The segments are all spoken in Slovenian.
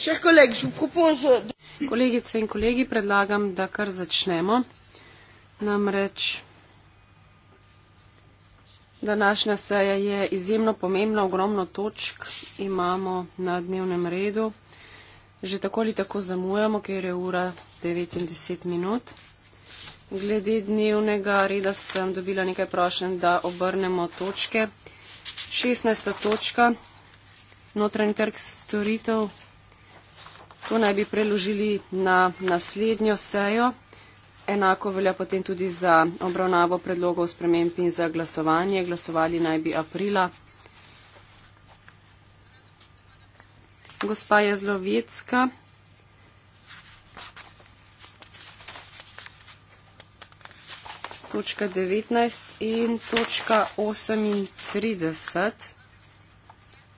Še kolegi, že propozo. Kolegice in kolegi, predlagam, da kar začnemo. Namreč današnja seja je izjemno pomembna, ogromno točk imamo na dnevnem redu. Že tako ali tako zamujamo, ker je ura 90 minut. Glede dnevnega reda sem dobila nekaj prošen, da obrnemo točke. 16. točka. Notranji trg storitev To naj bi preložili na naslednjo sejo. Enako velja potem tudi za obravnavo predlogov sprememb in za glasovanje. Glasovali naj bi aprila. Gospa Jezlovecka. Točka 19 in točka 38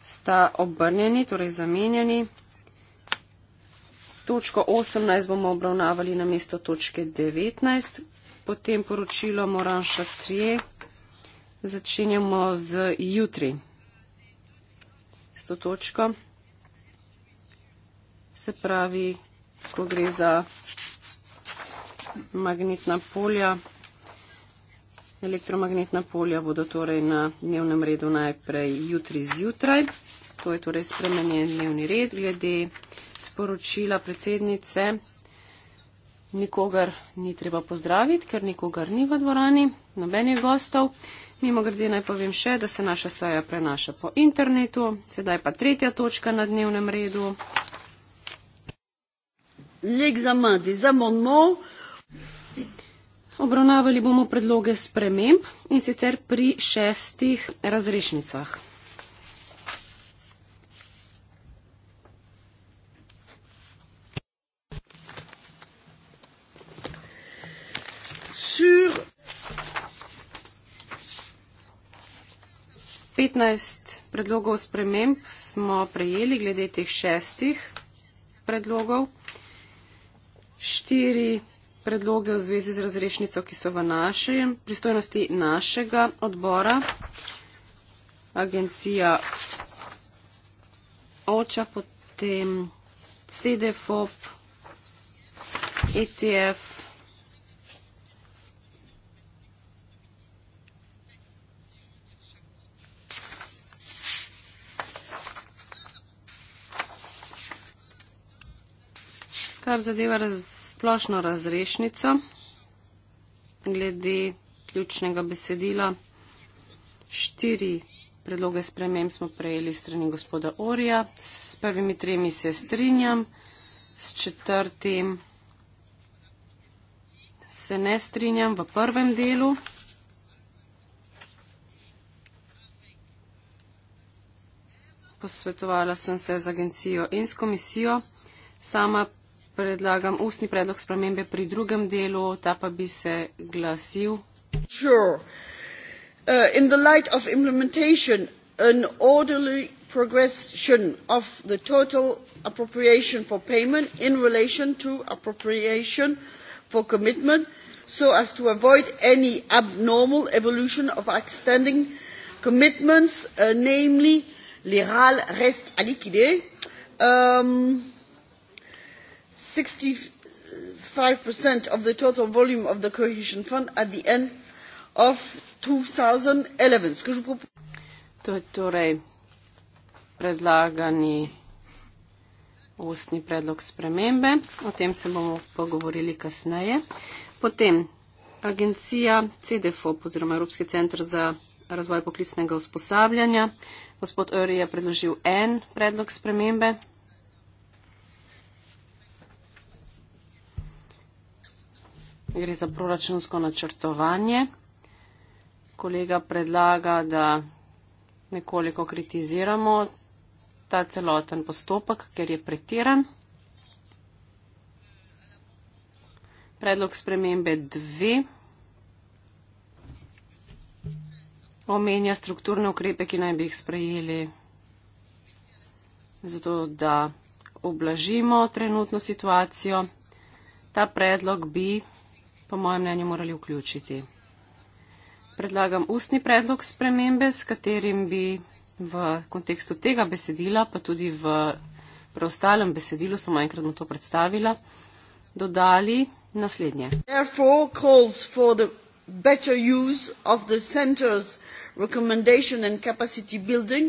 sta obrnjeni, torej zamenjeni točko 18 bomo obravnavali na mesto točke 19, potem poročilo Moranša 3. Začenjamo z jutri. S to točko. Se pravi, ko gre za magnetna polja, elektromagnetna polja bodo torej na dnevnem redu najprej jutri zjutraj. To je torej spremenjen dnevni red glede sporočila predsednice, nikogar ni treba pozdraviti, ker nikogar ni v dvorani, nobenih gostov. Mimo grede naj povem še, da se naša seja prenaša po internetu. Sedaj pa tretja točka na dnevnem redu. Obravnavali bomo predloge sprememb in sicer pri šestih razrešnicah. 15 predlogov sprememb smo prejeli glede teh šestih predlogov. Štiri predloge v zvezi z razrešnico, ki so v našem pristojnosti našega odbora. Agencija OČA, potem CDFOP, ETF, kar zadeva splošno raz, razrešnico glede ključnega besedila. Štiri predloge sprememb smo prejeli strani gospoda Orija, s prvimi tremi se strinjam, s četrtim se ne strinjam v prvem delu. Posvetovala sem se z agencijo in s komisijo. Sama predlagam ustni predlog spremembe pri drugem delu, ta pa bi se glasil. Sure. Uh, in the light of implementation, an orderly progression of the total appropriation for payment in relation to appropriation for commitment, so as to avoid any abnormal evolution of extending commitments, uh, namely, les RAL restent à liquider. Um, sixty five percent of the total volume of the cohesion fund at the end of two thousand and eleven to je torej predlagani ustni predlog spremembe o tem se bomo pogovorili kasneje potem agencija CDFO oziroma Evropski center za razvoj poklicnega usposabljanja. Gospod Öri je predložil en predlog spremembe, gre za proračunsko načrtovanje. Kolega predlaga, da nekoliko kritiziramo ta celoten postopek, ker je pretiran. Predlog spremembe 2 omenja strukturne ukrepe, ki naj bi jih sprejeli, zato da oblažimo trenutno situacijo. Ta predlog bi po mojem mnenju morali vključiti. Predlagam ustni predlog spremembe, s katerim bi v kontekstu tega besedila, pa tudi v preostalem besedilu, samo enkrat bom to predstavila, dodali naslednje. Better use of the center's recommendation and capacity building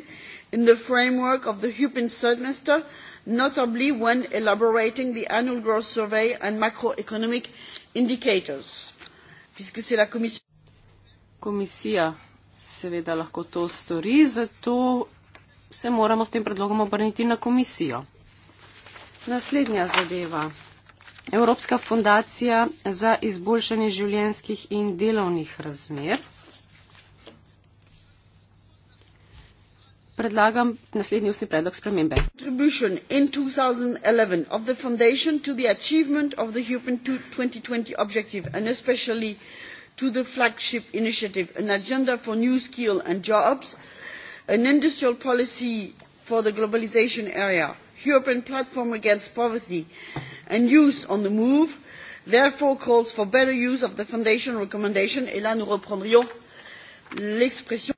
in the framework of the Hupin semester, notably when elaborating the annual growth survey and macroeconomic indicators puisque c'est la commission komisija seveda lahko to stori zato se moramo s tem predlogom obrniti na komisijo naslednja zadeva Evropska fundacija za izboljšanje življenjskih in delovnih razmer predlagam naslednji ustni predlog spremembe. To the flagship initiative, an agenda for new skills and jobs, an industrial policy for the globalization area, European platform against poverty and youth on the move, therefore calls for better use of the foundation recommendation. Et là, nous reprendrions l'expression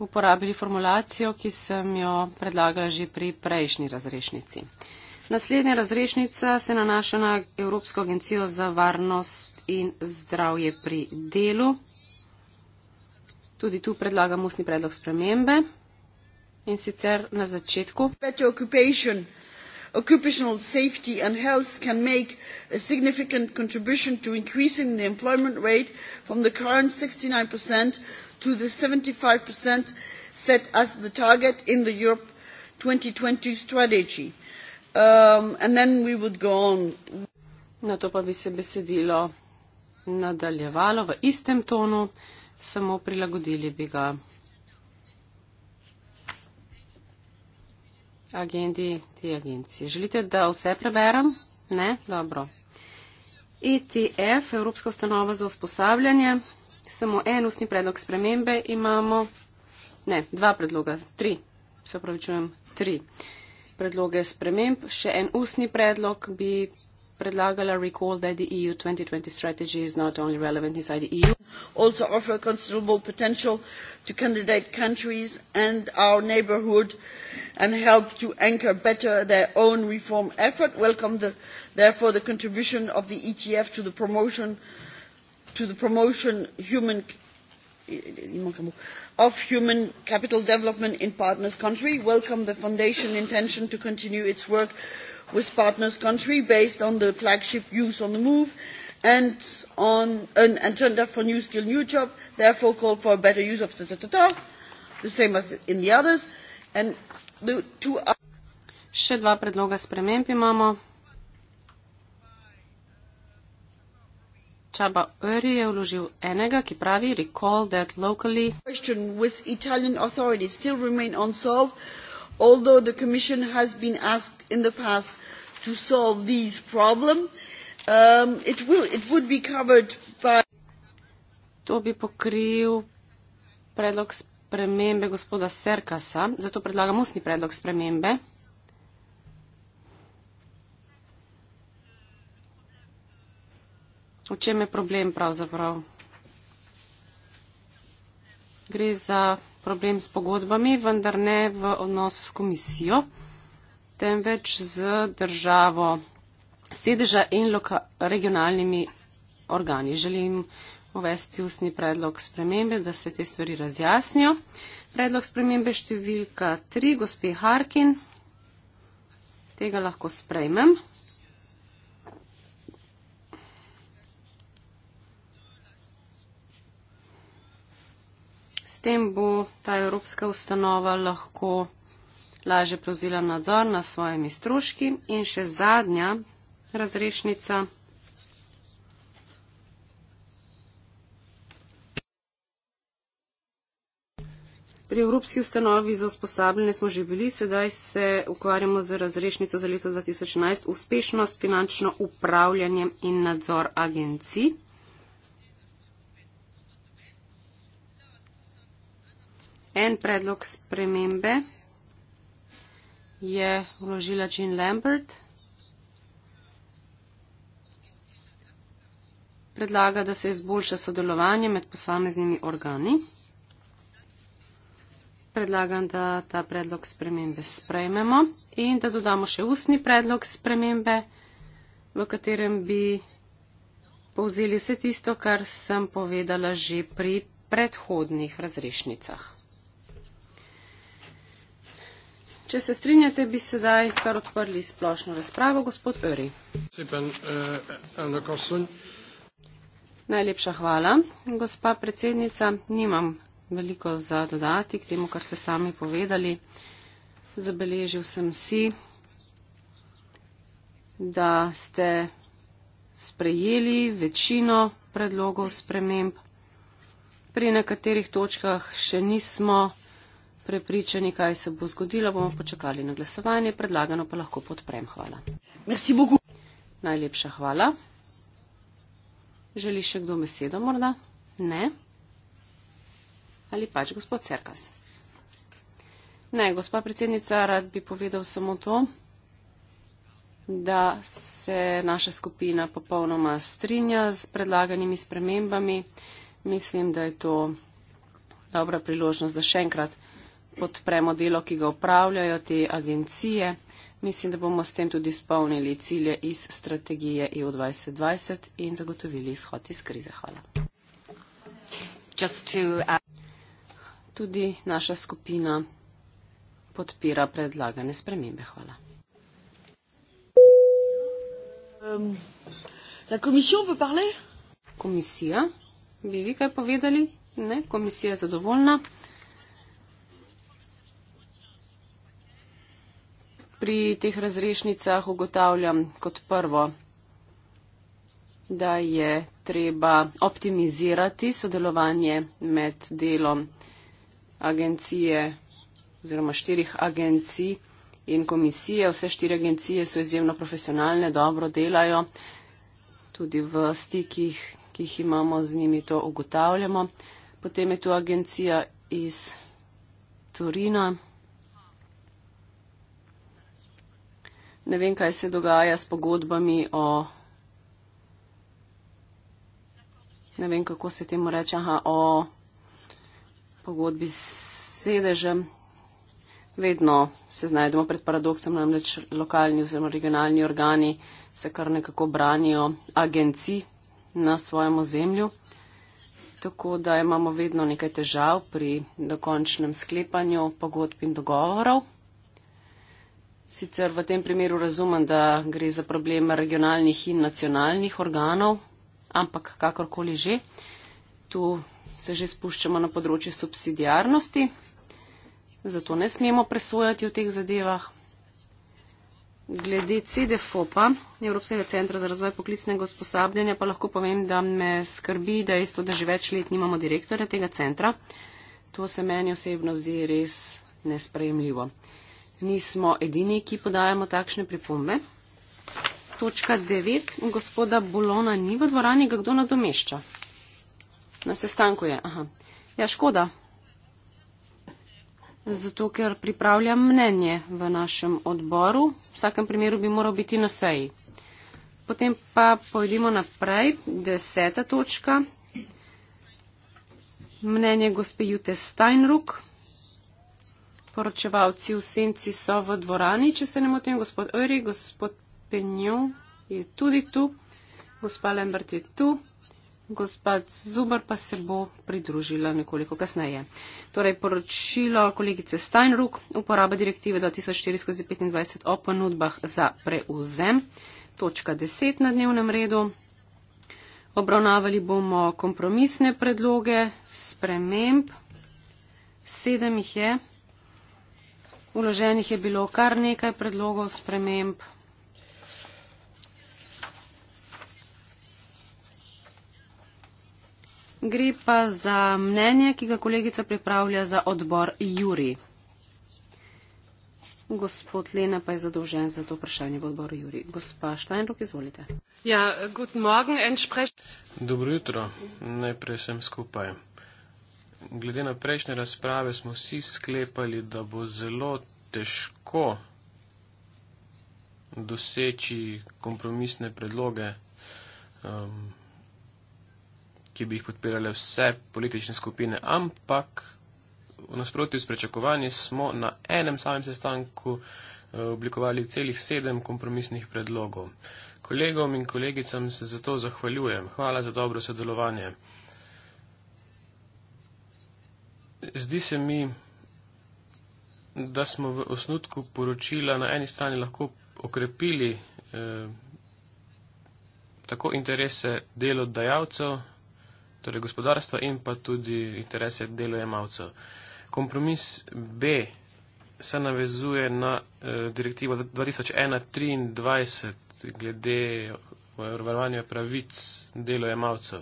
uporabili formulacijo, ki sem jo predlagala že pri prejšnji razrešnici. Naslednja razrešnica se nanaša na Evropsko agencijo za varnost in zdravje pri delu. Tudi tu predlagam ustni predlog spremembe. In sicer na začetku. Occupational safety and health can make a significant contribution to increasing the employment rate from the current 69% to the 75% set as the target in the Europe 2020 strategy. Um, and then we would go on. Na to pa bi se besedilo nadaljevalo v istem tonu, samo prilagodili bi ga agendi te agencije. Želite, da vse preberem? Ne? Dobro. ETF, Evropska ustanova za usposabljanje samo en ustni predlog spremembe imamo, ne, dva predloga, tri, se upravičujem, tri predloge sprememb. Še en ustni predlog bi predlagala recall that the EU 2020 strategy is not only relevant inside the EU. Also offer considerable potential to candidate countries and our neighborhood and help to anchor better their own reform effort. Welcome the, therefore the contribution of the ETF to the promotion of to the promotion human, of human capital development in partners' country, welcome the foundation's intention to continue its work with partners' country based on the flagship Youth on the Move and on an agenda for new skill, new job, therefore call for a better use of ta-ta-ta-ta, the same as in the others, and the two other... Še dva predloga sprememb imamo. Chaba Uri je vložil enega, ki pravi recall that locally. Question with Italian authorities still remain unsolved, although the Commission has been asked in the past to solve these problems. Um, it, will, it would be covered by. To bi pokril predlog spremembe gospoda Serkasa, zato predlagam ustni predlog spremembe. V čem je problem pravzaprav? Gre za problem s pogodbami, vendar ne v odnosu s komisijo, temveč z državo sedeža in loka, regionalnimi organi. Želim uvesti usni predlog spremembe, da se te stvari razjasnijo. Predlog spremembe številka 3, gospe Harkin, tega lahko sprejmem. tem bo ta evropska ustanova lahko lažje prevzela nadzor nad svojimi stroški. In še zadnja razrešnica. Pri Evropski ustanovi za usposabljanje smo že bili, sedaj se ukvarjamo z razrešnico za leto 2011 uspešnost finančno upravljanje in nadzor agencij. En predlog spremembe je vložila Jean Lambert. Predlaga, da se izboljša sodelovanje med posameznimi organi. Predlagam, da ta predlog spremembe sprejmemo in da dodamo še ustni predlog spremembe, v katerem bi povzeli vse tisto, kar sem povedala že pri predhodnih razrešnicah. Če se strinjate, bi sedaj kar odprli splošno razpravo, gospod Öri. Eh, Najlepša hvala, gospa predsednica. Nimam veliko za dodati k temu, kar ste sami povedali. Zabeležil sem si, da ste sprejeli večino predlogov sprememb. Pri nekaterih točkah še nismo prepričani, kaj se bo zgodilo, bomo počakali na glasovanje, predlagano pa lahko podprem. Hvala. Merci Bogu. Najlepša hvala. Želi še kdo besedo morda? Ne. Ali pač gospod Cerkas? Ne, gospa predsednica, rad bi povedal samo to, da se naša skupina popolnoma strinja s predlaganimi spremembami. Mislim, da je to dobra priložnost, da še enkrat podpremo delo, ki ga upravljajo te agencije. Mislim, da bomo s tem tudi spolnili cilje iz strategije EU 2020 in zagotovili izhod iz krize. Hvala. Tudi naša skupina podpira predlagane spremembe. Hvala. Um, komisija, bi vi kaj povedali? Ne, komisija je zadovoljna. pri teh razrešnicah ugotavljam kot prvo, da je treba optimizirati sodelovanje med delom agencije oziroma štirih agencij in komisije. Vse štiri agencije so izjemno profesionalne, dobro delajo, tudi v stikih, ki jih imamo z njimi, to ugotavljamo. Potem je tu agencija iz Turina. ne vem, kaj se dogaja s pogodbami o. Ne vem, kako se temu reče, aha, o pogodbi s sedežem. Vedno se znajdemo pred paradoksom, namreč lokalni oziroma regionalni organi se kar nekako branijo agenci na svojem ozemlju. Tako da imamo vedno nekaj težav pri dokončnem sklepanju pogodb in dogovorov. Sicer v tem primeru razumem, da gre za problem regionalnih in nacionalnih organov, ampak kakorkoli že, tu se že spuščamo na področje subsidijarnosti, zato ne smemo presojati v teh zadevah. Glede CDFOPA, Evropskega centra za razvoj poklicnega usposabljanja, pa lahko povem, da me skrbi dejstvo, da že več let nimamo direktorja tega centra. To se meni osebno zdi res nesprejemljivo nismo edini, ki podajamo takšne pripombe. Točka 9. Gospoda Bolona ni v dvorani, ga kdo nadomešča? Na sestanku je. Aha. Ja, škoda. Zato, ker pripravljam mnenje v našem odboru. V vsakem primeru bi moral biti na seji. Potem pa pojdimo naprej. Deseta točka. Mnenje gospe Jute Steinruck poročevalci v senci so v dvorani, če se ne motim, gospod Ori, gospod Penjo je tudi tu, gospa Lambert je tu, gospod Zubar pa se bo pridružila nekoliko kasneje. Torej, poročilo kolegice Steinruck, uporaba direktive 2004-25 o ponudbah za preuzem, točka 10 na dnevnem redu. Obravnavali bomo kompromisne predloge, sprememb, sedem jih je. Vloženih je bilo kar nekaj predlogov sprememb. Gre pa za mnenje, ki ga kolegica pripravlja za odbor Juri. Gospod Lena pa je zadolžen za to vprašanje v odboru Juri. Gospa Štajnrok, izvolite. Ja, Dobro jutro, najprej sem skupaj glede na prejšnje razprave smo vsi sklepali, da bo zelo težko doseči kompromisne predloge, um, ki bi jih podpirale vse politične skupine, ampak v nasprotju s prečakovanji smo na enem samem sestanku uh, oblikovali celih sedem kompromisnih predlogov. Kolegom in kolegicam se zato zahvaljujem. Hvala za dobro sodelovanje. Zdi se mi, da smo v osnutku poročila na eni strani lahko okrepili eh, tako interese delodajalcev, torej gospodarstva in pa tudi interese delojemalcev. Kompromis B se navezuje na eh, direktivo 2021 glede varovanja pravic delojemalcev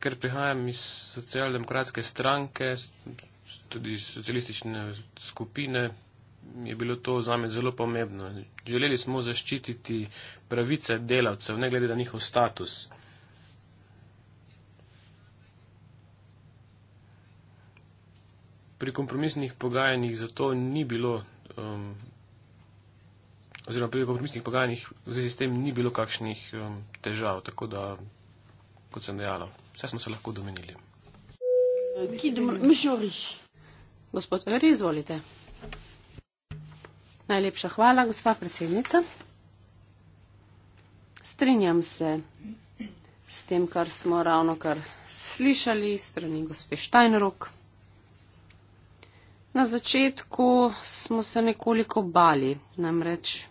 ker prihajam iz socialdemokratske stranke, tudi iz socialistične skupine, je bilo to za me zelo pomembno. Želeli smo zaščititi pravice delavcev, ne glede na njihov status. Pri kompromisnih pogajanjih zato ni bilo, um, oziroma pri kompromisnih pogajanjih v zvezi s tem ni bilo kakšnih um, težav, tako da, kot sem dejala. Vse smo se lahko domenili. Gospod Eri, izvolite. Najlepša hvala, gospa predsednica. Strinjam se s tem, kar smo ravno kar slišali strani gospe Štajnrok. Na začetku smo se nekoliko bali, namreč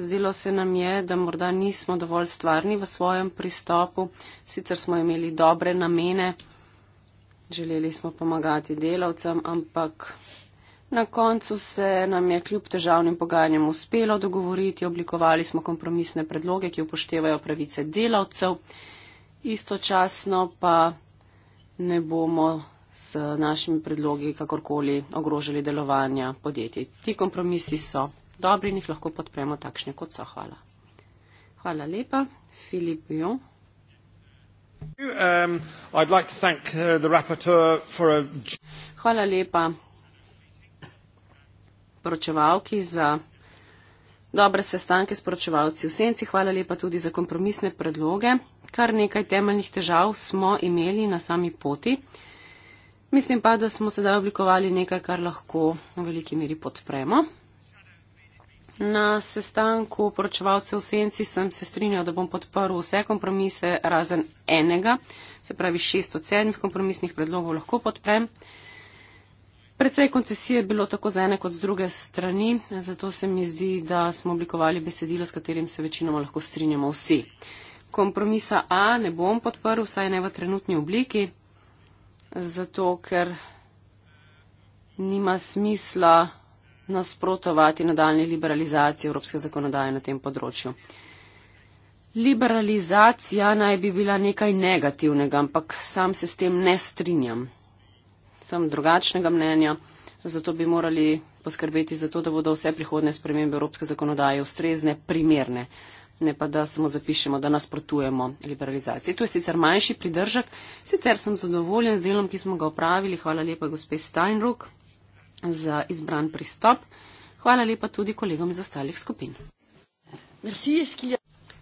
Zdelo se nam je, da morda nismo dovolj stvarni v svojem pristopu, sicer smo imeli dobre namene, želeli smo pomagati delavcem, ampak na koncu se nam je kljub težavnim pogajanjem uspelo dogovoriti, oblikovali smo kompromisne predloge, ki upoštevajo pravice delavcev, istočasno pa ne bomo s našimi predlogi kakorkoli ogrožili delovanja podjetij. Ti kompromisi so dobri in jih lahko podpremo takšne, kot so. Hvala. Hvala lepa. Filip Bio. Um, uh, Hvala lepa poročevalki za dobre sestanke s poročevalci v senci. Hvala lepa tudi za kompromisne predloge. Kar nekaj temeljnih težav smo imeli na sami poti. Mislim pa, da smo sedaj oblikovali nekaj, kar lahko v veliki meri podpremo. Na sestanku poročevalcev v senci sem se strinjal, da bom podprl vse kompromise razen enega, se pravi šest od sedmih kompromisnih predlogov lahko podprem. Predvsej koncesije je bilo tako za ene kot z druge strani, zato se mi zdi, da smo oblikovali besedilo, s katerim se večinoma lahko strinjamo vsi. Kompromisa A ne bom podprl, saj ne v trenutni obliki, zato ker nima smisla nasprotovati nadaljni liberalizaciji evropske zakonodaje na tem področju. Liberalizacija naj bi bila nekaj negativnega, ampak sam se s tem ne strinjam. Sem drugačnega mnenja, zato bi morali poskrbeti za to, da bodo vse prihodne spremembe evropske zakonodaje ustrezne, primerne, ne pa da samo zapišemo, da nasprotujemo liberalizaciji. To je sicer manjši pridržek, sicer sem zadovoljen z delom, ki smo ga opravili. Hvala lepa, gospe Steinruck za izbran pristop. Hvala lepa tudi kolegom iz ostalih skupin.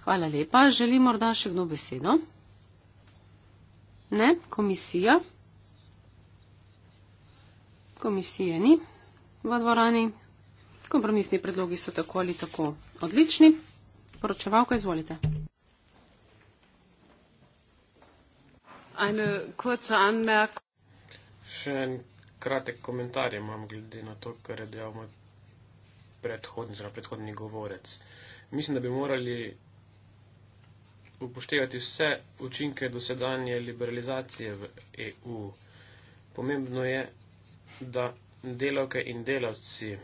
Hvala lepa. Želi morda še kdo besedo? Ne, komisija. Komisije ni v dvorani. Kompromisni predlogi so tako ali tako odlični. Poročevalka, izvolite. Še en kratek komentar imam glede na to, kar je dejal moj predhodni, predhodni govorec. Mislim, da bi morali upoštevati vse učinke dosedanje liberalizacije v EU. Pomembno je, da delavke in delavci uh,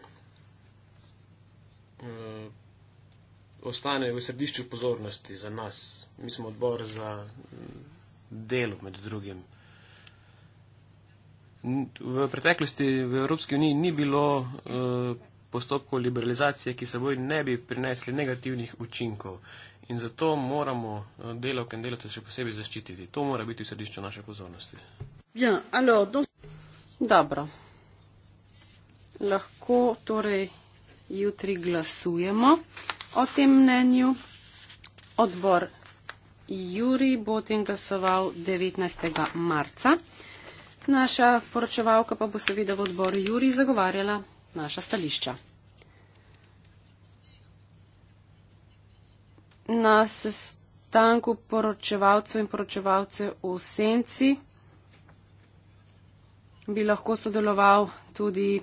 ostanejo v središču pozornosti za nas. Mi smo odbor za mm, delo med drugim. V preteklosti v Evropski uniji ni bilo eh, postopkov liberalizacije, ki seboj ne bi prinesli negativnih učinkov. In zato moramo eh, delavke in delavce še posebej zaščititi. To mora biti v središču naše pozornosti. Ja, alo, do... Dobro. Lahko torej jutri glasujemo o tem mnenju. Odbor Juri bo o tem glasoval 19. marca. Naša poročevalka pa bo seveda v odboru Juri zagovarjala naša stališča. Na sestanku poročevalcev in poročevalcev v Senci bi lahko sodeloval tudi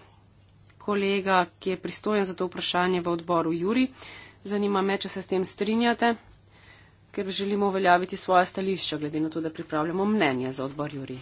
kolega, ki je pristojen za to vprašanje v odboru Juri. Zanima me, če se s tem strinjate, ker želimo uveljaviti svoje stališče, glede na to, da pripravljamo mnenje za odbor Juri.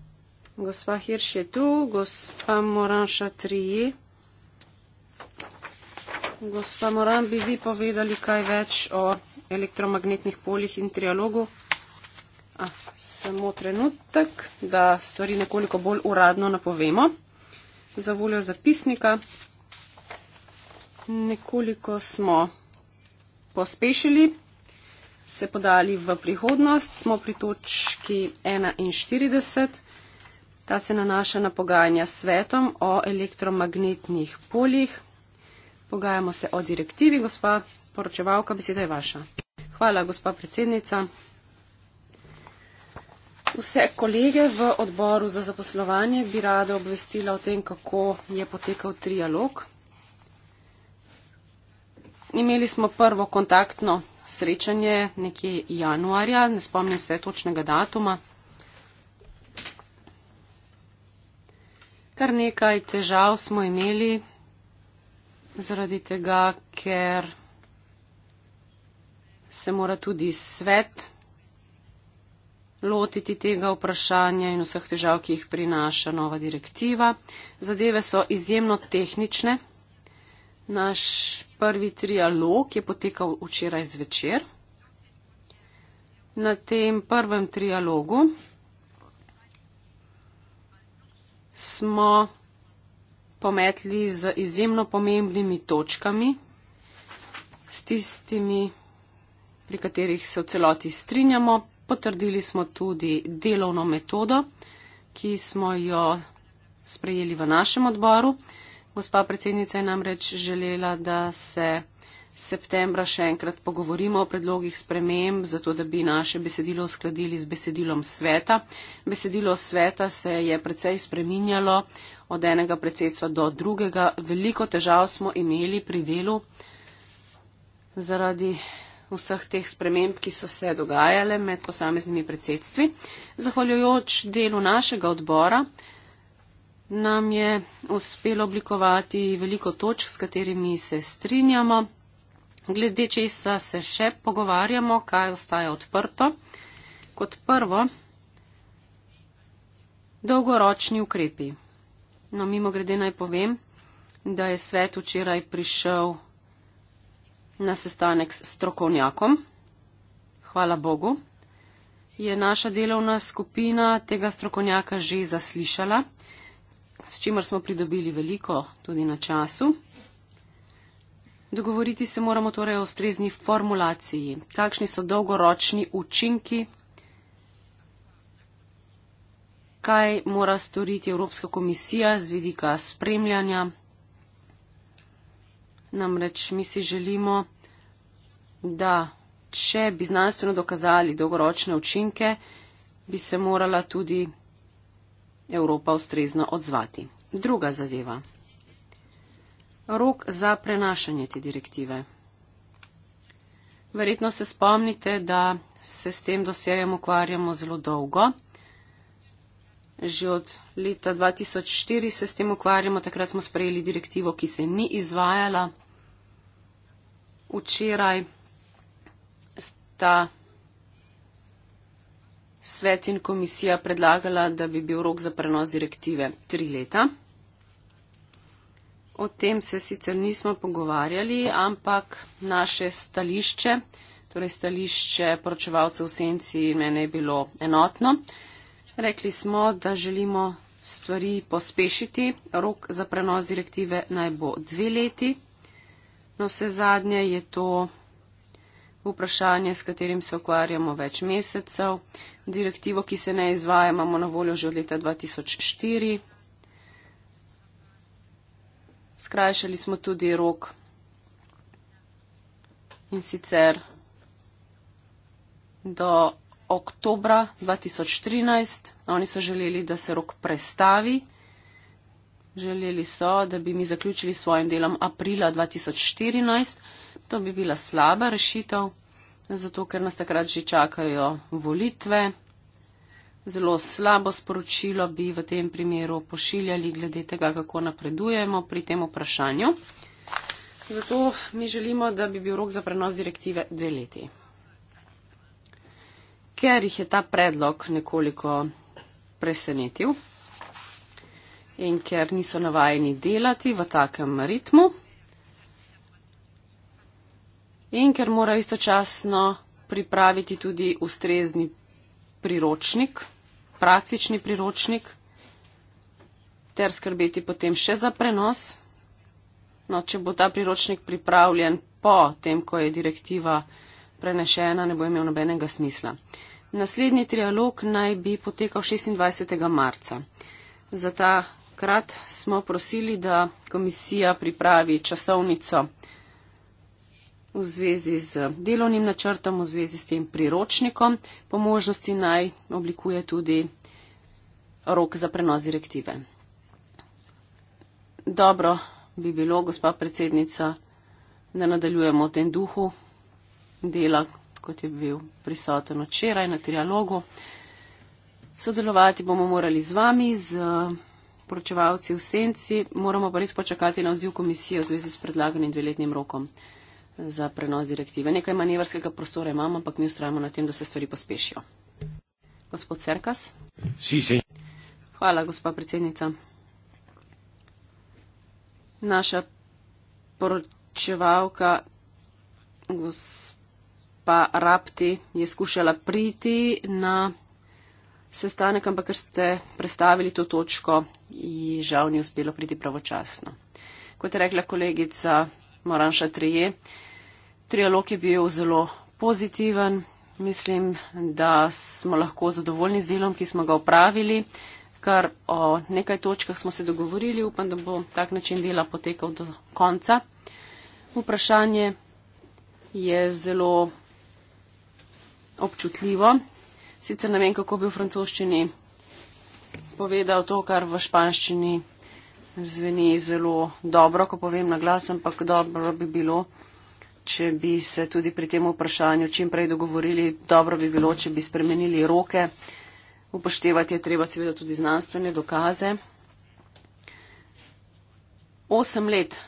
Gospa Hirš je tu, gospa Moranša 3. Gospa Moran, bi vi povedali kaj več o elektromagnetnih poljih in trialogu? A, samo trenutek, da stvari nekoliko bolj uradno napovemo. Za voljo zapisnika nekoliko smo pospešili, se podali v prihodnost, smo pri točki 41. Ta se nanaša na pogajanja s svetom o elektromagnetnih poljih. Pogajamo se o direktivi, gospa poročevalka, beseda je vaša. Hvala, gospa predsednica. Vse kolege v odboru za zaposlovanje bi rada obvestila o tem, kako je potekal trialog. Imeli smo prvo kontaktno srečanje nekje januarja, ne spomnim se točnega datuma. kar nekaj težav smo imeli zaradi tega, ker se mora tudi svet lotiti tega vprašanja in vseh težav, ki jih prinaša nova direktiva. Zadeve so izjemno tehnične. Naš prvi trialog je potekal včeraj zvečer. Na tem prvem trialogu smo pometli z izjemno pomembnimi točkami, s tistimi, pri katerih se v celoti strinjamo. Potrdili smo tudi delovno metodo, ki smo jo sprejeli v našem odboru. Gospa predsednica je namreč želela, da se septembra še enkrat pogovorimo o predlogih sprememb, zato da bi naše besedilo uskladili z besedilom sveta. Besedilo sveta se je precej spreminjalo od enega predsedstva do drugega. Veliko težav smo imeli pri delu zaradi vseh teh sprememb, ki so se dogajale med posameznimi predsedstvi. Zahvaljujoč delu našega odbora nam je uspelo oblikovati veliko točk, s katerimi se strinjamo glede česa se še pogovarjamo, kaj ostaja odprto. Kot prvo, dolgoročni ukrepi. No, mimo grede naj povem, da je svet včeraj prišel na sestanek s strokovnjakom. Hvala Bogu. Je naša delovna skupina tega strokovnjaka že zaslišala, s čimer smo pridobili veliko tudi na času. Dogovoriti se moramo torej o strezni formulaciji. Kakšni so dolgoročni učinki? Kaj mora storiti Evropska komisija z vidika spremljanja? Namreč mi si želimo, da če bi znanstveno dokazali dolgoročne učinke, bi se morala tudi Evropa ustrezno odzvati. Druga zadeva rok za prenašanje te direktive. Verjetno se spomnite, da se s tem dosjejem ukvarjamo zelo dolgo. Že od leta 2004 se s tem ukvarjamo, takrat smo sprejeli direktivo, ki se ni izvajala. Včeraj sta svet in komisija predlagala, da bi bil rok za prenos direktive tri leta o tem se sicer nismo pogovarjali, ampak naše stališče, torej stališče poročevalcev v senci, mene je bilo enotno. Rekli smo, da želimo stvari pospešiti, rok za prenos direktive naj bo dve leti. No vse zadnje je to vprašanje, s katerim se okvarjamo več mesecev. Direktivo, ki se ne izvaja, imamo na voljo že od leta 2004. Skrajšali smo tudi rok. In sicer do oktobra 2013. Oni so želeli, da se rok prestavi. Želeli so, da bi mi zaključili s svojim delom aprila 2014. To bi bila slaba rešitev, zato ker nas takrat že čakajo volitve zelo slabo sporočilo bi v tem primeru pošiljali glede tega, kako napredujemo pri tem vprašanju. Zato mi želimo, da bi bil rok za prenos direktive dve leti. Ker jih je ta predlog nekoliko presenetil in ker niso navajeni delati v takem ritmu in ker mora istočasno pripraviti tudi ustrezni priročnik, praktični priročnik, ter skrbeti potem še za prenos. No, če bo ta priročnik pripravljen po tem, ko je direktiva prenešena, ne bo imel nobenega smisla. Naslednji trialog naj bi potekal 26. marca. Za ta krat smo prosili, da komisija pripravi časovnico v zvezi z delovnim načrtom, v zvezi s tem priročnikom, po možnosti naj oblikuje tudi rok za prenos direktive. Dobro bi bilo, gospa predsednica, da nadaljujemo v tem duhu dela, kot je bil prisoten včeraj na trialogu. Sodelovati bomo morali z vami, z poročevalci v senci, moramo pa res počakati na odziv komisije v zvezi s predlaganim dveletnim rokom za prenos direktive. Nekaj manevrskega prostora imamo, ampak mi ustrajamo na tem, da se stvari pospešijo. Gospod Serkas. Si, si. Hvala, gospa predsednica. Naša poročevalka, gospa Rapti, je skušala priti na sestanek, ampak ker ste predstavili to točko, ji žal ni uspelo priti pravočasno. Kot je rekla kolegica Moran Šatrije. Trialog je bil zelo pozitiven. Mislim, da smo lahko zadovoljni z delom, ki smo ga upravili. Kar o nekaj točkah smo se dogovorili, upam, da bo tak način dela potekal do konca. Vprašanje je zelo občutljivo. Sicer ne vem, kako bi v francoščini povedal to, kar v španščini zveni zelo dobro, ko povem na glas, ampak dobro bi bilo, če bi se tudi pri tem vprašanju čim prej dogovorili, dobro bi bilo, če bi spremenili roke. Upoštevati je treba seveda tudi znanstvene dokaze. Osem let,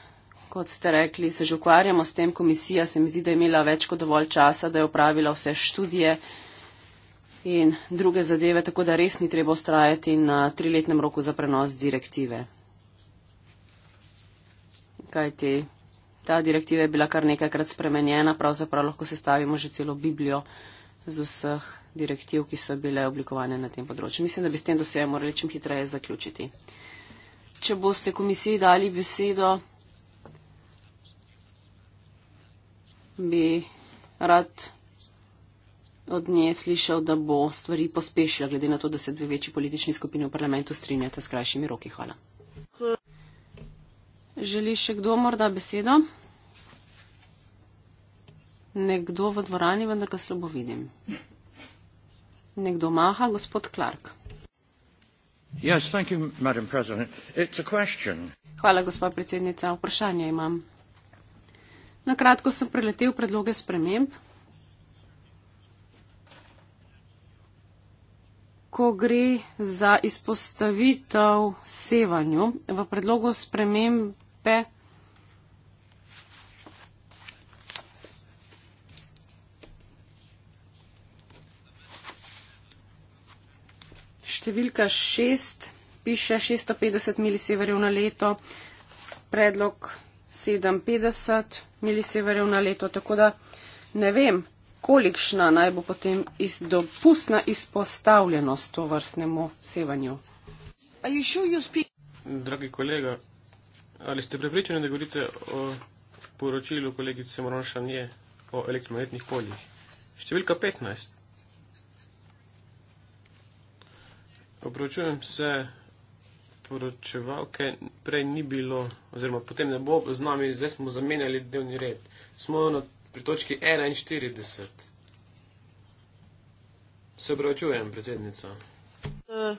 kot ste rekli, se že ukvarjamo s tem. Komisija se mi zdi, da je imela več kot dovolj časa, da je opravila vse študije in druge zadeve, tako da res ni treba ustrajati na triletnem roku za prenos direktive kajti ta direktiva je bila kar nekajkrat spremenjena, pravzaprav lahko sestavimo že celo Biblijo z vseh direktiv, ki so bile oblikovane na tem področju. Mislim, da bi s tem dosejem morali čim hitreje zaključiti. Če boste komisiji dali besedo, bi rad od nje slišal, da bo stvari pospešila, glede na to, da se dve večji politični skupini v parlamentu strinjata s krajšimi roki. Hvala. Želi še kdo morda besedo? Nekdo v dvorani, vendar ga slabo vidim. Nekdo maha, gospod Clark. Yes, you, Hvala, gospod predsednica. Vprašanje imam. Na kratko sem preletel predloge sprememb. Ko gre za izpostavitev sevanju, v predlogu sprememb pepe. Številka 6 piše 650 milisieverjev na leto, predlog 750 milisieverjev na leto, tako da ne vem, kolikšna naj bo potem iz dopustna izpostavljenost to vrstnemu sevanju. Sure Dragi kolega, Ali ste prepričani, da govorite o poročilu kolegice Moronšanje o elektromagnetnih poljih? Številka 15. Opravičujem se, poročevalke, prej ni bilo, oziroma potem ne bo z nami, zdaj smo zamenjali dnevni red. Smo na pri točki 41. Se opravičujem, predsednica. Uh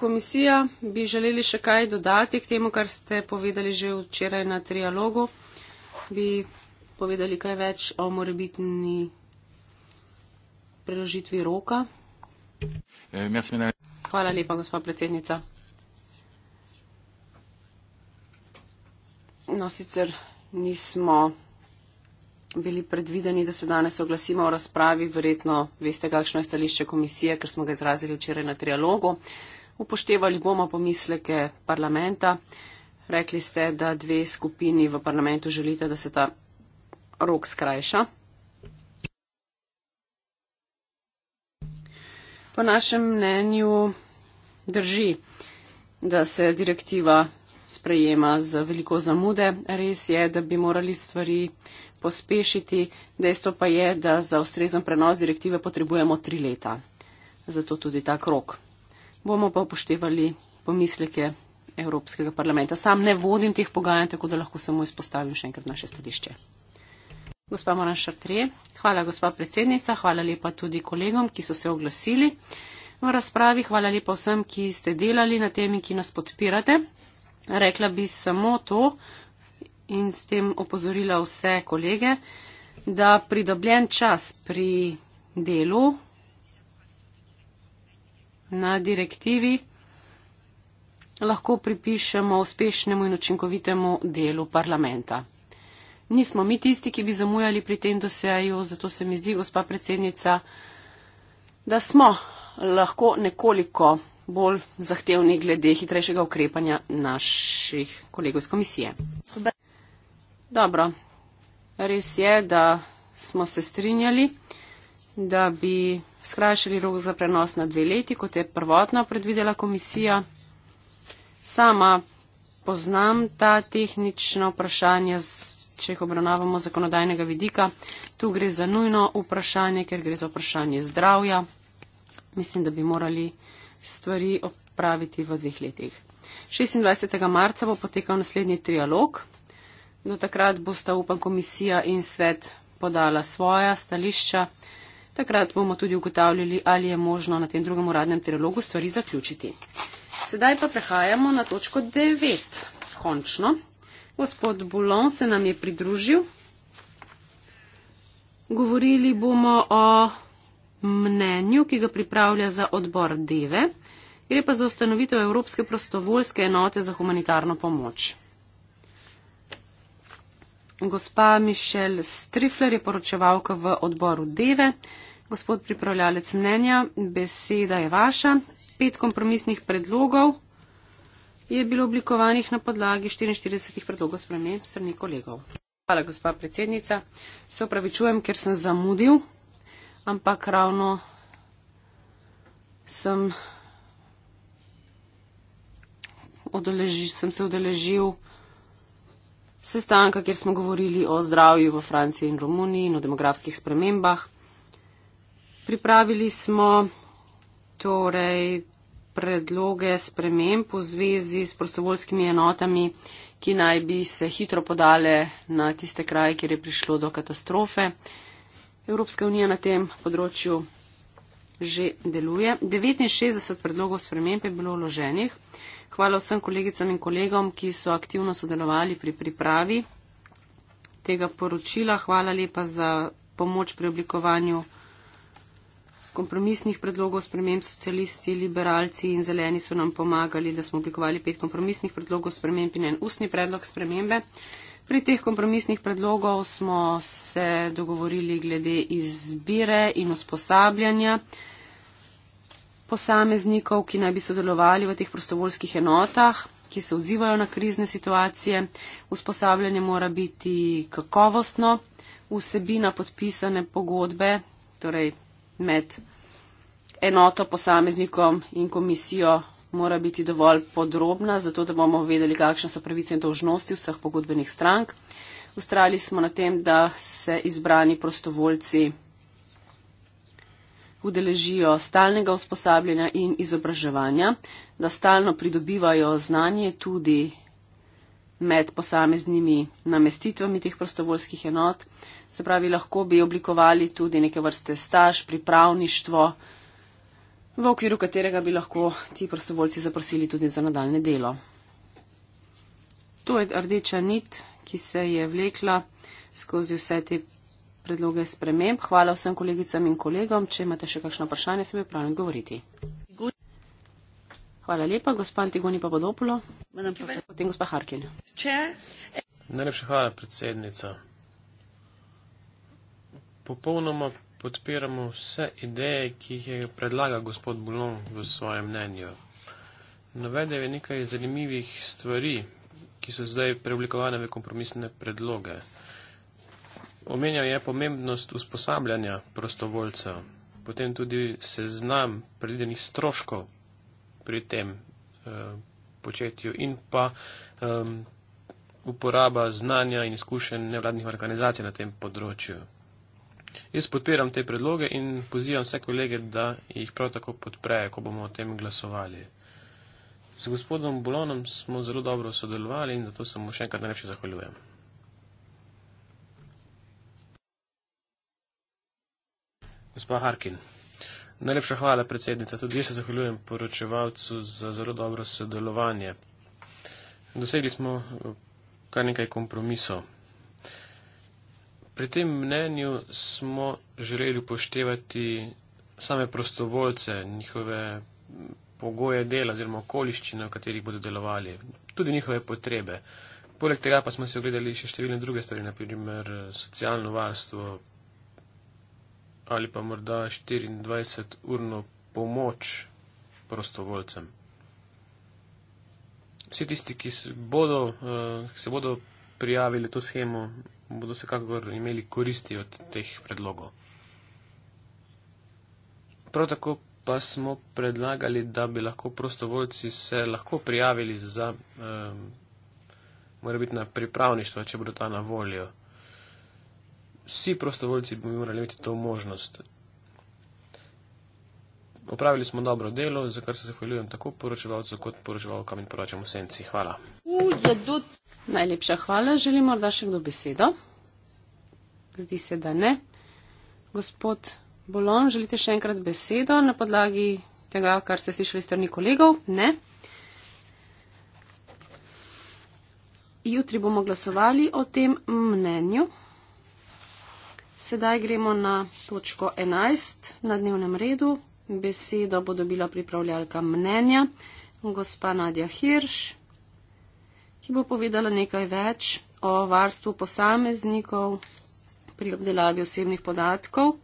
komisija, bi želeli še kaj dodati k temu, kar ste povedali že včeraj na trialogu? Bi povedali kaj več o morebitni preložitvi roka? Eh, Hvala lepa, gospa predsednica. No, sicer nismo bili predvideni, da se danes oglasimo v razpravi. Verjetno veste, kakšno je stališče komisije, ker smo ga izrazili včeraj na trialogu. Upoštevali bomo pomisleke parlamenta. Rekli ste, da dve skupini v parlamentu želite, da se ta rok skrajša. Po našem mnenju drži, da se direktiva sprejema z veliko zamude. Res je, da bi morali stvari pospešiti. Dejstvo pa je, da za ustrezen prenos direktive potrebujemo tri leta. Zato tudi tak rok bomo pa upoštevali pomisleke Evropskega parlamenta. Sam ne vodim teh pogajanj, tako da lahko samo izpostavim še enkrat naše stališče. Gospa Moran Šartrije, hvala gospa predsednica, hvala lepa tudi kolegom, ki so se oglasili v razpravi, hvala lepa vsem, ki ste delali na temi, ki nas podpirate. Rekla bi samo to in s tem opozorila vse kolege, da pridobljen čas pri delu na direktivi lahko pripišemo uspešnemu in učinkovitemu delu parlamenta. Nismo mi tisti, ki bi zamujali pri tem doseju, zato se mi zdi, gospa predsednica, da smo lahko nekoliko bolj zahtevni glede hitrejšega ukrepanja naših kolegov iz komisije. Dobro, res je, da smo se strinjali, da bi skrajšali rok za prenos na dve leti, kot je prvotno predvidela komisija. Sama poznam ta tehnična vprašanja, če jih obravnavamo zakonodajnega vidika. Tu gre za nujno vprašanje, ker gre za vprašanje zdravja. Mislim, da bi morali stvari opraviti v dveh letih. 26. marca bo potekal naslednji trialog. Do takrat bosta upan komisija in svet podala svoja stališča. Takrat bomo tudi ugotavljali, ali je možno na tem drugem uradnem trilogu stvari zaključiti. Sedaj pa prehajamo na točko 9. Končno. Gospod Boulon se nam je pridružil. Govorili bomo o mnenju, ki ga pripravlja za odbor Deve, gre pa za ustanovitev Evropske prostovoljske enote za humanitarno pomoč. Gospa Mišel Strifler je poročevalka v odboru Deve. Gospod pripravljalec mnenja, beseda je vaša. Pet kompromisnih predlogov je bilo oblikovanih na podlagi 44 predlogov sprememb strani kolegov. Hvala, gospa predsednica. Se opravičujem, ker sem zamudil, ampak ravno sem, odeleži, sem se odeležil sestanka, kjer smo govorili o zdravju v Franciji in Romuniji in o demografskih spremembah. Pripravili smo torej predloge sprememb v zvezi s prostovoljskimi enotami, ki naj bi se hitro podale na tiste kraje, kjer je prišlo do katastrofe. Evropska unija na tem področju že deluje. 69 predlogov sprememb je bilo vloženih. Hvala vsem kolegicam in kolegom, ki so aktivno sodelovali pri pripravi tega poročila. Hvala lepa za pomoč pri oblikovanju kompromisnih predlogov sprememb. Socialisti, liberalci in zeleni so nam pomagali, da smo oblikovali pet kompromisnih predlogov sprememb in en ustni predlog spremembe. Pri teh kompromisnih predlogov smo se dogovorili glede izbire in usposabljanja posameznikov, ki naj bi sodelovali v teh prostovoljskih enotah, ki se odzivajo na krizne situacije. Usposabljanje mora biti kakovostno, vsebina podpisane pogodbe, torej med enoto posameznikom in komisijo mora biti dovolj podrobna, zato da bomo vedeli, kakšne so pravice in dolžnosti vseh pogodbenih strank. Ustrali smo na tem, da se izbrani prostovoljci udeležijo stalnega usposabljanja in izobraževanja, da stalno pridobivajo znanje tudi med posameznimi namestitvami teh prostovoljskih enot. Se pravi, lahko bi oblikovali tudi neke vrste staž, pripravništvo, v okviru katerega bi lahko ti prostovoljci zaprosili tudi za nadaljne delo. To je rdeča nit, ki se je vlekla skozi vse te predloge sprememb. Hvala vsem kolegicam in kolegom. Če imate še kakšno vprašanje, sem pripravljen govoriti. Hvala lepa, gospod Antigoni Papadopolo. Potem gospod Harkin. Najlepša hvala, predsednica. Popolnoma podpiramo vse ideje, ki jih je predlagal gospod Bulon v svojem mnenju. Navedel je nekaj zanimivih stvari, ki so zdaj preoblikovane v kompromisne predloge. Omenjal je pomembnost usposabljanja prostovoljcev, potem tudi seznam predvidenih stroškov pri tem eh, početju in pa eh, uporaba znanja in izkušenj nevladnih organizacij na tem področju. Jaz podpiram te predloge in pozivam vse kolege, da jih prav tako podprejo, ko bomo o tem glasovali. Z gospodom Bolonom smo zelo dobro sodelovali in zato se mu še enkrat najlepše zahvaljujem. Gospa Harkin, najlepša hvala, predsednica. Tudi jaz se zahvaljujem poročevalcu za zelo dobro sodelovanje. Dosegli smo eh, kar nekaj kompromisov. Pri tem mnenju smo želeli upoštevati same prostovoljce, njihove mm, pogoje dela oziroma okoliščine, v katerih bodo delovali, tudi njihove potrebe. Poleg tega pa smo si ogledali še številne druge stvari, naprimer eh, socialno varstvo, ali pa morda 24-urno pomoč prostovoljcem. Vsi tisti, ki se bodo, eh, ki se bodo prijavili to schemo, bodo vsekakor imeli koristi od teh predlogov. Prav tako pa smo predlagali, da bi lahko prostovoljci se lahko prijavili za, eh, mora biti na pripravništvo, če bodo ta na voljo. Vsi prostovoljci bi morali imeti to možnost. Opravili smo dobro delo, za kar se zahvaljujem tako poročevalcu kot poročevalkam in poročam v senci. Hvala. Najlepša hvala. Želim morda še kdo besedo? Zdi se, da ne. Gospod Bolon, želite še enkrat besedo na podlagi tega, kar ste slišali strani kolegov? Ne. Jutri bomo glasovali o tem mnenju. Sedaj gremo na točko 11 na dnevnem redu. Besedo bo dobila pripravljalka mnenja, gospa Nadja Hirš, ki bo povedala nekaj več o varstvu posameznikov pri obdelavi osebnih podatkov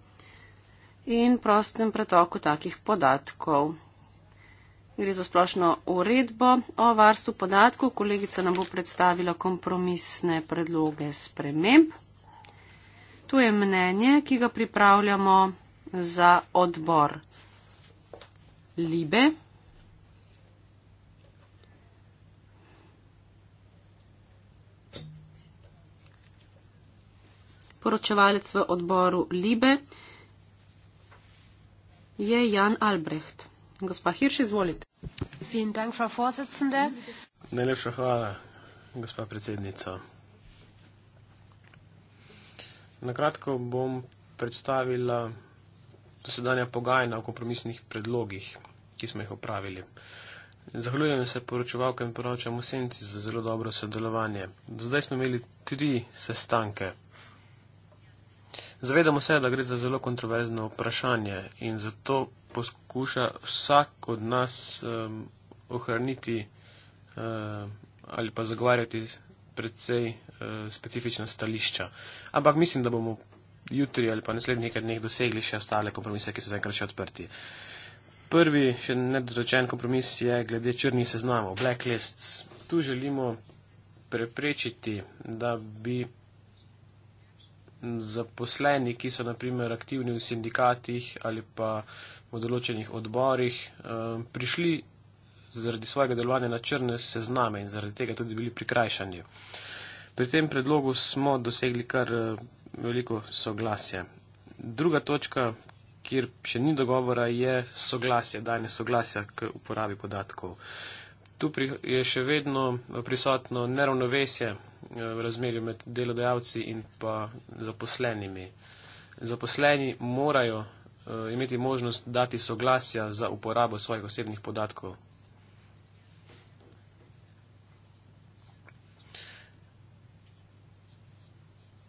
in prostem pretoku takih podatkov. Gre za splošno uredbo o varstvu podatkov. Kolegica nam bo predstavila kompromisne predloge sprememb. To je mnenje, ki ga pripravljamo za odbor Libe. Poročevalec v odboru Libe je Jan Albrecht. Gospa Hirš, izvolite. Najlepša hvala, gospa predsednica. Na kratko bom predstavila dosedanja pogajanja o kompromisnih predlogih, ki smo jih opravili. Zahvaljujem se poročevalkam in poročam osenci za zelo dobro sodelovanje. Do zdaj smo imeli tri sestanke. Zavedamo se, da gre za zelo kontroverzno vprašanje in zato poskuša vsak od nas um, ohraniti um, ali pa zagovarjati precej eh, specifična stališča. Ampak mislim, da bomo jutri ali pa naslednjih nekaj dneh dosegli še ostale kompromise, ki so zaenkrat še odprti. Prvi še nedotočen kompromis je glede črnih seznamov, blacklists. Tu želimo preprečiti, da bi zaposleni, ki so naprimer aktivni v sindikatih ali pa v določenih odborih, eh, prišli zaradi svojega delovanja na črne sezname in zaradi tega tudi bili prikrajšani. Pri tem predlogu smo dosegli kar eh, veliko soglasje. Druga točka, kjer še ni dogovora, je soglasje, dajne soglasja k uporabi podatkov. Tu je še vedno eh, prisotno neravnovesje v eh, razmerju med delodajalci in pa zaposlenimi. Zaposleni morajo imeti možnost dati soglasja za uporabo svojih osebnih podatkov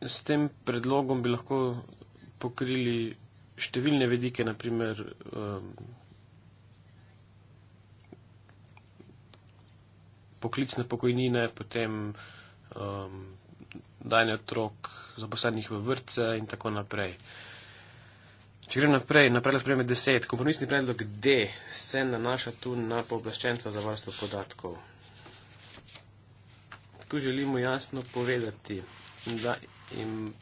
S tem predlogom bi lahko pokrili številne vedike, naprimer um, poklicne pokojnine, potem um, danje otrok zaposlenih v vrtce in tako naprej. Če grem naprej, na predlog spremembe 10, kompromisni predlog D se nanaša tu na pooblaščenca za varstvo podatkov. Tu želimo jasno povedati, da in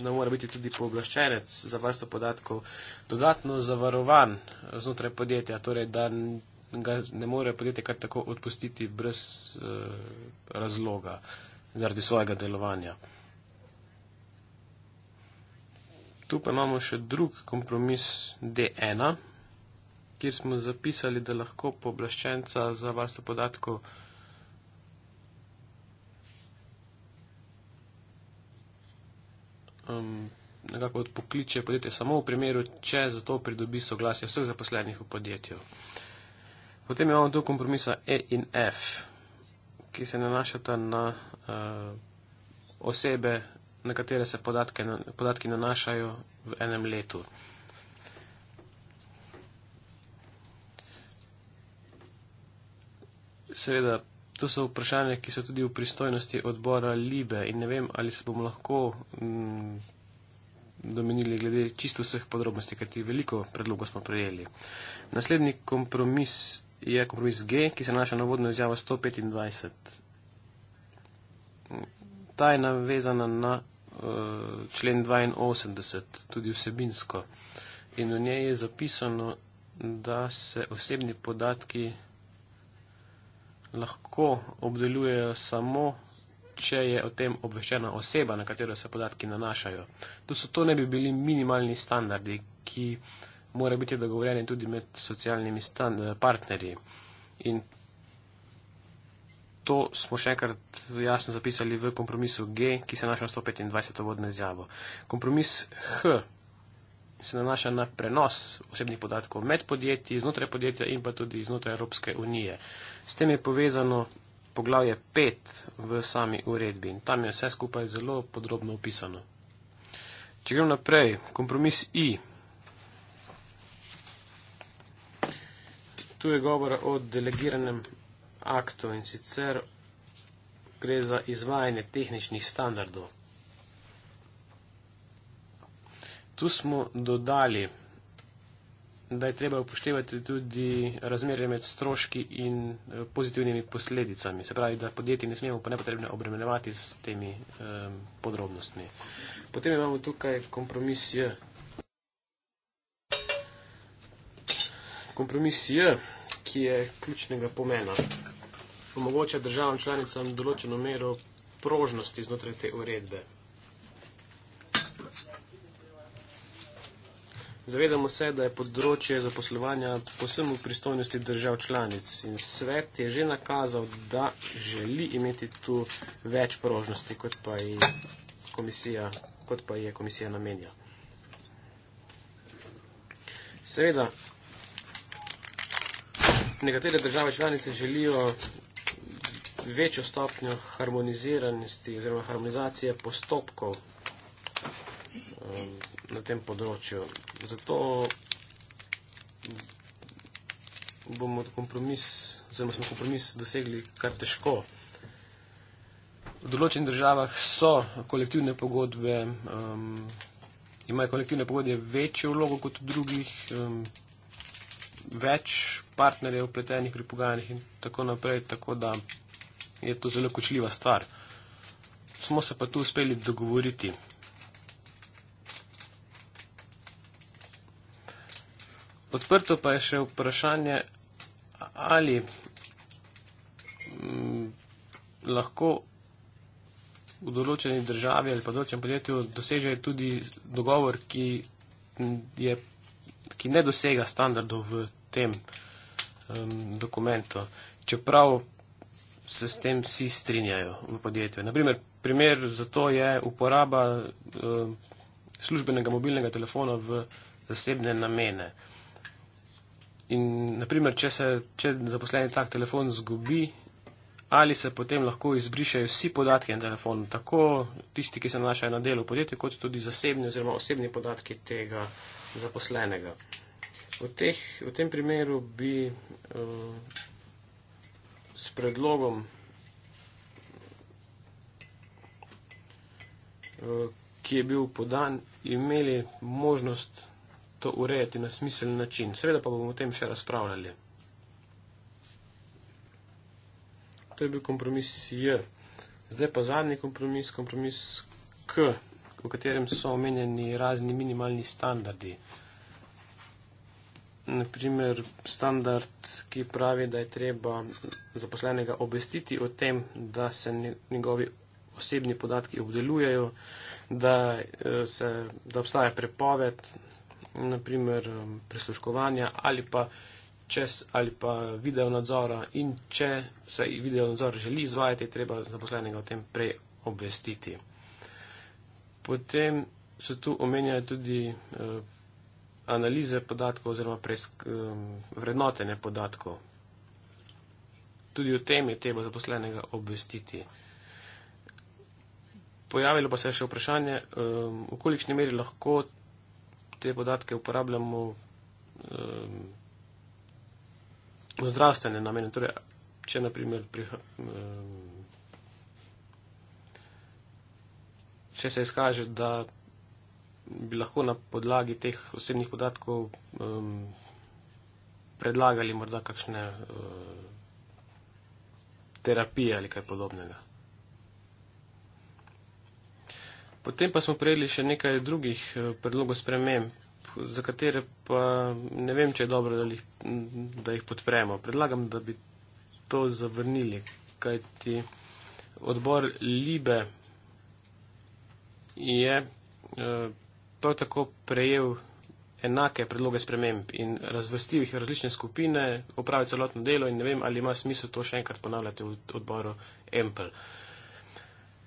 da mora biti tudi pooblaščenec za varstvo podatkov dodatno zavarovan znotraj podjetja, torej da ga ne more podjetje kar tako odpustiti brez eh, razloga zaradi svojega delovanja. Tu pa imamo še drug kompromis D1, kjer smo zapisali, da lahko pooblaščenca za varstvo podatkov eh, um, nekako odpokliče podjetje samo v primeru, če za to pridobi soglasje vseh zaposlenih v podjetju. Potem imamo tu kompromisa E in F, ki se nanašata na uh, osebe, na katere se podatke, na, podatki nanašajo v enem letu. Seveda To so vprašanja, ki so tudi v pristojnosti odbora Libe in ne vem, ali se bomo lahko m, mm, domenili glede čisto vseh podrobnosti, ker ti veliko predlogov smo prejeli. Naslednji kompromis je kompromis G, ki se naša navodna izjava 125. Ta je navezana na uh, člen 82, tudi vsebinsko. In v njej je zapisano, da se osebni podatki lahko obdelujejo samo, če je o tem obveščena oseba, na katero se podatki nanašajo. To so to ne bi bili minimalni standardi, ki mora biti dogovorjeni tudi med socialnimi partnerji. In to smo še enkrat jasno zapisali v kompromisu G, ki se nanaša na 125. vodno izjavo. Kompromis H se nanaša na prenos osebnih podatkov med podjetji, znotraj podjetja in pa tudi znotraj Evropske unije. S tem je povezano poglavje 5 v sami uredbi in tam je vse skupaj zelo podrobno opisano. Če grem naprej, kompromis I. Tu je govora o delegiranem aktu in sicer gre za izvajanje tehničnih standardov. Tu smo dodali da je treba upoštevati tudi razmerje med stroški in eh, pozitivnimi posledicami. Se pravi, da podjetji ne smemo pa nepotrebno obremenevati s temi um, podrobnostmi. Potem imamo tukaj kompromis J. Kompromis J, ki je ključnega pomena. Omogoča državam članicam določeno mero prožnosti znotraj te uredbe. Zavedamo se, da je področje zaposlovanja posem v pristojnosti držav članic in svet je že nakazal, da želi imeti tu več porožnosti, kot pa je komisija, kot pa je komisija namenja. Seveda, nekatere države članice želijo večjo stopnjo harmoniziranosti oziroma harmonizacije postopkov. Um, na tem področju. Zato bomo kompromis, oziroma smo kompromis dosegli kar težko. V določenih državah so kolektivne pogodbe, um, imajo kolektivne pogodbe večjo vlogo kot v drugih, um, več partnerjev vpletenih pri pogajanjih in tako naprej, tako da je to zelo kočljiva stvar. Smo se pa tu uspeli dogovoriti. Odprto pa je še vprašanje, ali m, mm, lahko v določeni državi ali pa določenem podjetju doseže tudi dogovor, ki, je, ki ne dosega standardov v tem m, dokumentu, čeprav se s tem vsi strinjajo v podjetju. Naprimer, primer za to je uporaba m, službenega mobilnega telefona v zasebne namene. In naprimer, če se če zaposleni tak telefon zgubi, ali se potem lahko izbrišajo vsi podatki na telefonu, tako tisti, ki se nanašajo na delo v podjetju, kot tudi zasebni oziroma osebni podatki tega zaposlenega. V, teh, v tem primeru bi uh, s predlogom, uh, ki je bil podan, imeli možnost to urejati na smiseln način. Seveda pa bomo o tem še razpravljali. To je bil kompromis J. Zdaj pa zadnji kompromis, kompromis K, v katerem so omenjeni razni minimalni standardi. Naprimer, standard, ki pravi, da je treba zaposlenega obvestiti o tem, da se njegovi osebni podatki obdelujejo, da, eh, se, da obstaja prepoved naprimer um, prisluškovanja ali pa čez ali pa video nadzora in če se video nadzor želi izvajati, je treba zaposlenega o tem prej obvestiti. Potem se tu omenjajo tudi eh, analize podatkov oziroma presk, eh, um, vrednotene podatkov. Tudi o tem je treba zaposlenega obvestiti. Pojavilo pa se je še vprašanje, eh, v kolikšni meri lahko te podatke uporabljamo ehm, v um, zdravstvene namene. Torej, če naprimer priha, um, če se izkaže, da bi lahko na podlagi teh osebnih podatkov um, predlagali morda kakšne um, terapije ali kaj podobnega. Potem pa smo prejeli še nekaj drugih eh, predlogov sprememb, za katere pa ne vem, če je dobro, da jih, da jih podpremo. Predlagam, da bi to zavrnili, kajti odbor Libe je eh, prav tako prejel enake predloge sprememb in razvrstil jih v različne skupine, opravil celotno delo in ne vem, ali ima smisel to še enkrat ponavljati v odboru Empel.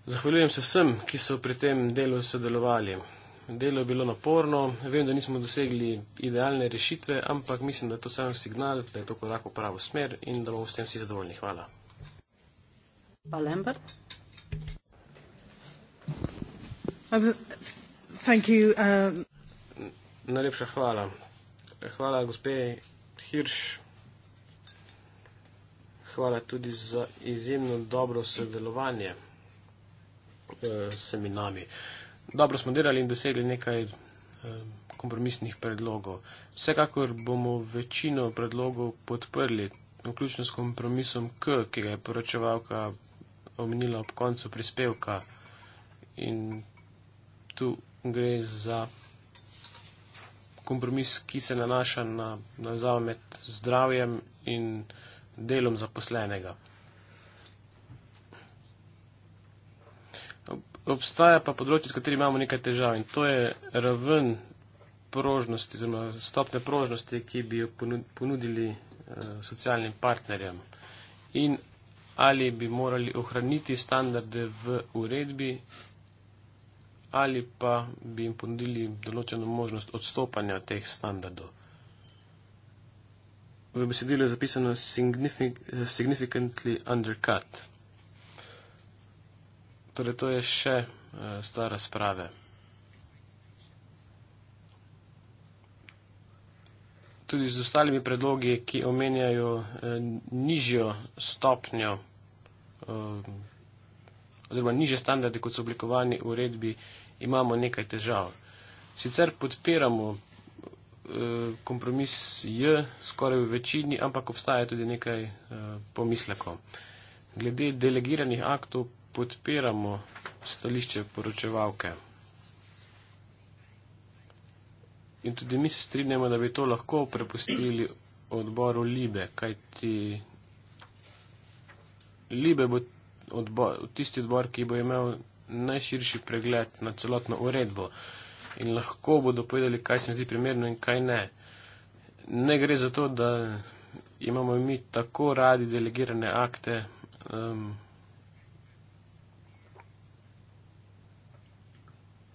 Zahvaljujem se vsem, ki so pri tem delu sodelovali. Delo je bilo naporno, vem, da nismo dosegli idealne rešitve, ampak mislim, da je to samo signal, da je to korak v pravo smer in da bomo s tem vsi zadovoljni. Hvala. Pa Lambert. Um, thank you, uh... Najlepša hvala. Hvala, gospe Hirš. Hvala tudi za izjemno dobro sodelovanje. Yeah vsemi eh, nami. Dobro smo delali in dosegli nekaj eh, kompromisnih predlogov. Vsekakor bomo večino predlogov podprli, vključno s kompromisom K, ki ga je poročevalka omenila ob koncu prispevka. In tu gre za kompromis, ki se nanaša na navzav med zdravjem in delom zaposlenega. obstaja pa področje, s katerim imamo nekaj težav in to je raven prožnosti, oziroma stopne prožnosti, ki bi jo ponudili uh, socialnim partnerjem. In ali bi morali ohraniti standarde v uredbi, ali pa bi jim ponudili določeno možnost odstopanja teh standardov. V besedilu je zapisano significantly undercut. Torej, to je še uh, stvar razprave. Tudi z ostalimi predlogi, ki omenjajo uh, nižjo stopnjo uh, oziroma nižje standarde, kot so oblikovani v uredbi, imamo nekaj težav. Sicer podpiramo uh, kompromis J skoraj v večini, ampak obstaja tudi nekaj uh, pomislekov. Glede delegiranih aktov podpiramo stališče poročevalke. In tudi mi se strinjamo, da bi to lahko prepustili odboru Libe, kajti Libe bo odbor, tisti odbor, ki bo imel najširši pregled na celotno uredbo in lahko bodo povedali, kaj se mi zdi primerno in kaj ne. Ne gre za to, da imamo mi tako radi delegirane akte. Um,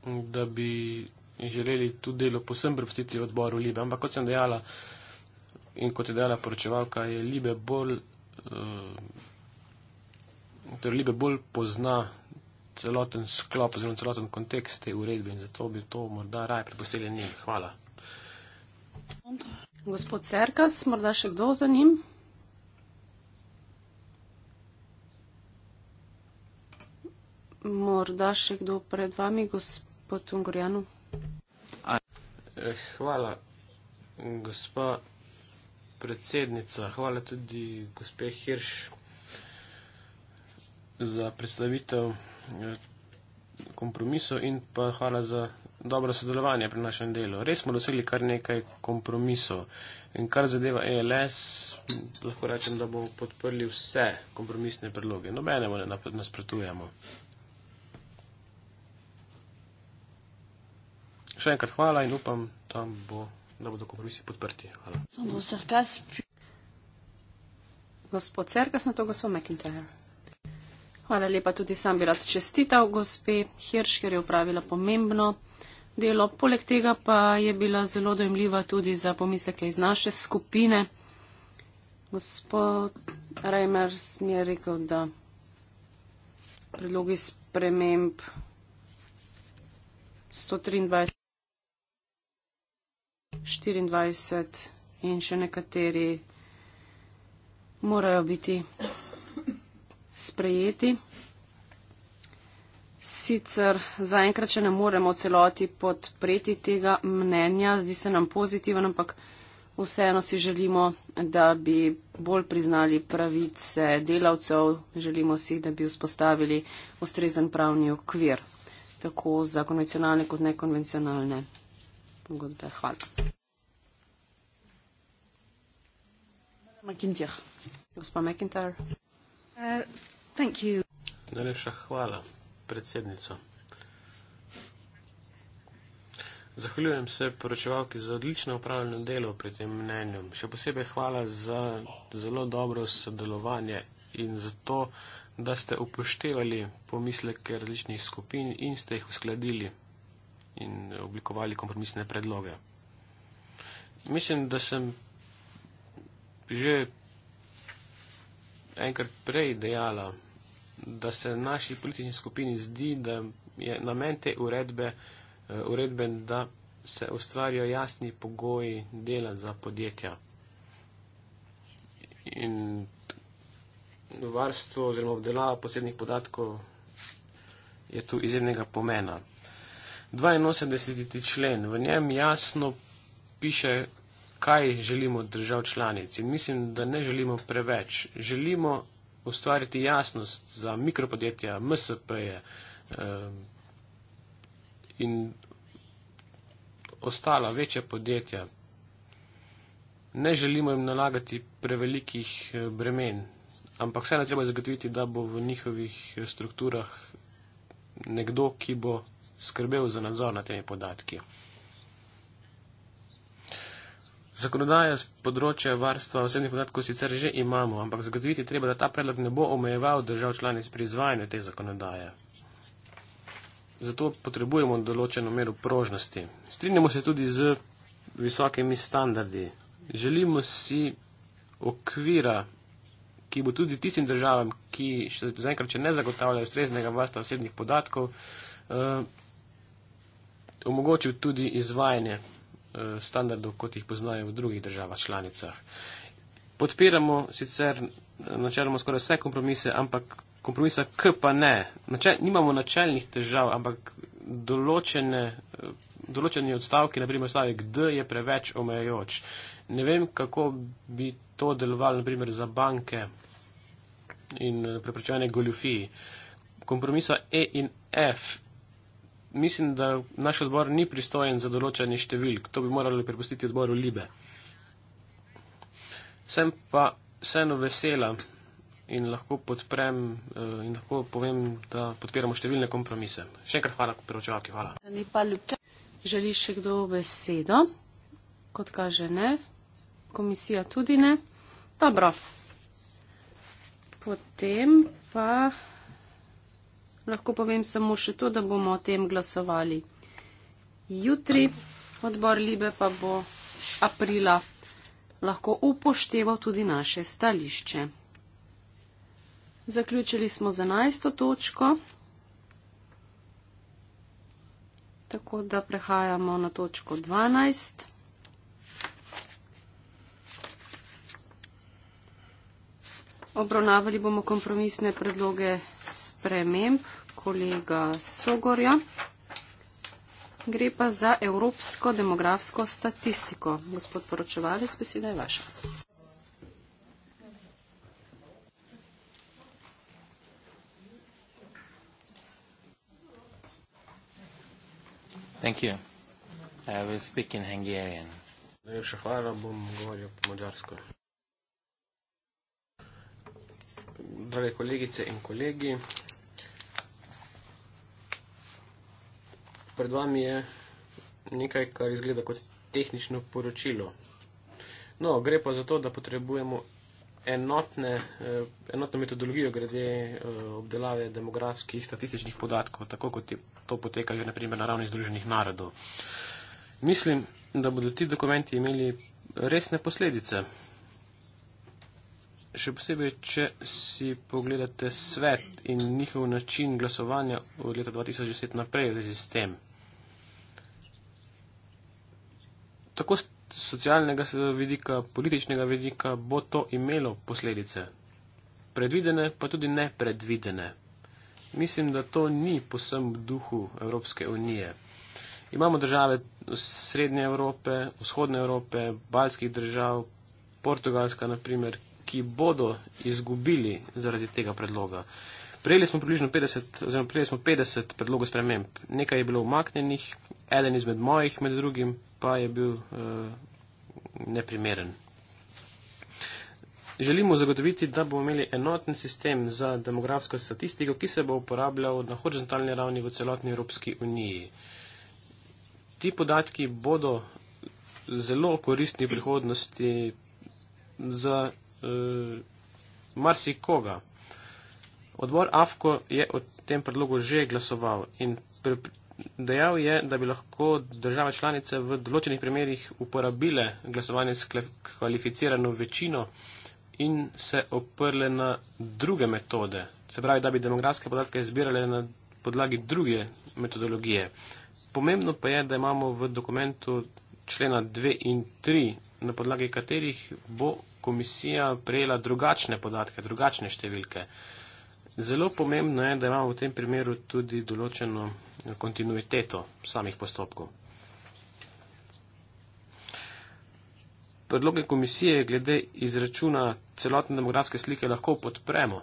da bi želeli to delo posebno prepustiti odboru Libe. Ampak kot sem dejala in kot je dejala poročevalka, je Libe bolj, uh, torej Libe bolj pozna celoten sklop oziroma celoten kontekst te uredbe in zato bi to morda raje prepustili njim. Hvala. Gospod Cerkas, morda še kdo za njim? Morda še kdo pred vami, gospod po tem gorjanu. Eh, hvala, gospa predsednica. Hvala tudi gospe Hirš za predstavitev eh, kompromisov in pa hvala za dobro sodelovanje pri našem delu. Res smo dosegli kar nekaj kompromisov in kar zadeva ELS, lahko rečem, da bomo podprli vse kompromisne predloge. Nobenemu ne nasprotujemo. Na Še enkrat hvala in upam, da, bo, da bodo kompromisi podprti. Hvala. Gospod Serkas, na to gospod McIntyre. Hvala lepa tudi sam bi rad čestital gospe Hirš, ker je upravila pomembno delo. Poleg tega pa je bila zelo dojemljiva tudi za pomisleke iz naše skupine. Gospod Reimers mi je rekel, da predlogi sprememb 123. 24 in še nekateri morajo biti sprejeti. Sicer zaenkrat še ne moremo celoti podpreti tega mnenja, zdi se nam pozitiven, ampak vseeno si želimo, da bi bolj priznali pravice delavcev, želimo si, da bi vzpostavili ustrezen pravni okvir, tako za konvencionalne kot nekonvencionalne pogodbe. Hvala. McIntyre. Gospa McIntyre. Uh, Najlepša hvala, predsednica. Zahvaljujem se poročevalki za odlično upravljeno delo pri tem mnenju. Še posebej hvala za zelo dobro sodelovanje in za to, da ste upoštevali pomisleke različnih skupin in ste jih uskladili in oblikovali kompromisne predloge. Mislim, da sem že enkrat prej dejala, da se naši politični skupini zdi, da je namen te uredbe, eh, uredbe, da se ustvarijo jasni pogoji dela za podjetja. In varstvo oziroma obdelava posebnih podatkov je tu izjemnega pomena. 82. člen. V njem jasno piše, kaj želimo od držav članic. In mislim, da ne želimo preveč. Želimo ustvariti jasnost za mikropodjetja, MSP-je in ostala večja podjetja. Ne želimo jim nalagati prevelikih eh, bremen, ampak vseeno treba zagotoviti, da bo v njihovih eh, strukturah nekdo, ki bo skrbel za nadzor na temi podatki. Zakonodaja z področja varstva osebnih podatkov sicer že imamo, ampak zagotoviti treba, da ta predlog ne bo omejeval držav članic pri izvajanju te zakonodaje. Zato potrebujemo določeno mero prožnosti. Strinjamo se tudi z visokimi standardi. Želimo si okvira, ki bo tudi tistim državam, ki še zaenkrat, če ne zagotavljajo ustreznega varstva osebnih podatkov, eh, omogočil tudi izvajanje Eh, standardov, kot jih poznajo v drugih državah članicah. Podpiramo sicer načeloma skoraj vse kompromise, ampak kompromisa K pa ne. Načel, nimamo načelnih težav, ampak določene, eh, določene odstavke, naprimer stavek D, je preveč omejoč. Ne vem, kako bi to delovalo naprimer za banke in eh, preprečevanje goljufiji. Kompromisa E in F mislim, da naš odbor ni pristojen za določanje številk. To bi morali prepustiti odboru Libe. Sem pa vseeno vesela in lahko podprem eh, in lahko povem, da podpiramo številne kompromise. Še enkrat hvala, preočevalki, hvala. Želi še kdo besedo? Kot kaže ne, komisija tudi ne. Dobro. Potem pa lahko povem samo še to, da bomo o tem glasovali jutri. Odbor Libe pa bo aprila lahko upošteval tudi naše stališče. Zaključili smo z enajsto točko, tako da prehajamo na točko dvanajst. Obravnavali bomo kompromisne predloge sprememb kolega Sogorja. Gre pa za evropsko demografsko statistiko. Gospod poročevalec, beseda je vaša. Thank you. I will speak in Hungarian. Najlepša hvala, bom govoril po mađarsko. Drage kolegice in kolegi, pred vami je nekaj, kar izgleda kot tehnično poročilo. No, gre pa za to, da potrebujemo enotne, eh, enotno metodologijo glede eh, obdelave demografskih statističnih podatkov, tako kot je, to poteka že naprimer na ravni Združenih narodov. Mislim, da bodo ti dokumenti imeli resne posledice. Še posebej, če si pogledate svet in njihov način glasovanja od leta 2010 naprej v zvezi s tem. tako z socialnega vidika, političnega vidika, bo to imelo posledice. Predvidene, pa tudi nepredvidene. Mislim, da to ni posem v duhu Evropske unije. Imamo države Srednje Evrope, Vzhodne Evrope, Balskih držav, Portugalska, naprimer, ki bodo izgubili zaradi tega predloga. Prejeli smo približno 50, oziroma prejeli smo 50 predlogov sprememb. Nekaj je bilo umaknjenih, eden izmed mojih, med drugim, pa je bil uh, neprimeren. Želimo zagotoviti, da bomo imeli enoten sistem za demografsko statistiko, ki se bo uporabljal na horizontalni ravni v celotni Evropski uniji. Ti podatki bodo zelo koristni v prihodnosti za uh, marsikoga. Odbor AFKO je o tem predlogu že glasoval in pri, Dejal je, da bi lahko države članice v določenih primerjih uporabile glasovanje s kvalificirano večino in se oprle na druge metode. Se pravi, da bi demografske podatke zbirale na podlagi druge metodologije. Pomembno pa je, da imamo v dokumentu člena 2 in 3, na podlagi katerih bo komisija prejela drugačne podatke, drugačne številke. Zelo pomembno je, da imamo v tem primeru tudi določeno kontinuiteto samih postopkov. Predloge komisije glede izračuna celotne demografske slike lahko podpremo,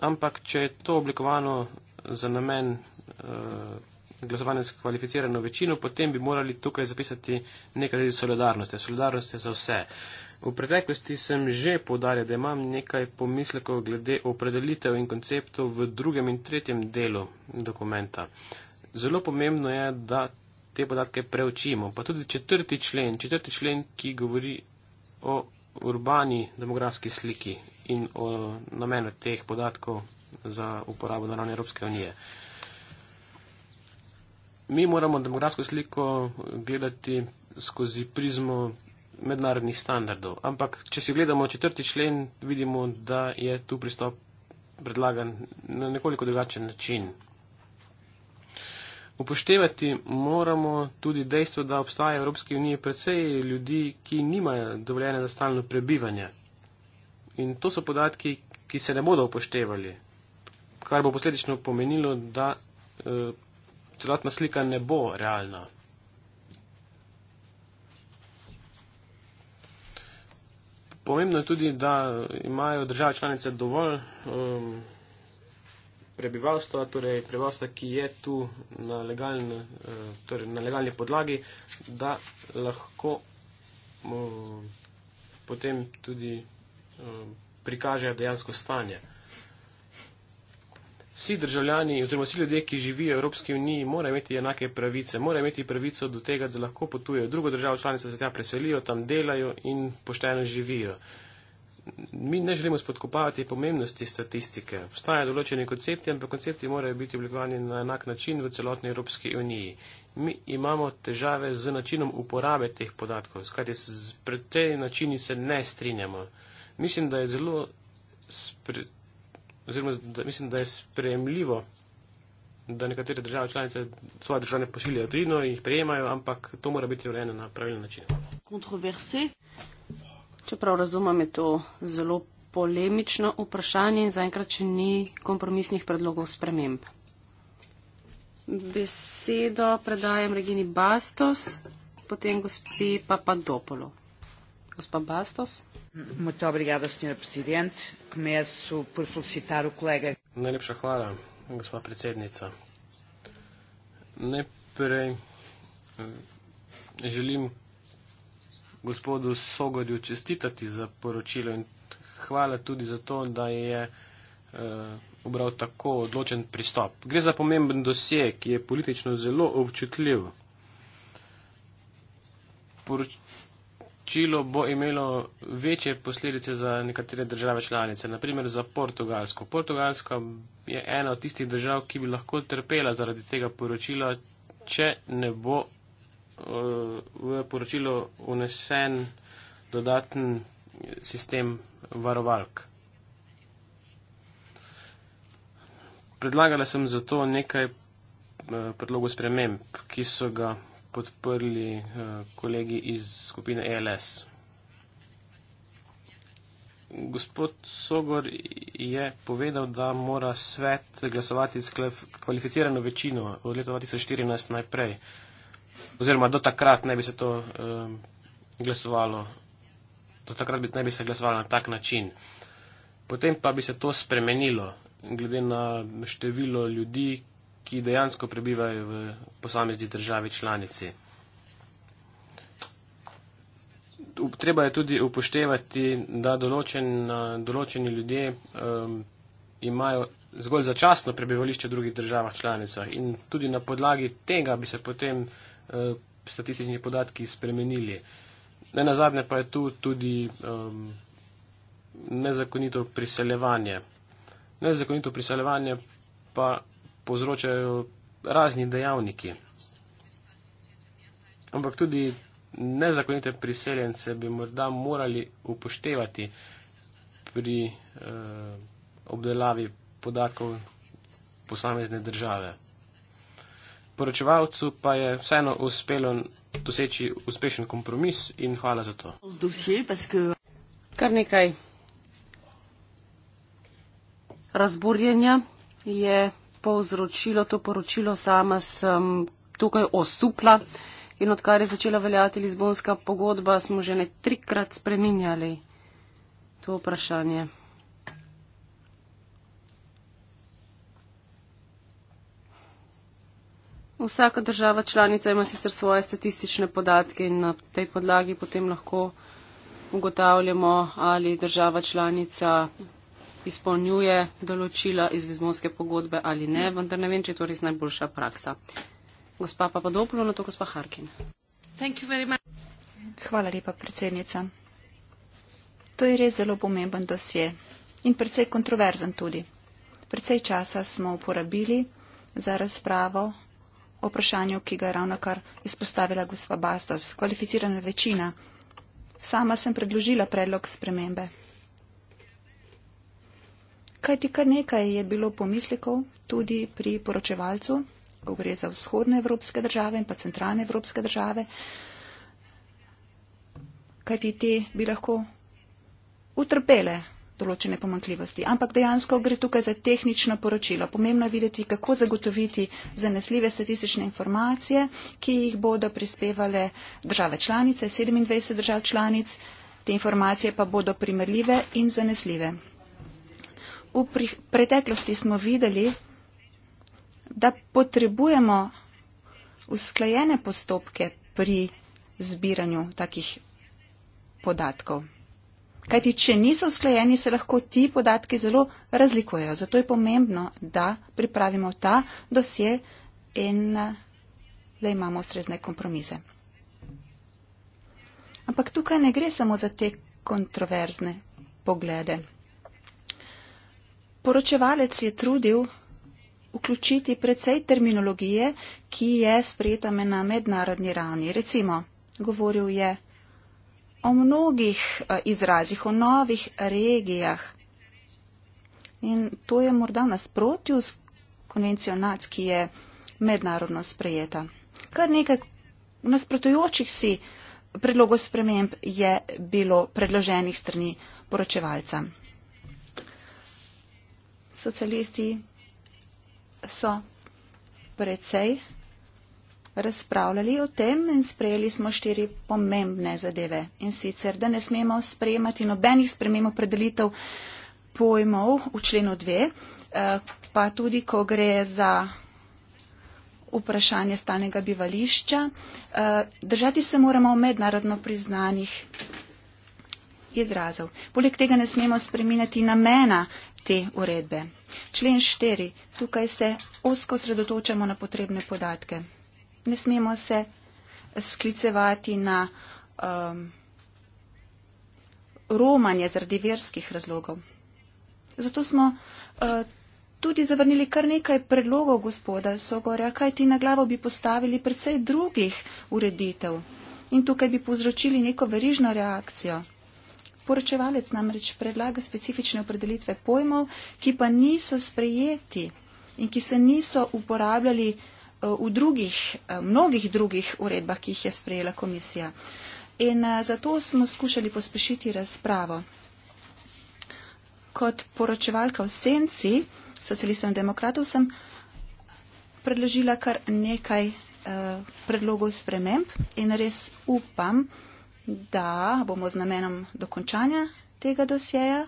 ampak če je to oblikovano za namen uh, glasovanja s kvalificirano večino, potem bi morali tukaj zapisati nekaj solidarnosti, solidarnosti za vse. Uh, V preteklosti sem že podaril, da imam nekaj pomislekov glede opredelitev in konceptov v drugem in tretjem delu dokumenta. Zelo pomembno je, da te podatke preučimo. Pa tudi četrti člen, četrti člen, ki govori o urbani demografski sliki in o namenu teh podatkov za uporabo na ravni Evropske unije. Mi moramo demografsko sliko gledati skozi prizmo mednarodnih standardov. Ampak, če si gledamo četrti člen, vidimo, da je tu pristop predlagan na nekoliko drugačen način. Upoštevati moramo tudi dejstvo, da obstaja v Evropski uniji precej ljudi, ki nimajo dovoljene za stalno prebivanje. In to so podatki, ki se ne bodo upoštevali, kar bo posledično pomenilo, da eh, celotna slika ne bo realna. Pomembno je tudi, da imajo države članice dovolj um, prebivalstva, torej prebivalstva, ki je tu na, legalne, uh, torej na legalni podlagi, da lahko um, potem tudi um, prikažejo dejansko stanje vsi državljani oziroma vsi ljudje, ki živijo v Evropski uniji, morajo imeti enake pravice, morajo imeti pravico do tega, da lahko potujejo v drugo državo članico, da se tam preselijo, tam delajo in pošteno živijo. Mi ne želimo spodkopavati pomembnosti statistike. Obstajajo določeni koncepti, ampak koncepti morajo biti oblikovani na enak način v celotni Evropski uniji. Mi imamo težave z načinom uporabe teh podatkov, skratka, pred te načini se ne strinjamo. Mislim, da je zelo spred, oziroma da, mislim, da je sprejemljivo, da nekatere države članice svoje državne pošiljajo tujino in jih prejemajo, ampak to mora biti urejeno na pravilen način. Kontroverzi. Čeprav razumem, je to zelo polemično vprašanje in zaenkrat, če ni kompromisnih predlogov sprememb. Besedo predajem Regini Bastos, potem gospi Papadopolo. Gospod Bastos. Muito obrigada, Sr. Presidente. Começo por felicitar o colega. Najlepša hvala, gospa predsednica. Najprej eh, želim gospodu Sogodju čestitati za poročilo in hvala tudi za to, da je eh, obral tako odločen pristop. Gre za pomemben dosje, ki je politično zelo občutljiv. Poroč poročilo bo imelo večje posledice za nekatere države članice, naprimer za Portugalsko. Portugalska je ena od tistih držav, ki bi lahko trpela zaradi tega poročila, če ne bo eh, v poročilo unesen dodaten sistem varovalk. Predlagala sem zato nekaj eh, predlogov sprememb, ki so ga podprli eh, kolegi iz skupine ALS. E Gospod Sogor je povedal, da mora svet glasovati s kvalificirano večino od leta 2014 najprej. Oziroma do takrat naj bi se to eh, glasovalo. Do takrat naj bi se glasovalo na tak način. Potem pa bi se to spremenilo, glede na število ljudi, ki dejansko prebivajo v posamezni državi članici. Treba je tudi upoštevati, da določen, določeni ljudje um, imajo zgolj začasno prebivališče v drugih državah članicah in tudi na podlagi tega bi se potem uh, statistični podatki spremenili. Ne na zadnje pa je tu tudi um, nezakonito priseljevanje. Nezakonito priseljevanje pa povzročajo razni dejavniki. Ampak tudi nezakonite priseljence bi morda morali upoštevati pri eh, obdelavi podatkov posamezne države. Poročevalcu pa je vseeno uspelo doseči uspešen kompromis in hvala za to. Kar nekaj razburjenja je povzročilo to poročilo, sama sem tukaj osupla in odkar je začela veljati Lizbonska pogodba, smo že ne trikrat spreminjali to vprašanje. Vsaka država članica ima sicer svoje statistične podatke in na tej podlagi potem lahko ugotavljamo, ali država članica izpolnjuje določila iz Lizbonske pogodbe ali ne, vendar ne vem, če je to res najboljša praksa. Gospa Papadopolo, na to gospa Harkin. Hvala lepa, predsednica. To je res zelo pomemben dosje in precej kontroverzen tudi. Precej časa smo uporabili za razpravo o vprašanju, ki ga je ravno kar izpostavila gospa Bastos, kvalificirana večina. Sama sem predložila predlog spremembe Kajti kar nekaj je bilo pomislikov tudi pri poročevalcu, ko gre za vzhodne evropske države in pa centralne evropske države, kajti te bi lahko utrpele določene pomankljivosti. Ampak dejansko gre tukaj za tehnično poročilo. Pomembno je videti, kako zagotoviti zanesljive statistične informacije, ki jih bodo prispevale države članice, 27 držav članic, te informacije pa bodo primerljive in zanesljive v preteklosti smo videli, da potrebujemo usklajene postopke pri zbiranju takih podatkov. Kajti, če niso usklajeni, se lahko ti podatki zelo razlikujejo. Zato je pomembno, da pripravimo ta dosje in da imamo ustrezne kompromise. Ampak tukaj ne gre samo za te kontroverzne poglede. Poročevalec je trudil vključiti precej terminologije, ki je sprejeta na mednarodni ravni. Recimo, govoril je o mnogih e, izrazih, o novih regijah. In to je morda nasprotju z konvencijo NAC, ki je mednarodno sprejeta. Kar nekaj nasprotujočih si predlogov sprememb je bilo predloženih strani poročevalca socialisti so precej razpravljali o tem in sprejeli smo štiri pomembne zadeve. In sicer, da ne smemo sprejemati nobenih sprememb opredelitev pojmov v členu 2, eh, pa tudi, ko gre za vprašanje stalnega bivališča. Eh, držati se moramo mednarodno priznanih izrazov. Poleg tega ne smemo spreminjati namena te uredbe. Člen 4. Tukaj se osko sredotočamo na potrebne podatke. Ne smemo se sklicevati na um, romanje zaradi verskih razlogov. Zato smo uh, tudi zavrnili kar nekaj predlogov gospoda Sogorja, kaj ti na glavo bi postavili predvsej drugih ureditev in tukaj bi povzročili neko verižno reakcijo. Poročevalec namreč predlaga specifične opredelitve pojmov, ki pa niso sprejeti in ki se niso uporabljali eh, v drugih, eh, mnogih drugih uredbah, ki jih je sprejela komisija. In eh, zato smo skušali pospešiti razpravo. Kot poročevalka v senci socialistov in demokratov sem predložila kar nekaj predlogov sprememb in res upam, da da bomo z namenom dokončanja tega dosjeja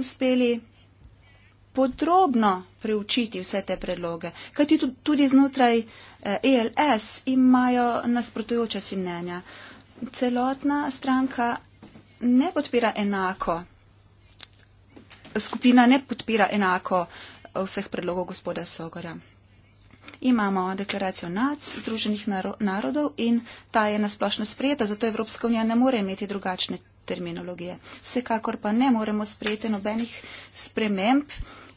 uspeli podrobno preučiti vse te predloge, kajti tudi znotraj ELS eh, e imajo nasprotujoča si mnenja. Celotna stranka ne podpira enako, skupina ne podpira enako eh, vseh predlogov gospoda Sogora imamo deklaracijo NAC, Združenih narodov in ta je nasplošno sprejeta, zato Evropska unija ne more imeti drugačne terminologije. Vsekakor pa ne moremo sprejeti nobenih sprememb,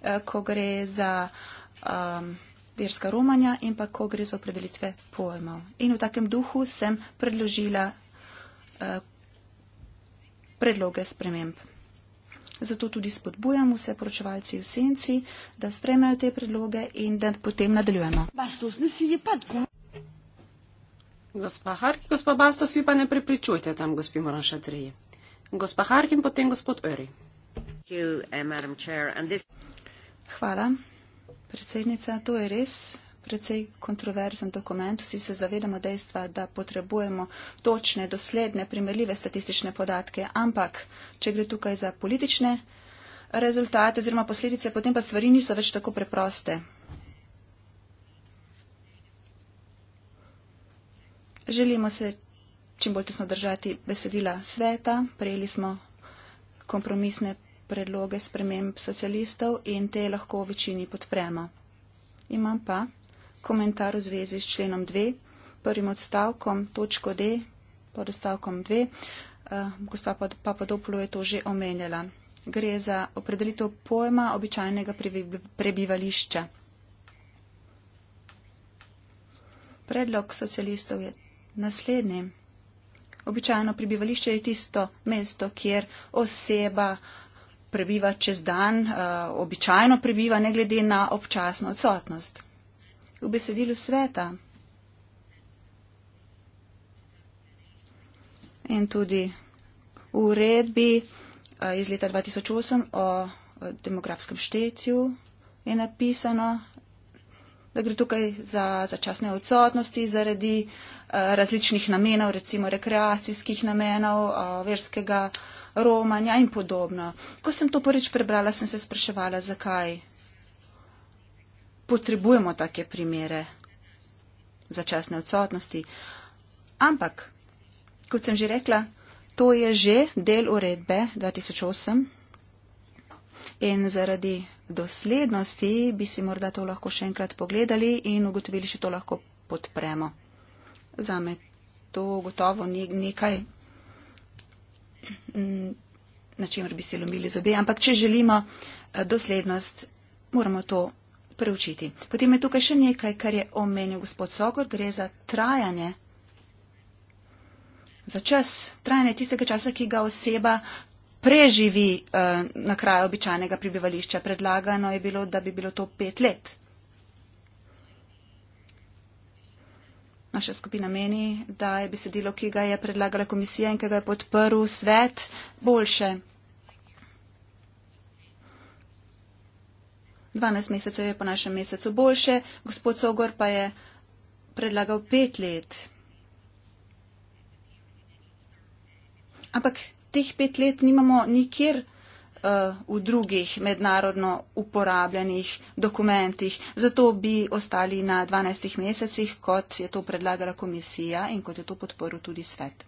eh, ko gre za um, verska romanja in pa ko gre za opredelitve pojmov. In v takem duhu sem predložila uh, predloge sprememb. Zato tudi spodbujam vse poročevalci v senci, da spremejo te predloge in da potem nadaljujemo. Bastos, ne si je padko. Gospa Harki, gospa Bastos, vi pa ne prepričujte tam, gospi Moran Šatriji. Gospa Harki in potem gospod Öri. Eh, Hvala, predsednica, to je res precej kontroverzen dokument. Vsi se zavedamo dejstva, da potrebujemo točne, dosledne, primerljive statistične podatke, ampak če gre tukaj za politične rezultate oziroma posledice, potem pa stvari niso več tako preproste. Želimo se čim bolj tesno držati besedila sveta. Prejeli smo kompromisne predloge sprememb socialistov in te lahko v večini podpremo. Imam pa komentar v zvezi s členom 2, prvim odstavkom, točko D, pod odstavkom 2. Eh, gospa Papadopolo je to že omenjala. Gre za opredelitev pojma običajnega prebivališča. Predlog socialistov je naslednji. Običajno prebivališče je tisto mesto, kjer oseba prebiva čez dan, eh, običajno prebiva ne glede na občasno odsotnost v besedilu sveta. In tudi v uredbi eh, iz leta 2008 o eh, demografskem štetju je napisano, da gre tukaj za začasne odsotnosti zaradi eh, različnih namenov, recimo rekreacijskih namenov, verskega romanja in podobno. Ko sem to prvič prebrala, sem se spraševala, zakaj potrebujemo take primere začasne odsotnosti. Ampak, kot sem že rekla, to je že del uredbe 2008 in zaradi doslednosti bi si morda to lahko še enkrat pogledali in ugotovili, če to lahko podpremo. Za me to gotovo ni nekaj, na čemer bi se lomili zobe, ampak če želimo eh, doslednost, moramo to preučiti. Potem je tukaj še nekaj, kar je omenil gospod Sokor, gre za trajanje. Za čas, trajanje tistega časa, ki ga oseba preživi uh, na kraju običajnega prebivališča. Predlagano je bilo, da bi bilo to pet let. Naša skupina meni, da je besedilo, ki ga je predlagala komisija in ki ga je podprl svet, boljše. 12 mesecev je po našem mesecu boljše, gospod Sogor pa je predlagal 5 let. Ampak teh 5 let nimamo nikjer uh, v drugih mednarodno uporabljenih dokumentih, zato bi ostali na 12 mesecih, kot je to predlagala komisija in kot je to podporil tudi svet.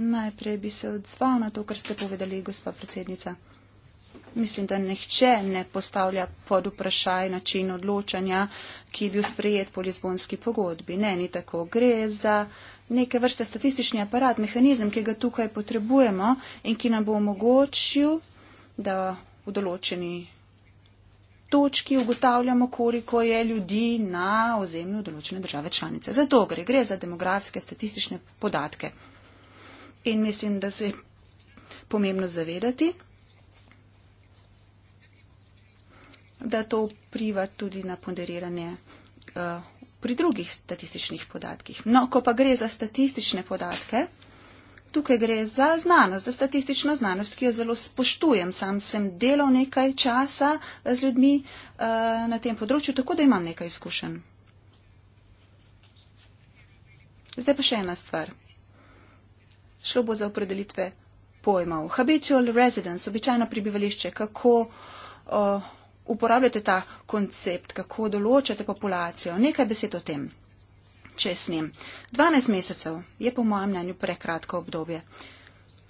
Najprej bi se odzval na to, kar ste povedali, gospa predsednica. Mislim, da nihče ne postavlja pod vprašaj način odločanja, ki je bil sprejet po Lizbonski pogodbi. Ne, ni tako. Gre za neke vrste statistični aparat, mehanizem, ki ga tukaj potrebujemo in ki nam bo omogočil, da v določeni točki ugotavljamo, koliko je ljudi na ozemlju določene države članice. Zato gre, gre za demografske statistične podatke in mislim, da se je pomembno zavedati, da to vpliva tudi na ponderiranje uh, pri drugih statističnih podatkih. No, ko pa gre za statistične podatke, tukaj gre za znanost, za statistično znanost, ki jo zelo spoštujem. Sam sem delal nekaj časa eh, z ljudmi uh, na tem področju, tako da imam nekaj izkušenj. Zdaj pa še ena stvar šlo bo za opredelitve pojmov. Habitual residence, običajno prebivališče, kako o, uporabljate ta koncept, kako določate populacijo. Nekaj besed o tem, če snim. 12 mesecev je po mojem mnenju prekratko obdobje.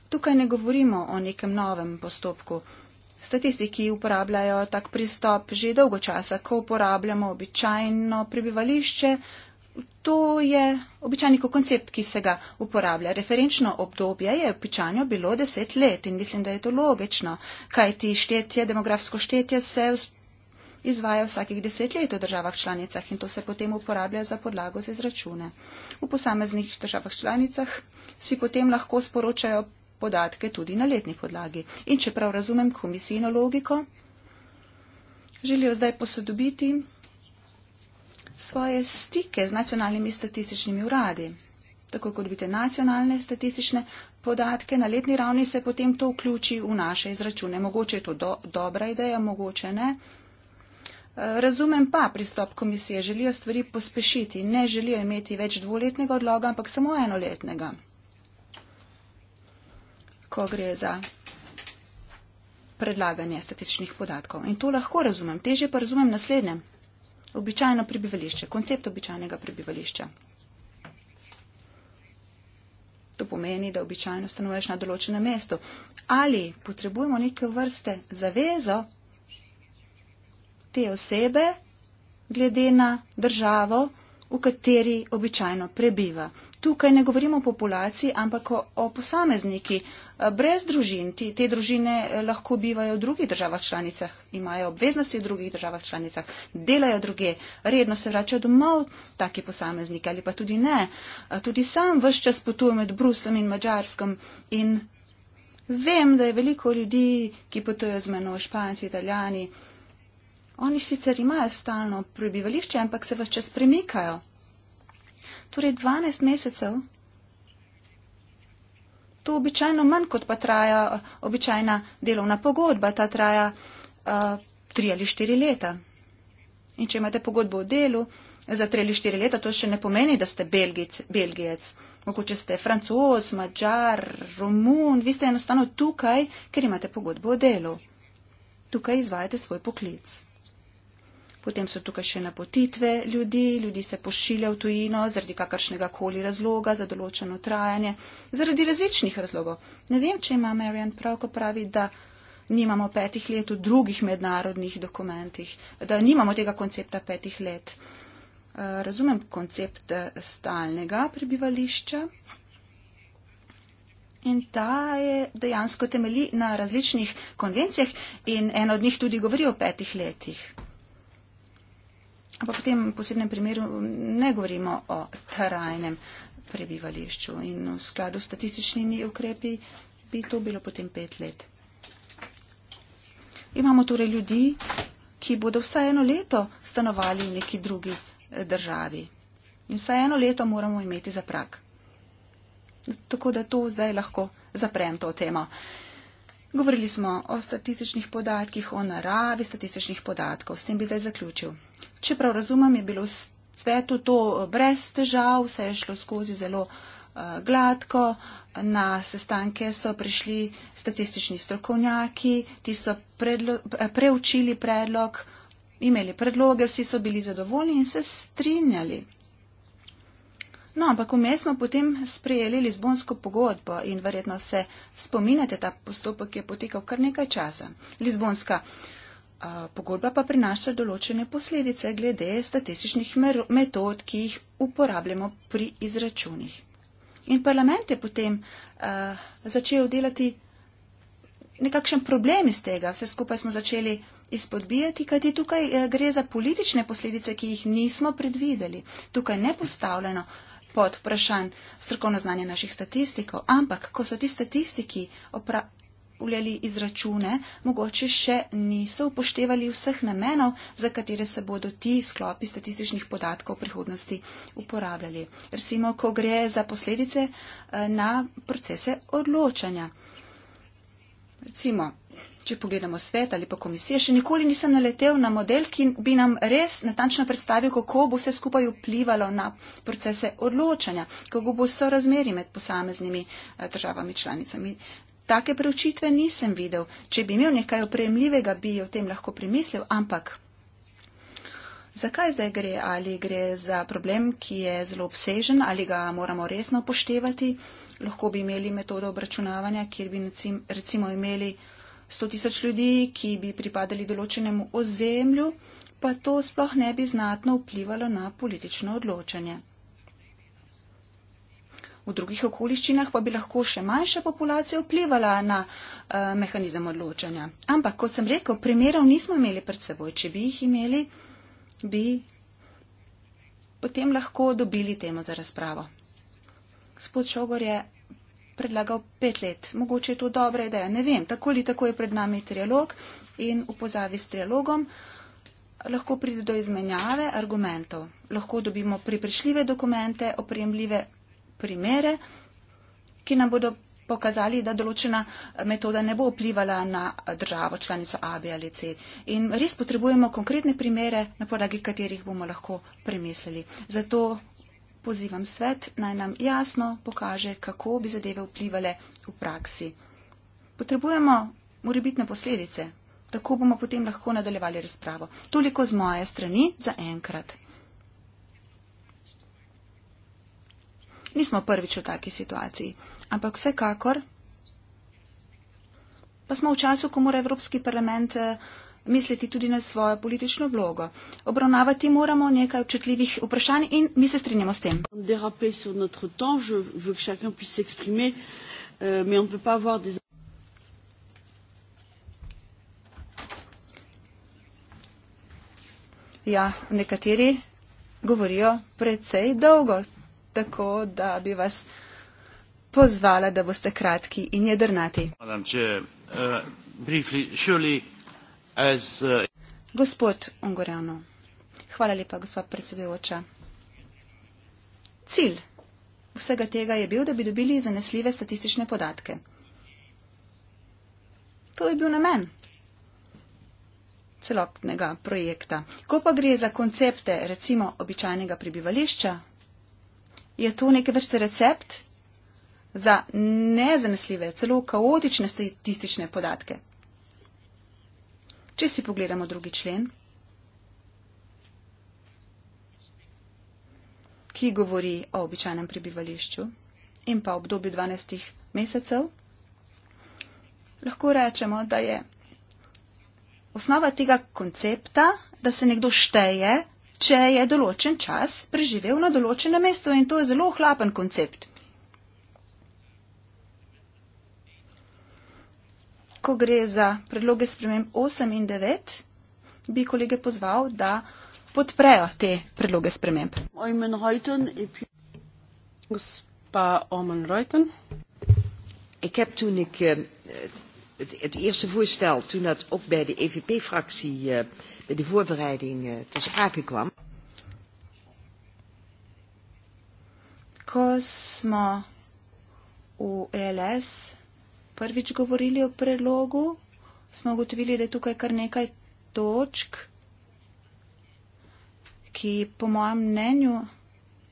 Tukaj ne govorimo o nekem novem postopku. Statistiki uporabljajo tak pristop že dolgo časa, ko uporabljamo običajno prebivališče, to je običajni koncept, ki se ga uporablja. Referenčno obdobje je običajno bilo deset let in mislim, da je to logično, kajti štetje, demografsko štetje se izvaja vsakih deset let v državah članicah in to se potem uporablja za podlago za izračune. V posameznih državah članicah si potem lahko sporočajo podatke tudi na letni podlagi. In čeprav razumem komisijno logiko, želijo zdaj posodobiti svoje stike z nacionalnimi statističnimi uradi. Tako kot vidite nacionalne statistične podatke, na letni ravni se potem to vključi v naše izračune. Mogoče je to do, dobra ideja, mogoče ne. E, razumem pa pristop komisije, želijo stvari pospešiti, ne želijo imeti več dvoletnega odloga, ampak samo enoletnega. Ko gre za predlaganje statističnih podatkov. In to lahko razumem. Teže pa razumem naslednje običajno prebivališče, koncept običajnega prebivališča. To pomeni, da običajno stanuješ na določenem mestu. Ali potrebujemo neke vrste zavezo te osebe glede na državo, v kateri običajno prebiva. Tukaj ne govorimo o populaciji, ampak o, o posamezniki. Brez družin ti, te družine eh, lahko bivajo v drugih državah članicah, imajo obveznosti v drugih državah članicah, delajo druge, redno se vračajo domov, taki posamezniki ali pa tudi ne. Tudi sam vse čas potujem med Bruslom in Mačarskom in vem, da je veliko ljudi, ki potujejo z menoj, španci, italijani, Oni sicer imajo stalno prebivališče, ampak se vas čas premikajo. Torej 12 mesecev. To običajno manj, kot pa traja eh, običajna delovna pogodba. Ta traja uh, tri ali štiri leta. In če imate pogodbo o delu za tri ali štiri leta, to še ne pomeni, da ste belgic, belgijec. Mogoče ste francoz, mačar, romun, vi ste enostavno tukaj, ker imate pogodbo o delu. Tukaj izvajate svoj poklic. Potem so tukaj še napotitve ljudi, ljudi se pošilja v tujino zaradi kakršnega koli razloga za določeno trajanje, zaradi različnih razlogov. Ne vem, če ima Marian prav, ko pravi, da nimamo petih let v drugih mednarodnih dokumentih, da nimamo tega koncepta petih let. Eh, razumem koncept eh, stalnega prebivališča in ta je dejansko temeli na različnih konvencijah in eno od njih tudi govori o petih letih pa potem v posebnem primeru ne govorimo o trajnem prebivališču in v skladu s statističnimi ukrepi bi to bilo potem pet let. Imamo torej ljudi, ki bodo vsaj eno leto stanovali v neki drugi eh, državi. In vsaj eno leto moramo imeti za prak. Tako da to zdaj lahko zaprem to temo. Govorili smo o statističnih podatkih, o naravi statističnih podatkov. S tem bi zdaj zaključil. Če prav razumem, je bilo v svetu to brez težav, vse je šlo skozi zelo eh, gladko. Na sestanke so prišli statistični strokovnjaki, ti so predlo eh, preučili predlog, imeli predloge, vsi so bili zadovoljni in se strinjali. No, ampak vmes smo potem sprejeli Lizbonsko pogodbo in verjetno se spominjate, ta postopek je potekal kar nekaj časa. Lizbonska uh, pogodba pa prinaša določene posledice glede statističnih metod, ki jih uporabljamo pri izračunih. In parlament je potem uh, začel delati nekakšen problem iz tega. Vse skupaj smo začeli izpodbijati, kajti tukaj uh, gre za politične posledice, ki jih nismo predvideli. Tukaj ne postavljeno pod vprašanj strokovno znanje naših statistikov, ampak ko so ti statistiki upravljali izračune, mogoče še niso upoštevali vseh namenov, za katere se bodo ti sklopi statističnih podatkov v prihodnosti uporabljali. Recimo, ko gre za posledice eh, na procese odločanja. Recimo, če pogledamo svet ali pa komisije, še nikoli nisem naletel na model, ki bi nam res natančno predstavil, kako bo vse skupaj vplivalo na procese odločanja, kako bo so razmeri med posameznimi eh, državami članicami. Take preučitve nisem videl. Če bi imel nekaj opremljivega, bi o tem lahko premislil, ampak zakaj zdaj gre? Ali gre za problem, ki je zelo obsežen, ali ga moramo resno upoštevati? Lahko bi imeli metodo obračunavanja, kjer bi recimo imeli 100 tisoč ljudi, ki bi pripadali določenemu ozemlju, pa to sploh ne bi znatno vplivalo na politično odločanje. V drugih okoliščinah pa bi lahko še manjša populacija vplivala na uh, mehanizem odločanja. Ampak, kot sem rekel, primerov nismo imeli pred seboj. Če bi jih imeli, bi potem lahko dobili temo za razpravo. Gospod Šogor je predlagal pet let. Mogoče je to dobra ideja, ne vem. Tako ali tako je pred nami trialog in v pozavi s trialogom lahko pride do izmenjave argumentov. Lahko dobimo priprešljive dokumente, opremljive primere, ki nam bodo pokazali, da določena metoda ne bo vplivala na državo, članico A, B ali C. In res potrebujemo konkretne primere, na podlagi katerih bomo lahko premislili. Zato pozivam svet, naj nam jasno pokaže, kako bi zadeve vplivale v praksi. Potrebujemo morebitne posledice, tako bomo potem lahko nadaljevali razpravo. Toliko z moje strani za enkrat. Nismo prvič v taki situaciji, ampak vsekakor pa smo v času, ko mora Evropski parlament. Eh, misliti tudi na svojo politično vlogo. Obravnavati moramo nekaj občutljivih vprašanj in mi se strinjamo s tem. Euh, ja, nekateri govorijo precej dolgo, tako da bi vas pozvala, da boste kratki in jedrnati. Madam, če, uh, briefly, surely... Uh, gospod Ungorjano, hvala lepa, gospod predsedujoča. Cilj vsega tega je bil, da bi dobili zanesljive statistične podatke. To je bil namen celotnega projekta. Ko pa gre za koncepte, recimo, običajnega prebivališča, je to neke vrste recept za nezanesljive, celo kaotične statistične podatke. Če si pogledamo drugi člen, ki govori o običajnem prebivališču in pa obdobju 12 mesecev, lahko rečemo, da je osnova tega koncepta, da se nekdo šteje, če je določen čas preživel na določenem mestu in to je zelo ohlapen koncept. ko gre za predloge sprememb 8 in 9, bi kolege pozval, da podprejo te predloge sprememb. Gospa Oman Reuten. Ik heb toen ik uh, het, het eerste voorstel, toen dat ook bij de EVP-fractie uh, eh, bij de voorbereiding uh, ter sprake kwam. Ko smo u e LS prvič govorili o prelogu, smo ugotovili, da je tukaj kar nekaj točk, ki po mojem mnenju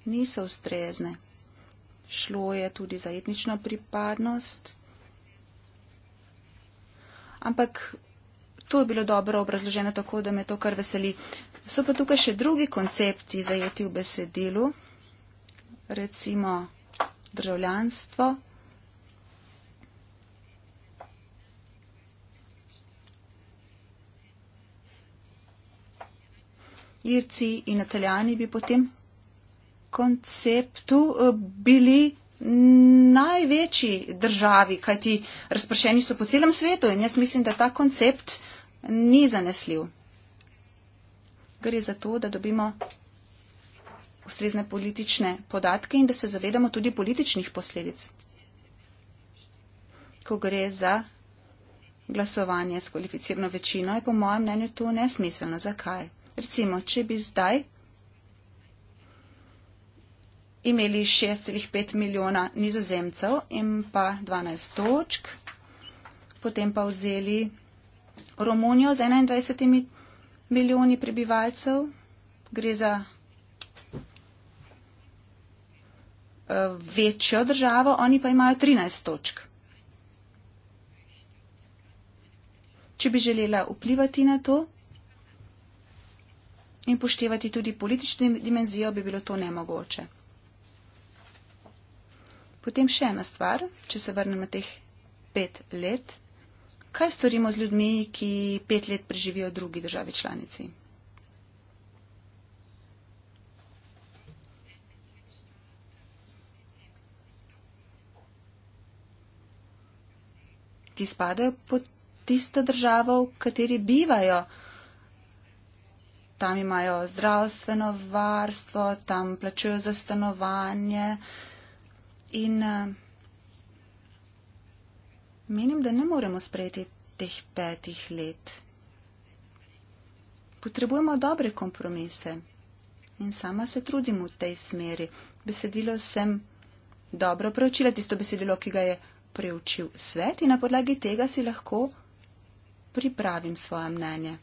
niso ustrezne. Šlo je tudi za etnično pripadnost. Ampak to je bilo dobro obrazloženo, tako da me to kar veseli. So pa tukaj še drugi koncepti zajeti v besedilu, recimo državljanstvo. Irci in Italijani bi po tem konceptu eh, bili največji državi, kajti razpršeni so po celem svetu in jaz mislim, da ta koncept ni zanesljiv. Gre za to, da dobimo ustrezne politične podatke in da se zavedamo tudi političnih posledic, ko gre za glasovanje s kvalificirano večino, je po mojem mnenju to nesmiselno. Zakaj? Recimo, če bi zdaj imeli 6,5 milijona nizozemcev in pa 12 točk, potem pa vzeli Romunijo z 21 milijoni prebivalcev, gre za eh, večjo državo, oni pa imajo 13 točk. Če bi želela vplivati na to, in poštevati tudi politično dimenzijo bi bilo to nemogoče. Potem še ena stvar, če se vrnem na teh pet let. Kaj storimo z ljudmi, ki pet let preživijo v drugi državi članici? Ti spadajo pod tisto državo, v kateri bivajo tam imajo zdravstveno varstvo, tam plačujo za stanovanje in eh, menim, da ne moremo sprejeti teh petih let. Potrebujemo dobre kompromise in sama se trudim v tej smeri. Besedilo sem dobro preučila, tisto besedilo, ki ga je preučil svet in na podlagi tega si lahko pripravim svoje mnenje.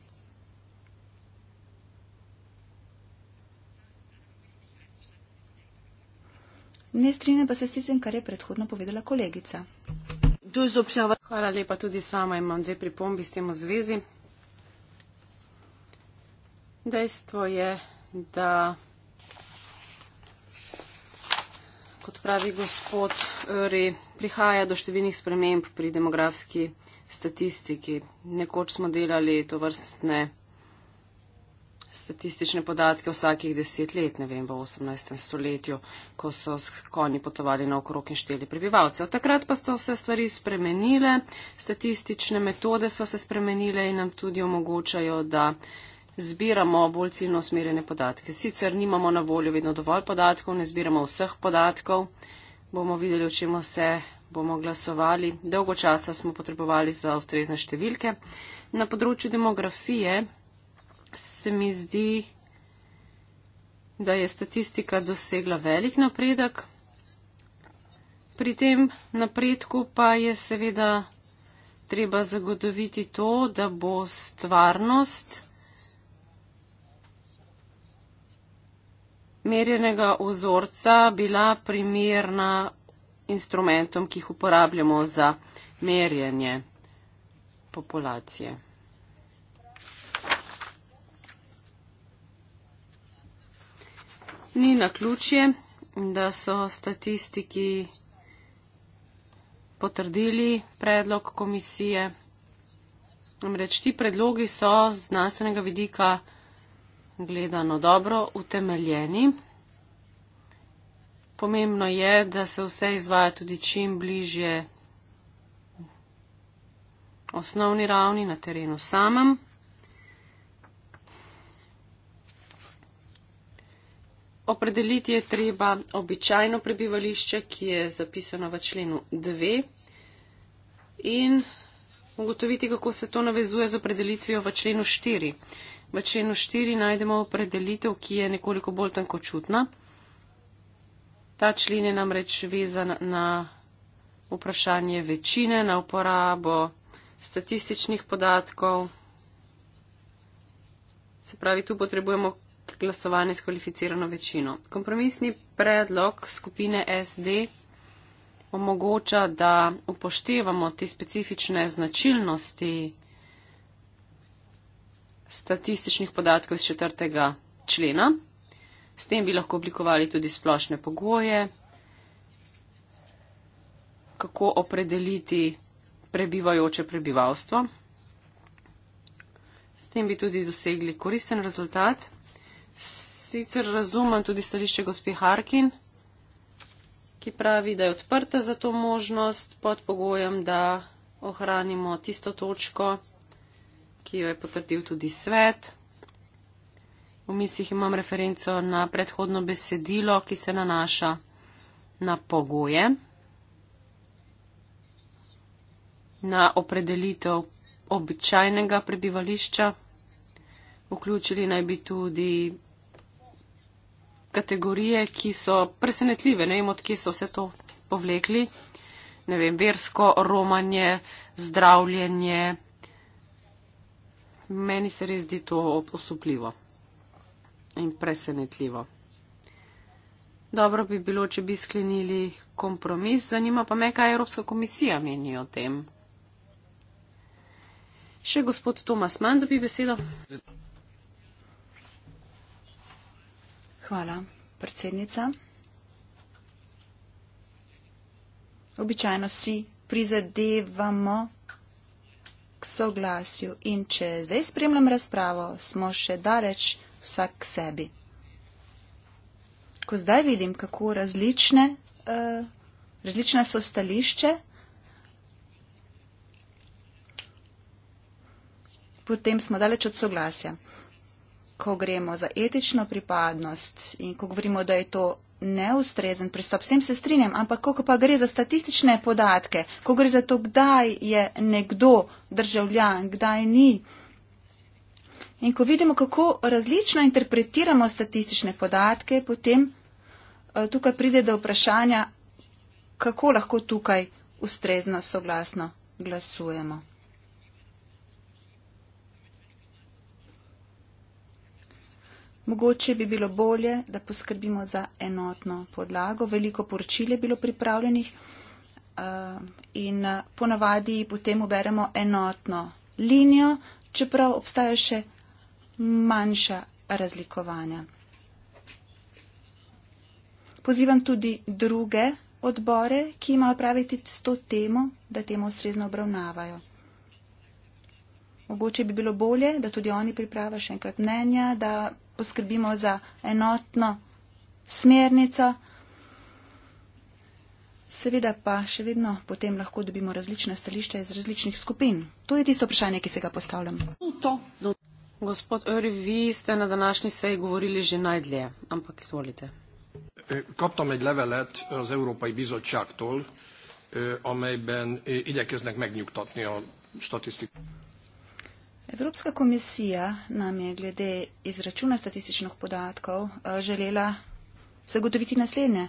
Ne strinjam pa se s tistim, kar je predhodno povedala kolegica. Hvala lepa, tudi sama imam dve pripombi s tem v zvezi. Dejstvo je, da kot pravi gospod Ri, prihaja do številnih sprememb pri demografski statistiki. Nekoč smo delali to vrstne statistične podatke vsakih deset let, ne vem, v 18. stoletju, ko so s konji potovali na okrog in šteli prebivalce. Od takrat pa so vse stvari spremenile, statistične metode so se spremenile in nam tudi omogočajo, da zbiramo bolj ciljno usmerjene podatke. Sicer nimamo na voljo vedno dovolj podatkov, ne zbiramo vseh podatkov, bomo videli, o čem vse bomo glasovali. Dolgo časa smo potrebovali za ustrezne številke. Na področju demografije se mi zdi, da je statistika dosegla velik napredek. Pri tem napredku pa je seveda treba zagotoviti to, da bo stvarnost merjenega ozorca bila primerna instrumentom, ki jih uporabljamo za merjenje populacije. ni na ključje, da so statistiki potrdili predlog komisije. Namreč ti predlogi so z znanstvenega vidika gledano dobro utemeljeni. Pomembno je, da se vse izvaja tudi čim bližje osnovni ravni na terenu samem. Opredeliti je treba običajno prebivališče, ki je zapisano v členu 2 in ugotoviti, kako se to navezuje z opredelitvijo v členu 4. V členu 4 najdemo opredelitev, ki je nekoliko bolj tankočutna. Ta člen je namreč vezan na vprašanje večine, na uporabo statističnih podatkov. Se pravi, tu potrebujemo glasovanje s kvalificirano večino. Kompromisni predlog skupine SD omogoča, da upoštevamo te specifične značilnosti statističnih podatkov iz četrtega člena. S tem bi lahko oblikovali tudi splošne pogoje, kako opredeliti prebivajoče prebivalstvo. S tem bi tudi dosegli koristen rezultat. Sicer razumem tudi stališče gospe Harkin, ki pravi, da je odprta za to možnost pod pogojem, da ohranimo tisto točko, ki jo je potrdil tudi svet. V mislih imam referenco na predhodno besedilo, ki se nanaša na pogoje, na opredelitev običajnega prebivališča vključili naj bi tudi kategorije, ki so presenetljive, ne vem, odkje so vse to povlekli. Ne vem, versko, romanje, zdravljenje. Meni se res zdi to osupljivo in presenetljivo. Dobro bi bilo, če bi sklenili kompromis. Zanima pa me, kaj Evropska komisija meni o tem. Še gospod Tomas Mann dobi besedo. Zdaj. Hvala, predsednica. Običajno si prizadevamo k soglasju in če zdaj spremljam razpravo, smo še daleč vsak k sebi. Ko zdaj vidim, kako različne, uh, eh, različne so stališče, potem smo daleč od soglasja ko gremo za etično pripadnost in ko govorimo, da je to neustrezen pristop, s tem se strinjam, ampak ko pa gre za statistične podatke, ko gre za to, kdaj je nekdo državljan, kdaj ni. In ko vidimo, kako različno interpretiramo statistične podatke, potem eh, tukaj pride do vprašanja, kako lahko tukaj ustrezno soglasno glasujemo. Mogoče bi bilo bolje, da poskrbimo za enotno podlago. Veliko poročil je bilo pripravljenih eh, in eh, ponavadi potem uberemo enotno linijo, čeprav obstajajo še manjša razlikovanja. Pozivam tudi druge odbore, ki imajo praviti s to temo, da temo ustrezno obravnavajo. Mogoče bi bilo bolje, da tudi oni pripravijo še enkrat mnenja, da poskrbimo za enotno smernico. Seveda pa še vedno potem lahko dobimo različne stališče iz različnih skupin. To je tisto vprašanje, ki se ga postavljam. Gospod Öri, vi ste na današnji seji govorili že najdlje, ampak izvolite. Eh, kaptam egy levelet az Európai Bizottságtól, eh, amelyben eh, igyekeznek megnyugtatni a statisztikát. Evropska komisija nam je glede izračuna statističnih podatkov eh, želela zagotoviti naslednje.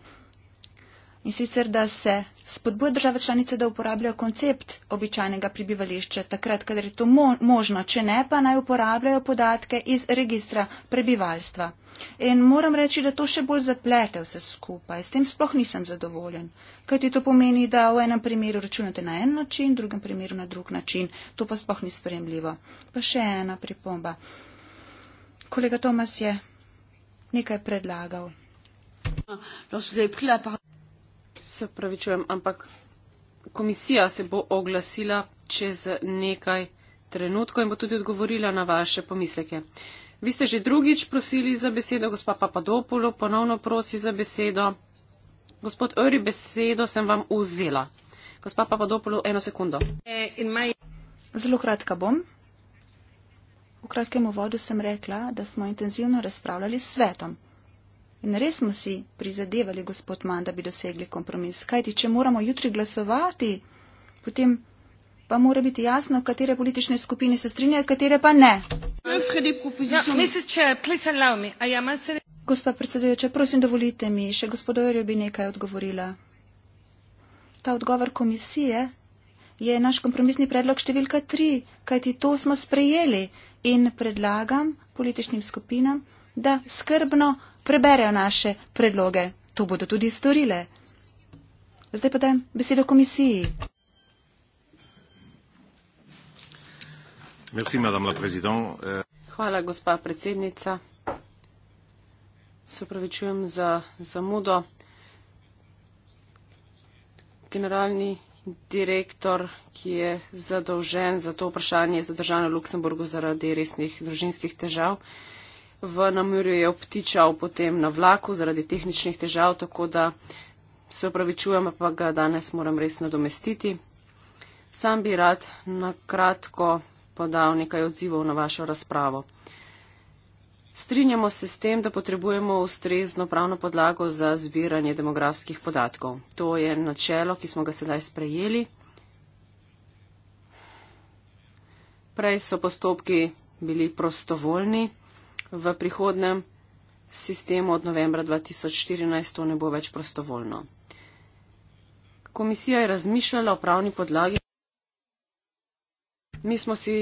In sicer, da se spodbuja države članice, da uporabljajo koncept običajnega prebivališča, takrat, kadar je to mo možno, če ne pa naj uporabljajo podatke iz registra prebivalstva. In moram reči, da to še bolj zaplete vse skupaj. S tem sploh nisem zadovoljen, kajti to pomeni, da v enem primeru računate na en način, v drugem primeru na drug način. To pa sploh ni spremljivo. Pa še ena pripomba. Kolega Tomas je nekaj predlagal. No, se pravi, čujem, ampak komisija se bo oglasila čez nekaj trenutkov in bo tudi odgovorila na vaše pomisleke. Vi ste že drugič prosili za besedo, gospa Papadopolo ponovno prosi za besedo. Gospod Öri, besedo sem vam vzela. Gospa Papadopolo, eno sekundo. Zelo kratka bom. V kratkem uvodu sem rekla, da smo intenzivno razpravljali s svetom In res smo si prizadevali, gospod Man, da bi dosegli kompromis. Kajti, če moramo jutri glasovati, potem pa mora biti jasno, katere politične skupine se strinjajo, katere pa ne. Ja, Gospa predsedujoča, prosim, dovolite mi, še gospodojo bi nekaj odgovorila. Ta odgovor komisije je naš kompromisni predlog številka tri, kajti to smo sprejeli in predlagam političnim skupinam, da skrbno preberejo naše predloge. To bodo tudi storile. Zdaj pa dajem besedo komisiji. Merci, euh, Hvala, gospa predsednica. Se upravičujem za zamudo. Generalni direktor, ki je zadolžen za to vprašanje, je zadržan v Luksemburgu zaradi resnih družinskih težav v Namurju je obtičal potem na vlaku zaradi tehničnih težav, tako da se opravičujem, pa ga danes moram res nadomestiti. Sam bi rad na kratko podal nekaj odzivov na vašo razpravo. Strinjamo se s tem, da potrebujemo ustrezno pravno podlago za zbiranje demografskih podatkov. To je načelo, ki smo ga sedaj sprejeli. Prej so postopki bili prostovoljni v prihodnem sistemu od novembra 2014 to ne bo več prostovoljno. Komisija je razmišljala o pravni podlagi. Mi smo si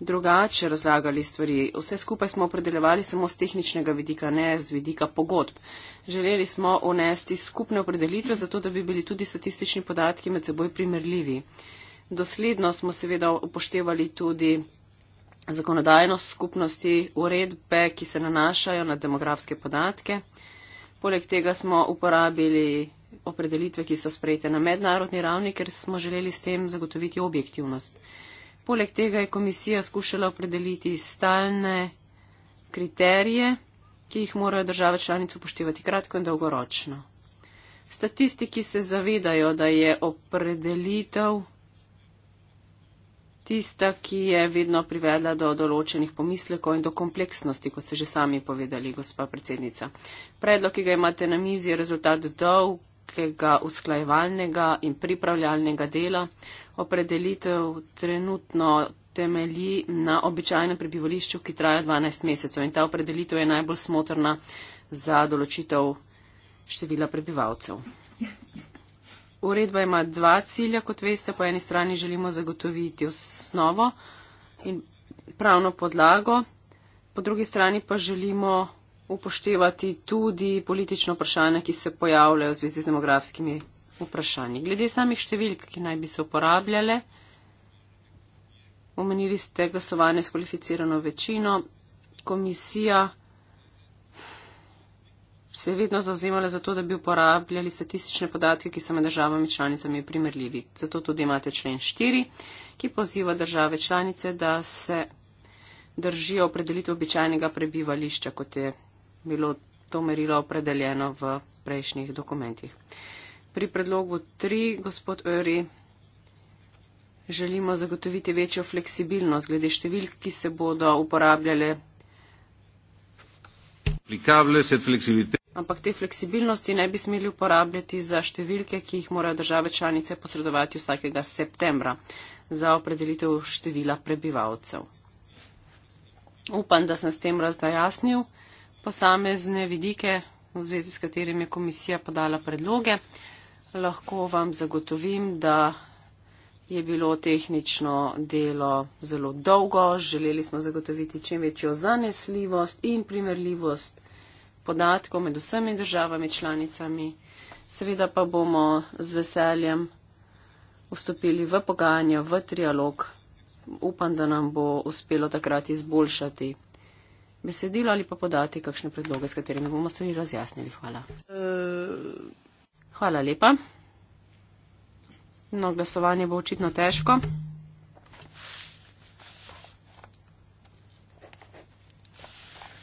drugače razlagali stvari. Vse skupaj smo opredeljevali samo z tehničnega vidika, ne z vidika pogodb. Želeli smo unesti skupne opredelitve, zato da bi bili tudi statistični podatki med seboj primerljivi. Dosledno smo seveda upoštevali tudi zakonodajnost skupnosti, uredbe, ki se nanašajo na demografske podatke. Poleg tega smo uporabili opredelitve, ki so sprejete na mednarodni ravni, ker smo želeli s tem zagotoviti objektivnost. Poleg tega je komisija skušala opredeliti stalne kriterije, ki jih morajo države članice upoštevati kratko in dolgoročno. Statistiki se zavedajo, da je opredelitev tista, ki je vedno privedla do določenih pomislekov in do kompleksnosti, kot ste že sami povedali, gospa predsednica. Predlog, ki ga imate na mizi, je rezultat dolgega usklajevalnega in pripravljalnega dela. Opredelitev trenutno temelji na običajnem prebivališču, ki traja 12 mesecev in ta opredelitev je najbolj smotrna za določitev števila prebivalcev uredba ima dva cilja, kot veste, po eni strani želimo zagotoviti osnovo in pravno podlago, po drugi strani pa želimo upoštevati tudi politično vprašanje, ki se pojavljajo v zvezi z demografskimi vprašanji. Glede samih številk, ki naj bi se uporabljale, omenili ste glasovanje s kvalificirano večino, komisija se je vedno zauzemala za to, da bi uporabljali statistične podatke, ki so med državami članicami primerljivi. Zato tudi imate člen 4, ki poziva države članice, da se držijo opredelitev običajnega prebivališča, kot je bilo to merilo opredeljeno v prejšnjih dokumentih. Pri predlogu 3, gospod Öri, želimo zagotoviti večjo fleksibilnost glede številk, ki se bodo uporabljale. Aplicable cette flexibilité ampak te fleksibilnosti ne bi smeli uporabljati za številke, ki jih morajo države članice posredovati vsakega septembra za opredelitev števila prebivalcev. Upam, da sem s tem razdajasnil posamezne vidike, v zvezi s katerimi je komisija podala predloge. Lahko vam zagotovim, da je bilo tehnično delo zelo dolgo. Želeli smo zagotoviti čim večjo zanesljivost in primerljivost podatkov med vsemi državami članicami. Seveda pa bomo z veseljem vstopili v pogajanja, v trialog. Upam, da nam bo uspelo takrat izboljšati besedilo ali pa podati kakšne predloge, s katerimi bomo stvari razjasnili. Hvala. Eh. Hvala lepa. No, glasovanje bo očitno težko.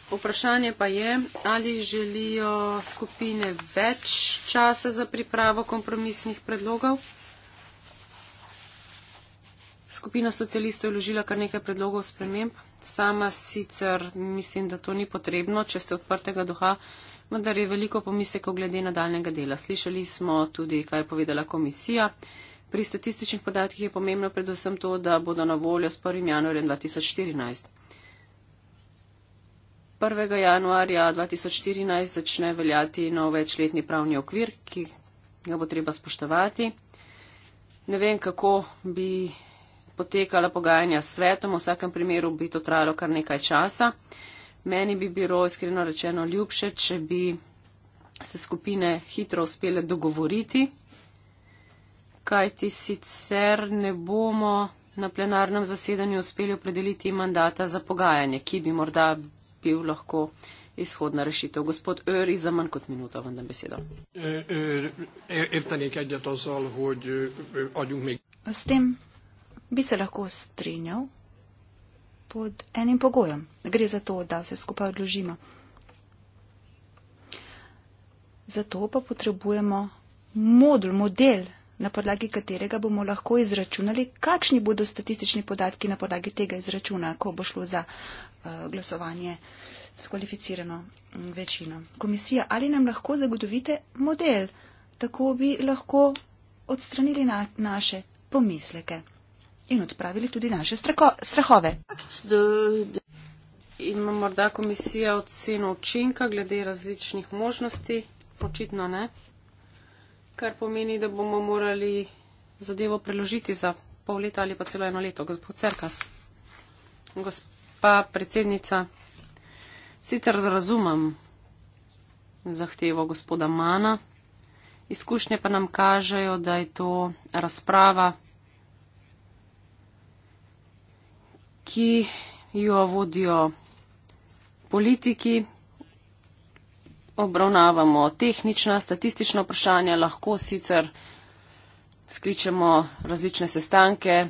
Vprašanje pa je, ali želijo skupine več časa za pripravo kompromisnih predlogov. Skupina socialistov je vložila kar nekaj predlogov sprememb. Sama sicer mislim, da to ni potrebno, če ste odprtega duha, vendar je veliko pomisekov glede nadaljnega dela. Slišali smo tudi, kaj je povedala komisija. Pri statističnih podatkih je pomembno predvsem to, da bodo na voljo s 1. januarjem 2014. 1. januarja 2014 začne veljati nov večletni pravni okvir, ki ga bo treba spoštovati. Ne vem, kako bi potekala pogajanja s svetom, v vsakem primeru bi to trajalo kar nekaj časa. Meni bi bilo iskreno rečeno ljubše, če bi se skupine hitro uspele dogovoriti, kajti sicer ne bomo na plenarnem zasedanju uspeli opredeliti mandata za pogajanje, ki bi morda bil lahko izhodna rešitev. Gospod Öri, za manj kot minuto vam dam besedo. Ertanik egyet azzal, hogy adjunk még. S tem bi se lahko strinjal pod enim pogojem. Gre za to, da se skupaj odložimo. Zato pa potrebujemo modul, model, model na podlagi katerega bomo lahko izračunali, kakšni bodo statistični podatki na podlagi tega izračuna, ko bo šlo za eh, glasovanje s kvalificirano mm, večino. Komisija, ali nam lahko zagotovite model, tako bi lahko odstranili na naše pomisleke in odpravili tudi naše strahove. Ima morda komisija oceno učinka glede različnih možnosti? Očitno ne kar pomeni, da bomo morali zadevo preložiti za pol leta ali pa celo eno leto. Gospod Cerkas, gospa predsednica, sicer razumem zahtevo gospoda Mana, izkušnje pa nam kažejo, da je to razprava, ki jo vodijo politiki, obravnavamo tehnična, statistična vprašanja, lahko sicer skličemo različne sestanke,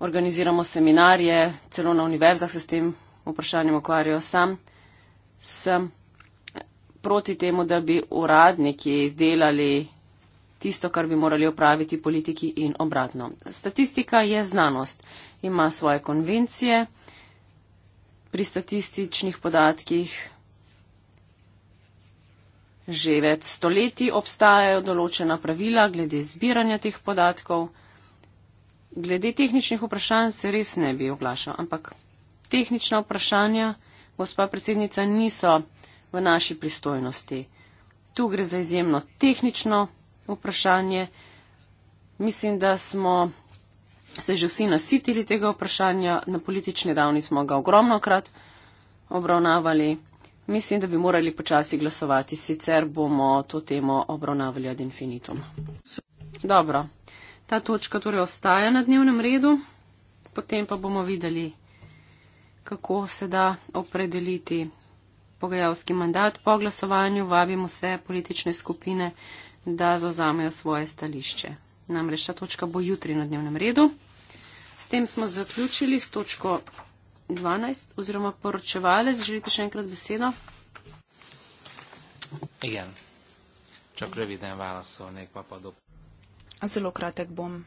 organiziramo seminarje, celo na univerzah se s tem vprašanjem ukvarjajo sam. Sem proti temu, da bi uradniki delali tisto, kar bi morali upraviti politiki in obratno. Statistika je znanost, ima svoje konvencije. Pri statističnih podatkih Že več stoletij obstajajo določena pravila glede zbiranja teh podatkov. Glede tehničnih vprašanj se res ne bi oglašal, ampak tehnična vprašanja, gospa predsednica, niso v naši pristojnosti. Tu gre za izjemno tehnično vprašanje. Mislim, da smo se že vsi nasitili tega vprašanja. Na politični ravni smo ga ogromno krat obravnavali. Mislim, da bi morali počasi glasovati, sicer bomo to temo obravnavali ad infinitum. Dobro, ta točka torej ostaja na dnevnem redu, potem pa bomo videli, kako se da opredeliti pogajalski mandat. Po glasovanju vabimo vse politične skupine, da zauzamejo svoje stališče. Namreč ta točka bo jutri na dnevnem redu. S tem smo zaključili s točko 12 oziroma poročevalec, želite še enkrat besedo? Igen. Čak reviden valasov, nek pa pa dop. Zelo kratek bom.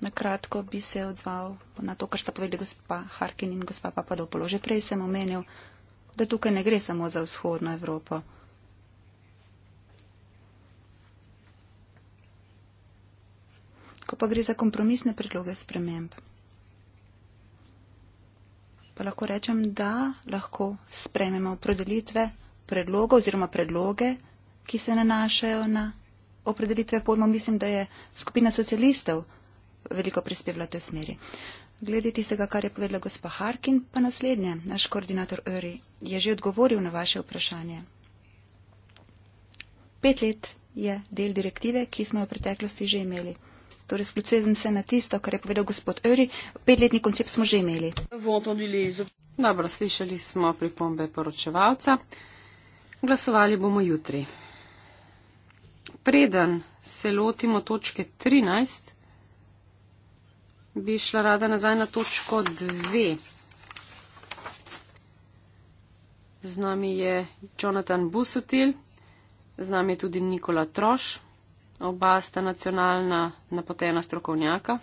Na kratko bi se odzval na to, kar sta povedali gospa Harkin in gospa Papadopolo. Že prej sem omenil, da tukaj ne gre samo za vzhodno Evropo. Ko pa gre za kompromisne predloge sprememb, pa lahko rečem, da lahko sprejmemo opredelitve predlogov oziroma predloge, ki se nanašajo na opredelitve pojmov. Mislim, da je skupina socialistov veliko prispevala v tej smeri. Glede tistega, kar je povedala gospa Harkin, pa naslednje, naš koordinator Öri je že odgovoril na vaše vprašanje. Pet let je del direktive, ki smo jo v preteklosti že imeli. Torej, sklicujem se na tisto, kar je povedal gospod Öri. Petletni koncept smo že imeli. Dobro, slišali smo pripombe poročevalca. Glasovali bomo jutri. Preden se lotimo točke 13, bi šla rada nazaj na točko 2. Z nami je Jonathan Busutil, z nami je tudi Nikola Troš, oba sta nacionalna napotena strokovnjaka.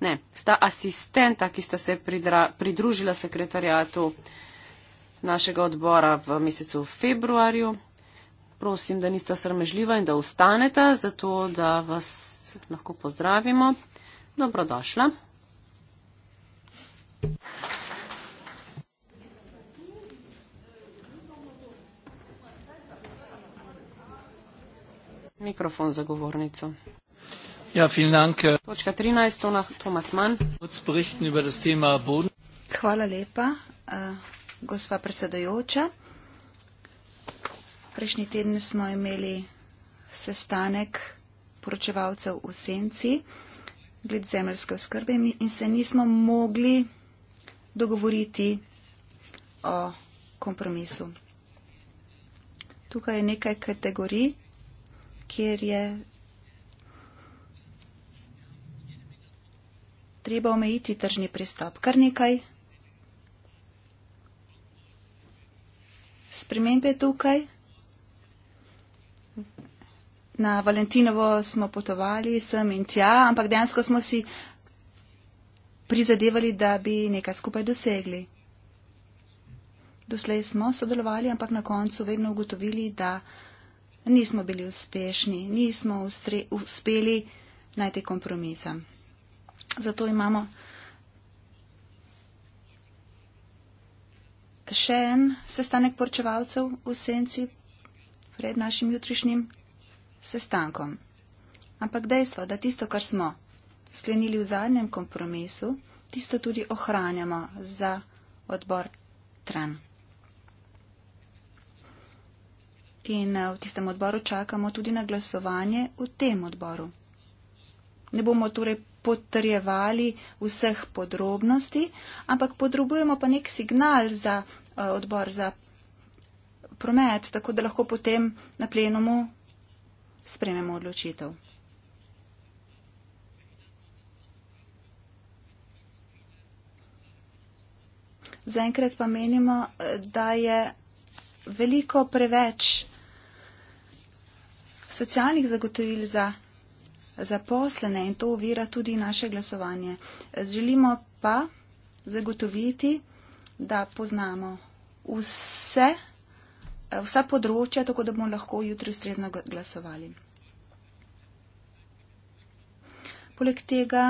Ne, sta asistenta, ki sta se pridra, pridružila sekretarjatu našega odbora v mesecu februarju. Prosim, da nista srmežljiva in da ustaneta, zato da vas lahko pozdravimo. Dobrodošla. Mikrofon za govornico. Ja, vielen Dank. Äh, Točka 13, Thomas Mann. Hvala lepa, uh, gospa predsedojoča. Prejšnji teden smo imeli sestanek poročevalcev v Senci glede zemljske oskrbe in se nismo mogli dogovoriti o kompromisu. Tukaj je nekaj kategorij, kjer je treba omejiti tržni pristop. Kar nekaj spremembe tukaj. Na Valentinovo smo potovali sem in tja, ampak dejansko smo si prizadevali, da bi nekaj skupaj dosegli. Doslej smo sodelovali, ampak na koncu vedno ugotovili, da nismo bili uspešni, nismo ustre, uspeli najti kompromisa. Zato imamo še en sestanek porčevalcev v senci pred našim jutrišnjim sestankom. Ampak dejstvo, da tisto, kar smo sklenili v zadnjem kompromisu, tisto tudi ohranjamo za odbor Trump. in eh, v tistem odboru čakamo tudi na glasovanje v tem odboru. Ne bomo torej potrjevali vseh podrobnosti, ampak podrobujemo pa nek signal za eh, odbor za promet, tako da lahko potem na plenumu sprememo odločitev. Zaenkrat pa menimo, eh, da je veliko preveč socialnih zagotovil za zaposlene in to uvira tudi naše glasovanje. Želimo pa zagotoviti, da poznamo vse, vsa področja, tako da bomo lahko jutri ustrezno glasovali. Poleg tega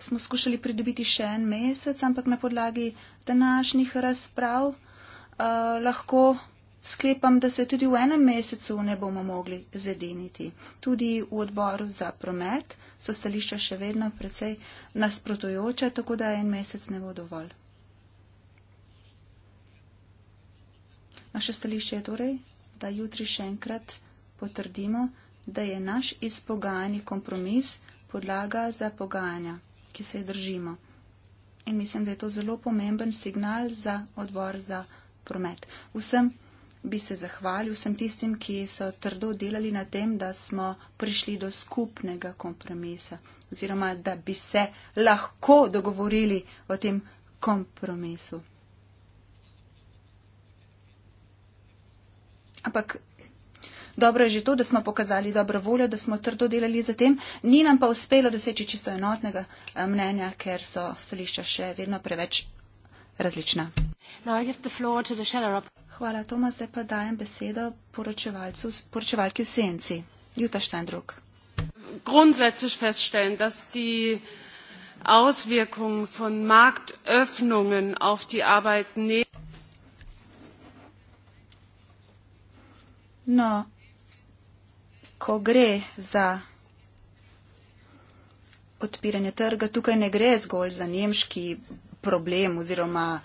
smo skušali pridobiti še en mesec, ampak na podlagi današnjih razprav uh, lahko Sklepam, da se tudi v enem mesecu ne bomo mogli zediniti. Tudi v odboru za promet so stališča še vedno precej nasprotujoče, tako da en mesec ne bo dovolj. Naše stališče je torej, da jutri še enkrat potrdimo, da je naš izpogajani kompromis podlaga za pogajanja, ki se je držimo. In mislim, da je to zelo pomemben signal za odbor za promet. Vsem bi se zahvalil vsem tistim, ki so trdo delali na tem, da smo prišli do skupnega kompromisa oziroma da bi se lahko dogovorili o tem kompromisu. Ampak dobro je že to, da smo pokazali dobro voljo, da smo trdo delali za tem, ni nam pa uspelo doseči čisto enotnega eh, mnenja, ker so stališča še vedno preveč različna. Hvala, Tomas. Zdaj pa dajem besedo poročevalki v senci. Juta Štendruk. Grundsätzlich feststellen, dass die Auswirkungen von Marktöffnungen auf die Arbeitnehmer. No, ko gre za odpiranje trga, tukaj ne gre zgolj za nemški problem oziroma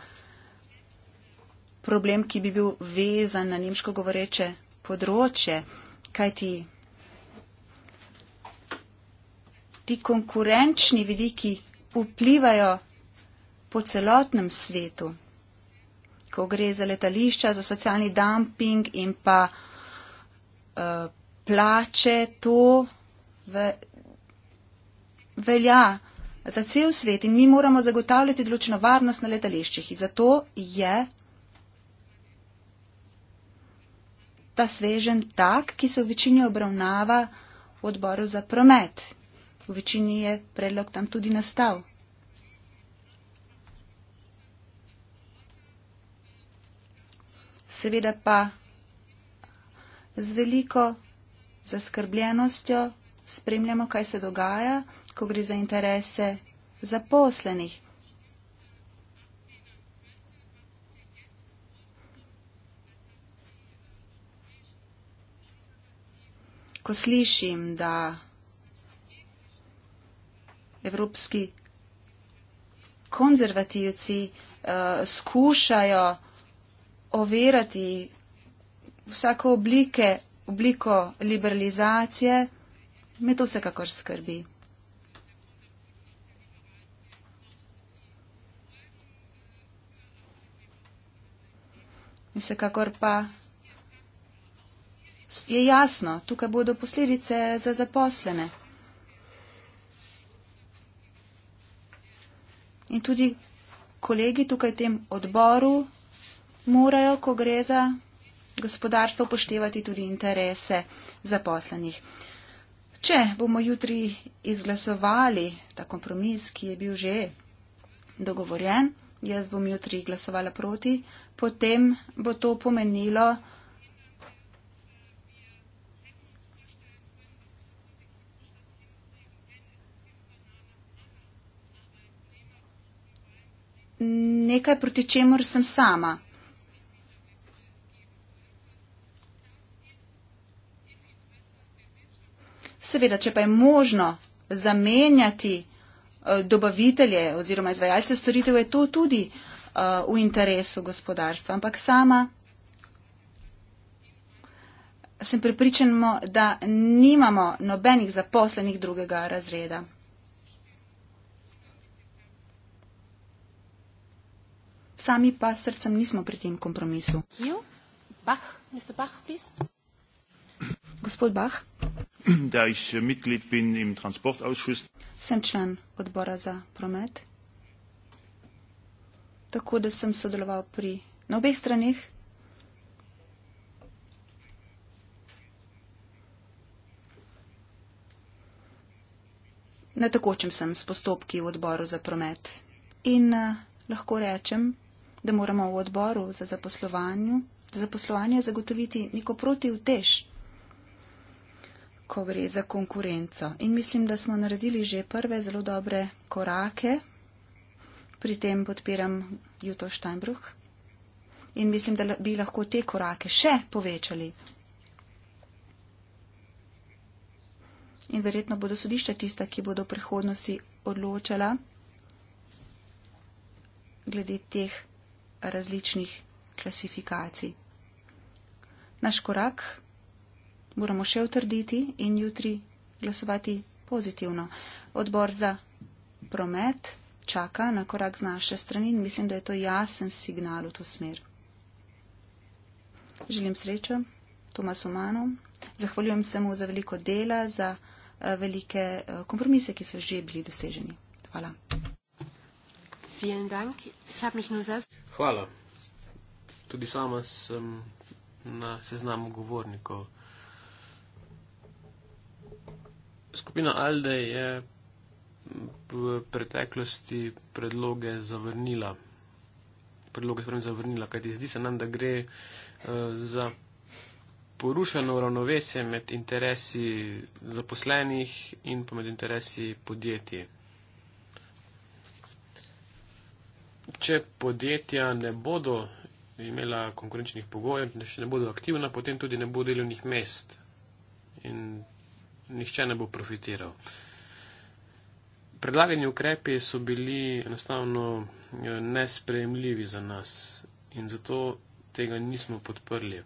problem, ki bi bil vezan na nemško govoreče področje, kajti ti konkurenčni vidiki vplivajo po celotnem svetu, ko gre za letališča, za socialni dumping in pa uh, plače, to v, velja za cel svet in mi moramo zagotavljati določeno varnost na letališčih. In zato je ta svežen tak, ki se v večini obravnava v odboru za promet. V večini je predlog tam tudi nastal. Seveda pa z veliko zaskrbljenostjo spremljamo, kaj se dogaja, ko gre za interese zaposlenih, ko slišim, da evropski konzervativci uh, skušajo overati vsako oblike, obliko liberalizacije, me to vsekakor skrbi. Vsekakor pa je jasno, tukaj bodo posledice za zaposlene. In tudi kolegi tukaj v tem odboru morajo, ko gre za gospodarstvo, upoštevati tudi interese zaposlenih. Če bomo jutri izglasovali ta kompromis, ki je bil že dogovorjen, jaz bom jutri glasovala proti, potem bo to pomenilo, nekaj, proti čemur sem sama. Seveda, če pa je možno zamenjati eh, dobavitelje oziroma izvajalce storitev, je to tudi eh, v interesu gospodarstva. Ampak sama sem prepričan, da nimamo nobenih zaposlenih drugega razreda. sami pa s srcem nismo pri tem kompromisu. Bach, Bach, Gospod Bach. Da ich äh, Mitglied bin im Transportausschuss. Sem član odbora za promet. Tako da sem sodeloval pri na obeh stranih. Na takočem sem s postopki v odboru za promet. In uh, lahko rečem, da moramo v odboru za zaposlovanje zagotoviti neko protivtež, ko gre za konkurenco. In mislim, da smo naredili že prve zelo dobre korake. Pri tem podpiram Juto Steinbruch. In mislim, da bi lahko te korake še povečali. In verjetno bodo sodišča tista, ki bodo v prihodnosti odločala glede teh različnih klasifikacij. Naš korak moramo še utrditi in jutri glasovati pozitivno. Odbor za promet čaka na korak z naše strani in mislim, da je to jasen signal v to smer. Želim srečo Tomasu Manu, zahvaljujem se mu za veliko dela, za eh, velike eh, kompromise, ki so že bili doseženi. Hvala. Hvala. Tudi sama sem na seznamu govornikov. Skupina Alde je v preteklosti predloge zavrnila. Predloge sprem zavrnila, kajti zdi se nam, da gre eh, za porušeno ravnovesje med interesi zaposlenih in pa med interesi podjetij. če podjetja ne bodo imela konkurenčnih pogojev, če ne bodo aktivna, potem tudi ne bo delovnih mest in nihče ne bo profitiral. Predlagani ukrepi so bili enostavno eh, nesprejemljivi za nas in zato tega nismo podprli.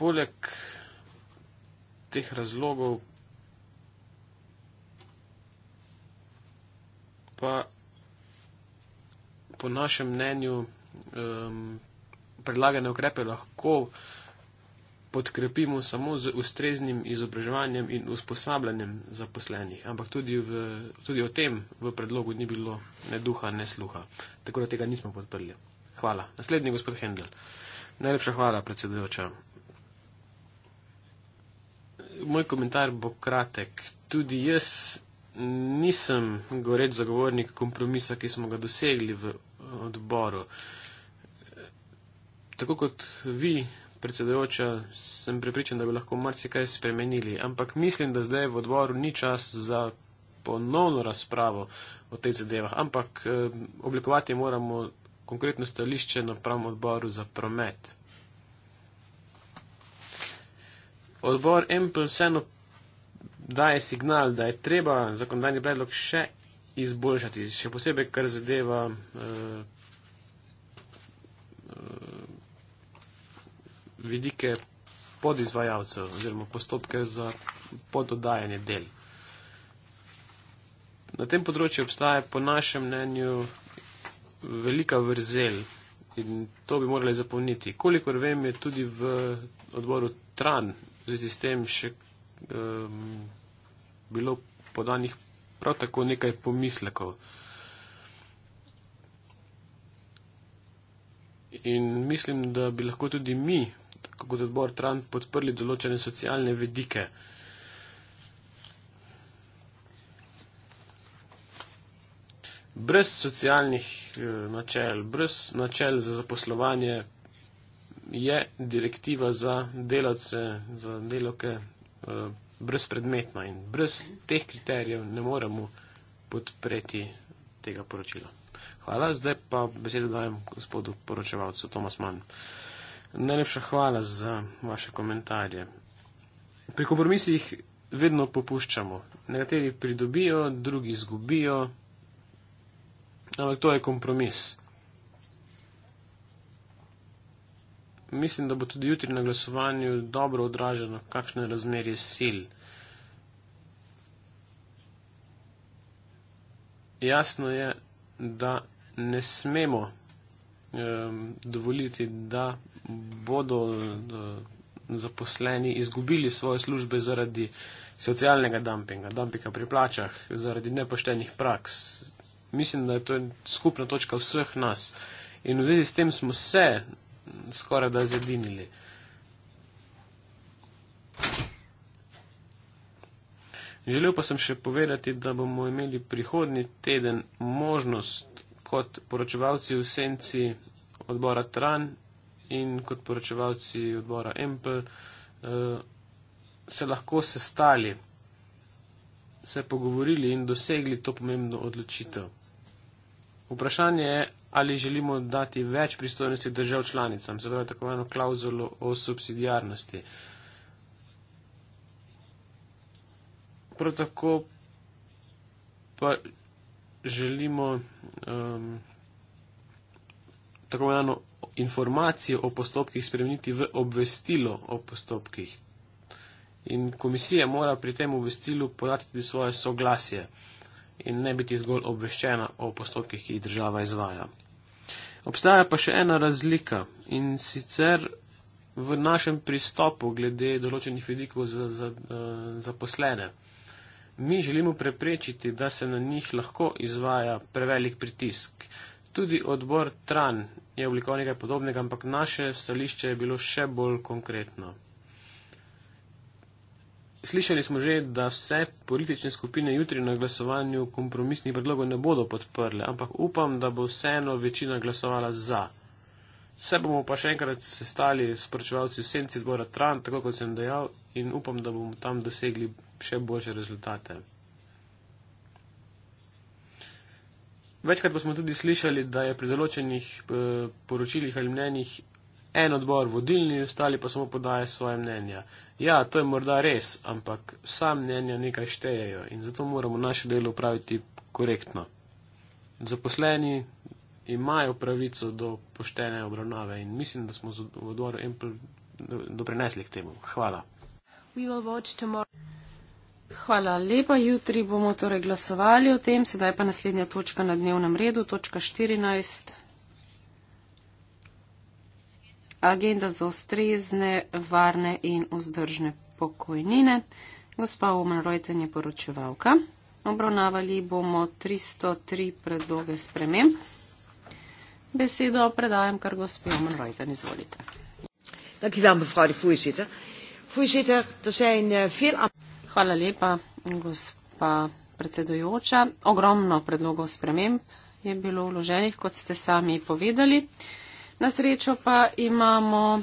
Poleg teh razlogov pa po našem mnenju um, predlagane ukrepe lahko podkrepimo samo z ustreznim izobraževanjem in usposabljanjem zaposlenih. Ampak tudi, v, tudi o tem v predlogu ni bilo ne duha, ne sluha. Tako da tega nismo podprli. Hvala. Naslednji gospod Hendel. Najlepša hvala, predsedujoča. Moj komentar bo kratek. Tudi jaz nisem goreč zagovornik kompromisa, ki smo ga dosegli v odboru. Tako kot vi, predsedojoča, sem pripričan, da bi lahko marsikaj spremenili, ampak mislim, da zdaj v odboru ni čas za ponovno razpravo o teh zadevah, ampak eh, oblikovati moramo konkretno stališče na pravem odboru za promet. Odbor Empl vseeno daje signal, da je treba zakonodajni predlog še izboljšati, še posebej, kar zadeva uh, vidike podizvajalcev oziroma postopke za pododajanje del. Na tem področju obstaja po našem mnenju velika vrzel in to bi morali zapolniti. Kolikor vem, je tudi v odboru Tran z sistem še um, bilo podanih prav tako nekaj pomislekov. In mislim, da bi lahko tudi mi, tako kot odbor Trump, podprli določene socialne vedike. Brez socialnih eh, načel, brez načel za zaposlovanje je direktiva za delavce, za delavke eh, brezpredmetno in brez teh kriterijev ne moremo podpreti tega poročila. Hvala, zdaj pa besedo dajem gospodu poročevalcu Tomas Mann. Najlepša hvala za vaše komentarje. Pri kompromisih vedno popuščamo. Nekateri pridobijo, drugi izgubijo. Ampak to je kompromis. Mislim, da bo tudi jutri na glasovanju dobro odraženo, kakšno je razmerje sil. Jasno je, da ne smemo eh, dovoliti, da bodo eh, zaposleni izgubili svoje službe zaradi socialnega dumpinga, dumpinga pri plačah, zaradi nepoštenih praks. Mislim, da je to skupna točka vseh nas. In v zvezi s tem smo se skoraj da zedinili. Želel pa sem še povedati, da bomo imeli prihodni teden možnost kot poročevalci v senci odbora Tran in kot poročevalci odbora Empel eh, se lahko sestali, se pogovorili in dosegli to pomembno odločitev. Vprašanje je, ali želimo dati več pristojnosti držav članicam, se pravi tako eno klauzulo o subsidijarnosti. Prav tako pa želimo um, tako eno informacijo o postopkih spremeniti v obvestilo o postopkih. In komisija mora pri tem obvestilu podati tudi svoje soglasje in ne biti zgolj obveščena o postopkih, ki jih država izvaja. Obstaja pa še ena razlika in sicer v našem pristopu glede določenih vidikov za, za, eh, za poslene. Mi želimo preprečiti, da se na njih lahko izvaja prevelik pritisk. Tudi odbor Tran je oblikoval nekaj podobnega, ampak naše stališče je bilo še bolj konkretno. Slišali smo že, da vse politične skupine jutri na glasovanju kompromisnih predlogov ne bodo podprle, ampak upam, da bo vseeno večina glasovala za. Se bomo pa še enkrat sestali s poročevalci v senci odbora Tran, tako kot sem dejal, in upam, da bomo tam dosegli še boljše rezultate. Večkrat pa smo tudi slišali, da je pri določenih eh, poročilih ali mnenjih en odbor vodilni, ostali pa samo podaja svoje mnenja. Ja, to je morda res, ampak sam mnenja nekaj štejejo in zato moramo naše delo upraviti korektno. Zaposleni imajo pravico do poštene obravnave in mislim, da smo v odboru Empl doprinesli k temu. Hvala. Hvala lepa, jutri bomo torej glasovali o tem, sedaj pa naslednja točka na dnevnem redu, točka 14 agenda za ustrezne, varne in vzdržne pokojnine. Gospa Oman Rojten je poročevalka. Obravnavali bomo 303 predloge spremem. Besedo predajam kar gospe Oman Rojten. Izvolite. Er eh, Hvala lepa, gospa predsedujoča. Ogromno predlogov sprememb je bilo vloženih, kot ste sami povedali. Na srečo pa imamo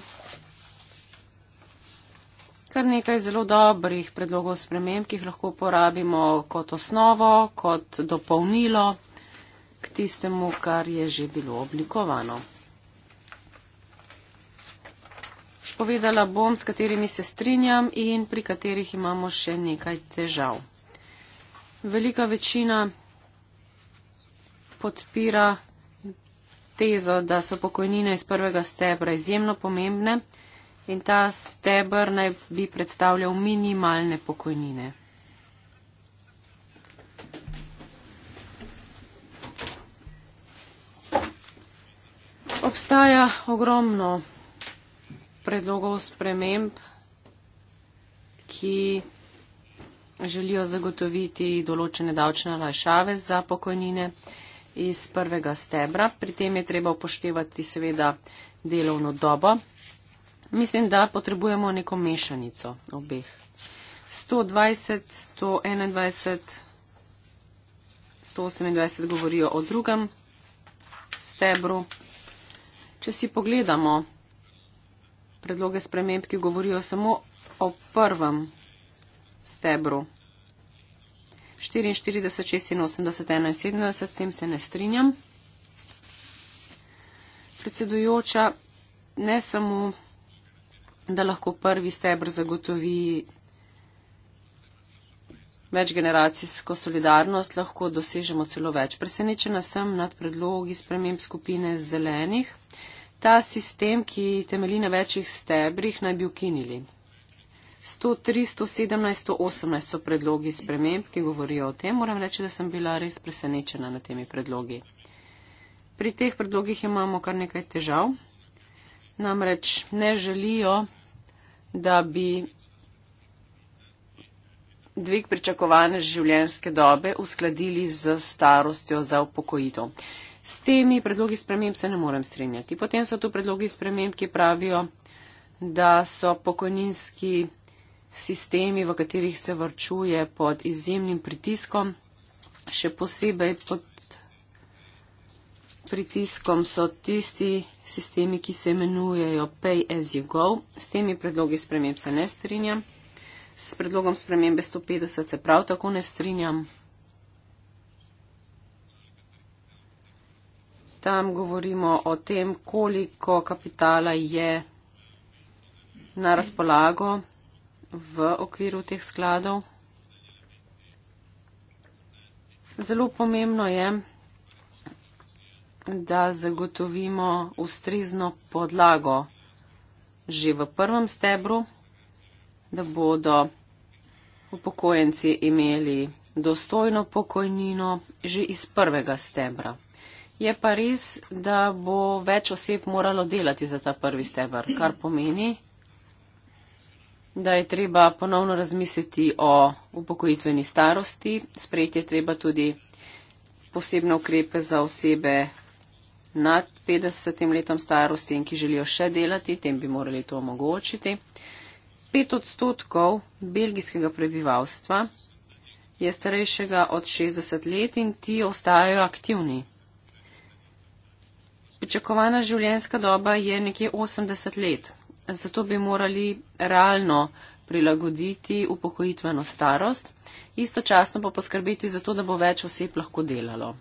kar nekaj zelo dobrih predlogov sprememb, ki jih lahko uporabimo kot osnovo, kot dopolnilo k tistemu, kar je že bilo oblikovano. Povedala bom, s katerimi se strinjam in pri katerih imamo še nekaj težav. Velika večina podpira tezo, da so pokojnine iz prvega stebra izjemno pomembne in ta stebr naj bi predstavljal minimalne pokojnine. Obstaja ogromno predlogov sprememb, ki želijo zagotoviti določene davčne lajšave za pokojnine iz prvega stebra. Pri tem je treba upoštevati seveda delovno dobo. Mislim, da potrebujemo neko mešanico obeh. 120, 121, 128 govorijo o drugem stebru. Če si pogledamo predloge sprememb, ki govorijo samo o prvem stebru. 44, 86, 71, s tem se ne strinjam. Predsedujoča, ne samo, da lahko prvi stebr zagotovi večgeneracijsko solidarnost, lahko dosežemo celo več. Presenečena sem nad predlogi sprememb skupine zelenih. Ta sistem, ki temeli na večjih stebrih, naj bi ukinili. 103, 117, 118 so predlogi sprememb, ki govorijo o tem. Moram reči, da sem bila res presenečena na temi predlogi. Pri teh predlogih imamo kar nekaj težav. Namreč ne želijo, da bi dvig pričakovane življenjske dobe uskladili z starostjo za upokojitev. S temi predlogi sprememb se ne morem strinjati. Potem so tu predlogi sprememb, ki pravijo, da so pokojninski sistemi, v katerih se vrčuje pod izjemnim pritiskom, še posebej pod pritiskom so tisti sistemi, ki se imenujejo pay as you go. S temi predlogi sprememb se ne strinjam. S predlogom spremembe 150 se prav tako ne strinjam. Tam govorimo o tem, koliko kapitala je na razpolago v okviru teh skladov. Zelo pomembno je, da zagotovimo ustrezno podlago že v prvem stebru, da bodo upokojenci imeli dostojno pokojnino že iz prvega stebra. Je pa res, da bo več oseb moralo delati za ta prvi stebr, kar pomeni, da je treba ponovno razmisliti o upokojitveni starosti, sprejeti je treba tudi posebne ukrepe za osebe nad 50 letom starosti in ki želijo še delati, tem bi morali to omogočiti. Pet odstotkov belgijskega prebivalstva je starejšega od 60 let in ti ostajajo aktivni. Pričakovana življenjska doba je nekje 80 let zato bi morali realno prilagoditi upokojitveno starost, istočasno pa poskrbeti za to, da bo več oseb lahko delalo.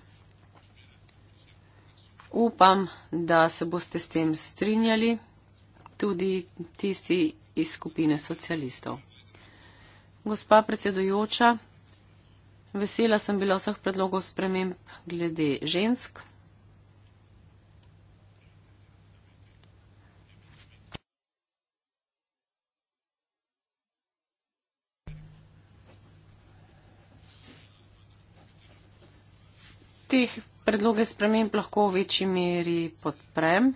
Upam, da se boste s tem strinjali tudi tisti iz skupine socialistov. Gospa predsedujoča, vesela sem bila vseh predlogov sprememb glede žensk. teh predloge sprememb lahko v večji meri podprem.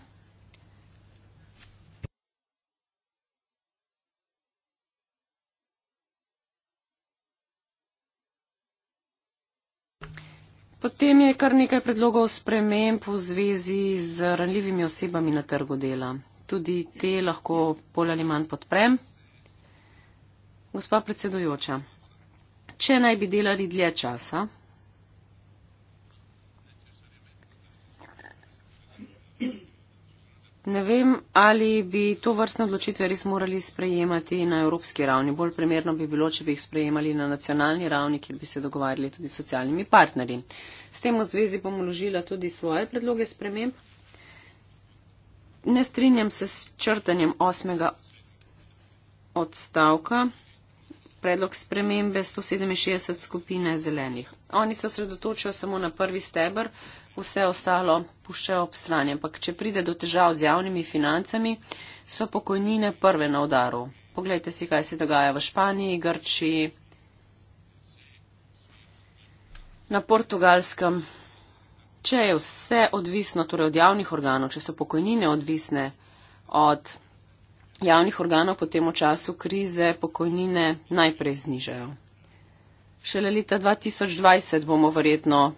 Potem je kar nekaj predlogov sprememb v zvezi z ranljivimi osebami na trgu dela. Tudi te lahko bolj ali manj podprem. Gospa predsedujoča, če naj bi delali dlje časa, Ne vem, ali bi to vrstne odločitve res morali sprejemati na evropski ravni. Bolj primerno bi bilo, če bi jih sprejemali na nacionalni ravni, kjer bi se dogovarjali tudi s socialnimi partnerji. S tem v zvezi bom vložila tudi svoje predloge sprememb. Ne strinjam se s črtanjem osmega odstavka predlog spremembe 167 skupine zelenih. Oni se osredotočajo samo na prvi stebr, vse ostalo puščajo ob strani. Ampak, če pride do težav z javnimi financami, so pokojnine prve na udaru. Poglejte si, kaj se dogaja v Španiji, Grčiji, na Portugalskem. Če je vse odvisno torej od javnih organov, če so pokojnine odvisne od javnih organov potem v času krize pokojnine najprej znižajo. Šele leta 2020 bomo verjetno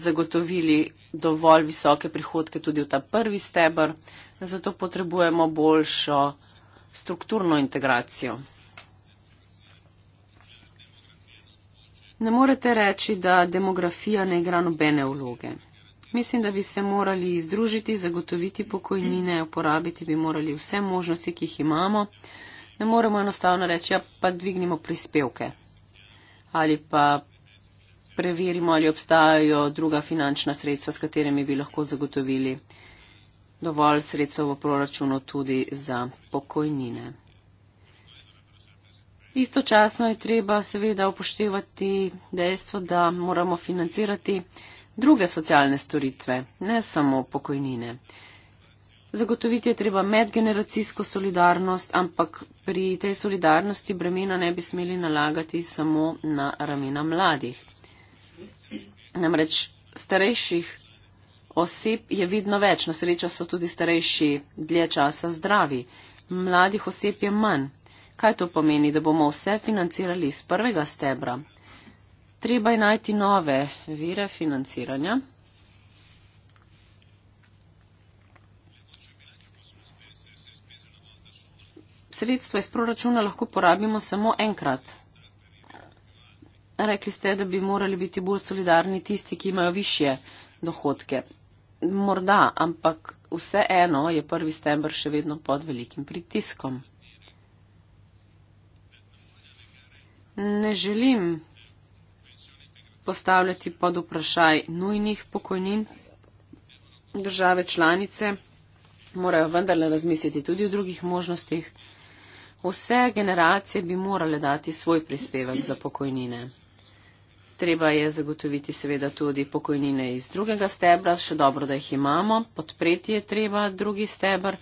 zagotovili dovolj visoke prihodke tudi v ta prvi stebr, zato potrebujemo boljšo strukturno integracijo. Ne morete reči, da demografija ne igra nobene vloge. Mislim, da bi se morali združiti, zagotoviti pokojnine, uporabiti bi morali vse možnosti, ki jih imamo. Ne moremo enostavno reči, ja, pa dvignimo prispevke ali pa preverimo, ali obstajajo druga finančna sredstva, s katerimi bi lahko zagotovili dovolj sredstev v proračunu tudi za pokojnine. Istočasno je treba seveda upoštevati dejstvo, da moramo financirati druge socialne storitve, ne samo pokojnine. Zagotoviti je treba medgeneracijsko solidarnost, ampak pri tej solidarnosti bremena ne bi smeli nalagati samo na ramena mladih. Namreč starejših oseb je vidno več, na srečo so tudi starejši dlje časa zdravi, mladih oseb je manj. Kaj to pomeni, da bomo vse financirali iz prvega stebra, treba je najti nove vire financiranja. Sredstva iz proračuna lahko porabimo samo enkrat. Rekli ste, da bi morali biti bolj solidarni tisti, ki imajo više dohodke. Morda, ampak vseeno je prvi stebr še vedno pod velikim pritiskom. Ne želim postavljati pod vprašaj nujnih pokojnin. Države članice morajo vendarle razmisliti tudi o drugih možnostih. Vse generacije bi morale dati svoj prispevek za pokojnine. Treba je zagotoviti seveda tudi pokojnine iz drugega stebra, še dobro, da jih imamo, podpreti je treba drugi stebr,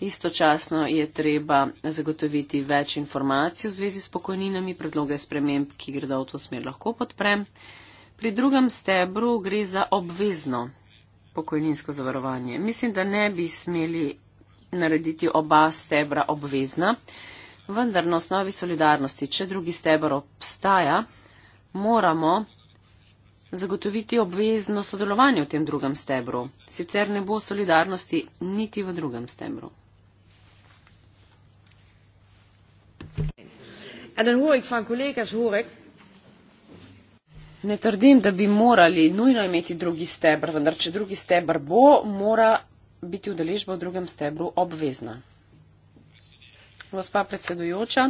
istočasno je treba zagotoviti več informacij v zvezi s pokojninami, predloge sprememb, ki gredo v to smer, lahko podprem. Pri drugem stebru gre za obvezno pokojninsko zavarovanje. Mislim, da ne bi smeli narediti oba stebra obvezna, vendar na osnovi solidarnosti, če drugi stebr obstaja, moramo zagotoviti obvezno sodelovanje v tem drugem stebru. Sicer ne bo solidarnosti niti v drugem stebru. Eden hujih fan kolega, zhurek. Ne trdim, da bi morali nujno imeti drugi stebr, vendar če drugi stebr bo, mora biti udeležba v drugem stebru obvezna. Gospa predsedujoča,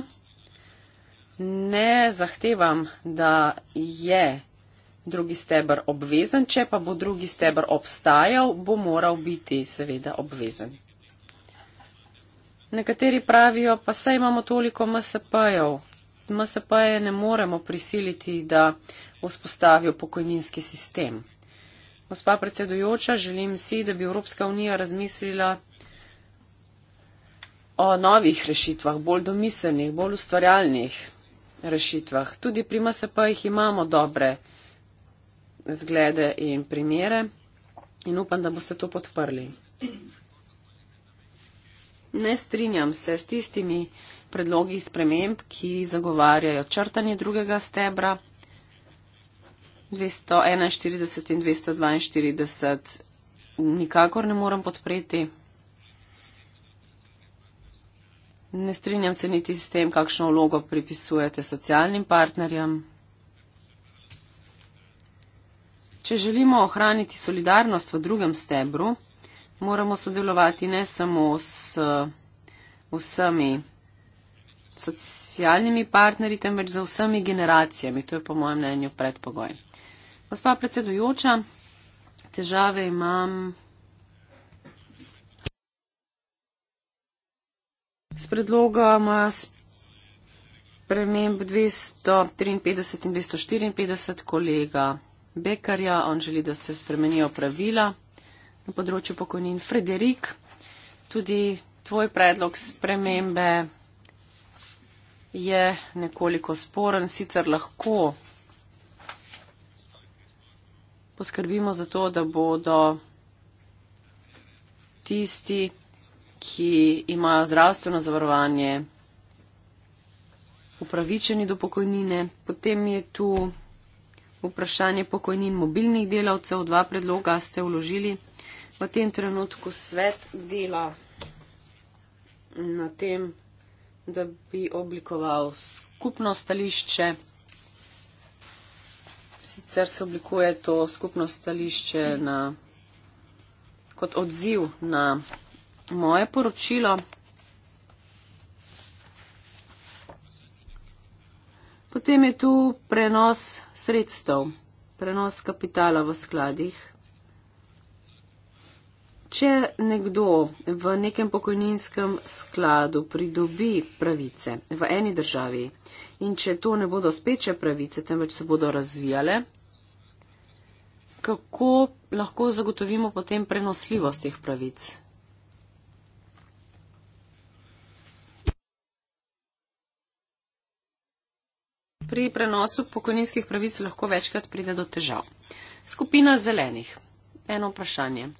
ne zahtevam, da je drugi stebr obvezen, če pa bo drugi stebr obstajal, bo moral biti seveda obvezen. Nekateri pravijo, pa saj imamo toliko MSP-jev, MSP je ne moremo prisiliti, da vzpostavijo pokojninski sistem. Gospa predsedujoča, želim si, da bi Evropska unija razmislila o novih rešitvah, bolj domiselnih, bolj ustvarjalnih rešitvah. Tudi pri MSP jih imamo dobre zglede in primere in upam, da boste to podprli ne strinjam se s tistimi predlogi sprememb, ki zagovarjajo črtanje drugega stebra 241 in 242. Nikakor ne morem podpreti. Ne strinjam se niti s tem, kakšno vlogo pripisujete socialnim partnerjem. Če želimo ohraniti solidarnost v drugem stebru, moramo sodelovati ne samo s vsemi socialnimi partnerji, temveč z vsemi generacijami. To je po mojem mnenju predpogoj. Gospa predsedujoča, težave imam. S predlogom sprememb 253 in 254 kolega Bekarja, on želi, da se spremenijo pravila na področju pokojnin. Frederik, tudi tvoj predlog spremembe je nekoliko sporen, sicer lahko poskrbimo za to, da bodo tisti, ki imajo zdravstveno zavarovanje, upravičeni do pokojnine. Potem je tu vprašanje pokojnin mobilnih delavcev, dva predloga ste vložili v tem trenutku svet dela na tem, da bi oblikoval skupno stališče. Sicer se oblikuje to skupno stališče na, kot odziv na moje poročilo. Potem je tu prenos sredstev, prenos kapitala v skladih če nekdo v nekem pokojninskem skladu pridobi pravice v eni državi in če to ne bodo speče pravice, temveč se bodo razvijale, kako lahko zagotovimo potem prenosljivost teh pravic? Pri prenosu pokojninskih pravic lahko večkrat pride do težav. Skupina zelenih. Eno vprašanje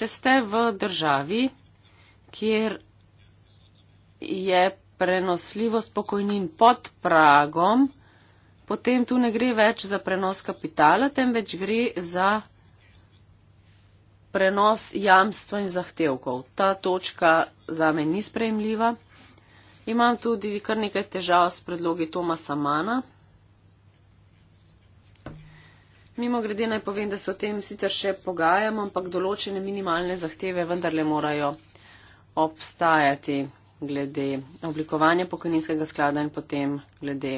če ste v državi, kjer je prenosljivost pokojnin pod pragom, potem tu ne gre več za prenos kapitala, temveč gre za prenos jamstva in zahtevkov. Ta točka za me ni sprejemljiva. Imam tudi kar nekaj težav s predlogi Toma Samana, Mimo grede naj povem, da se o tem sicer še pogajamo, ampak določene minimalne zahteve vendarle morajo obstajati glede oblikovanja pokojninskega sklada in potem glede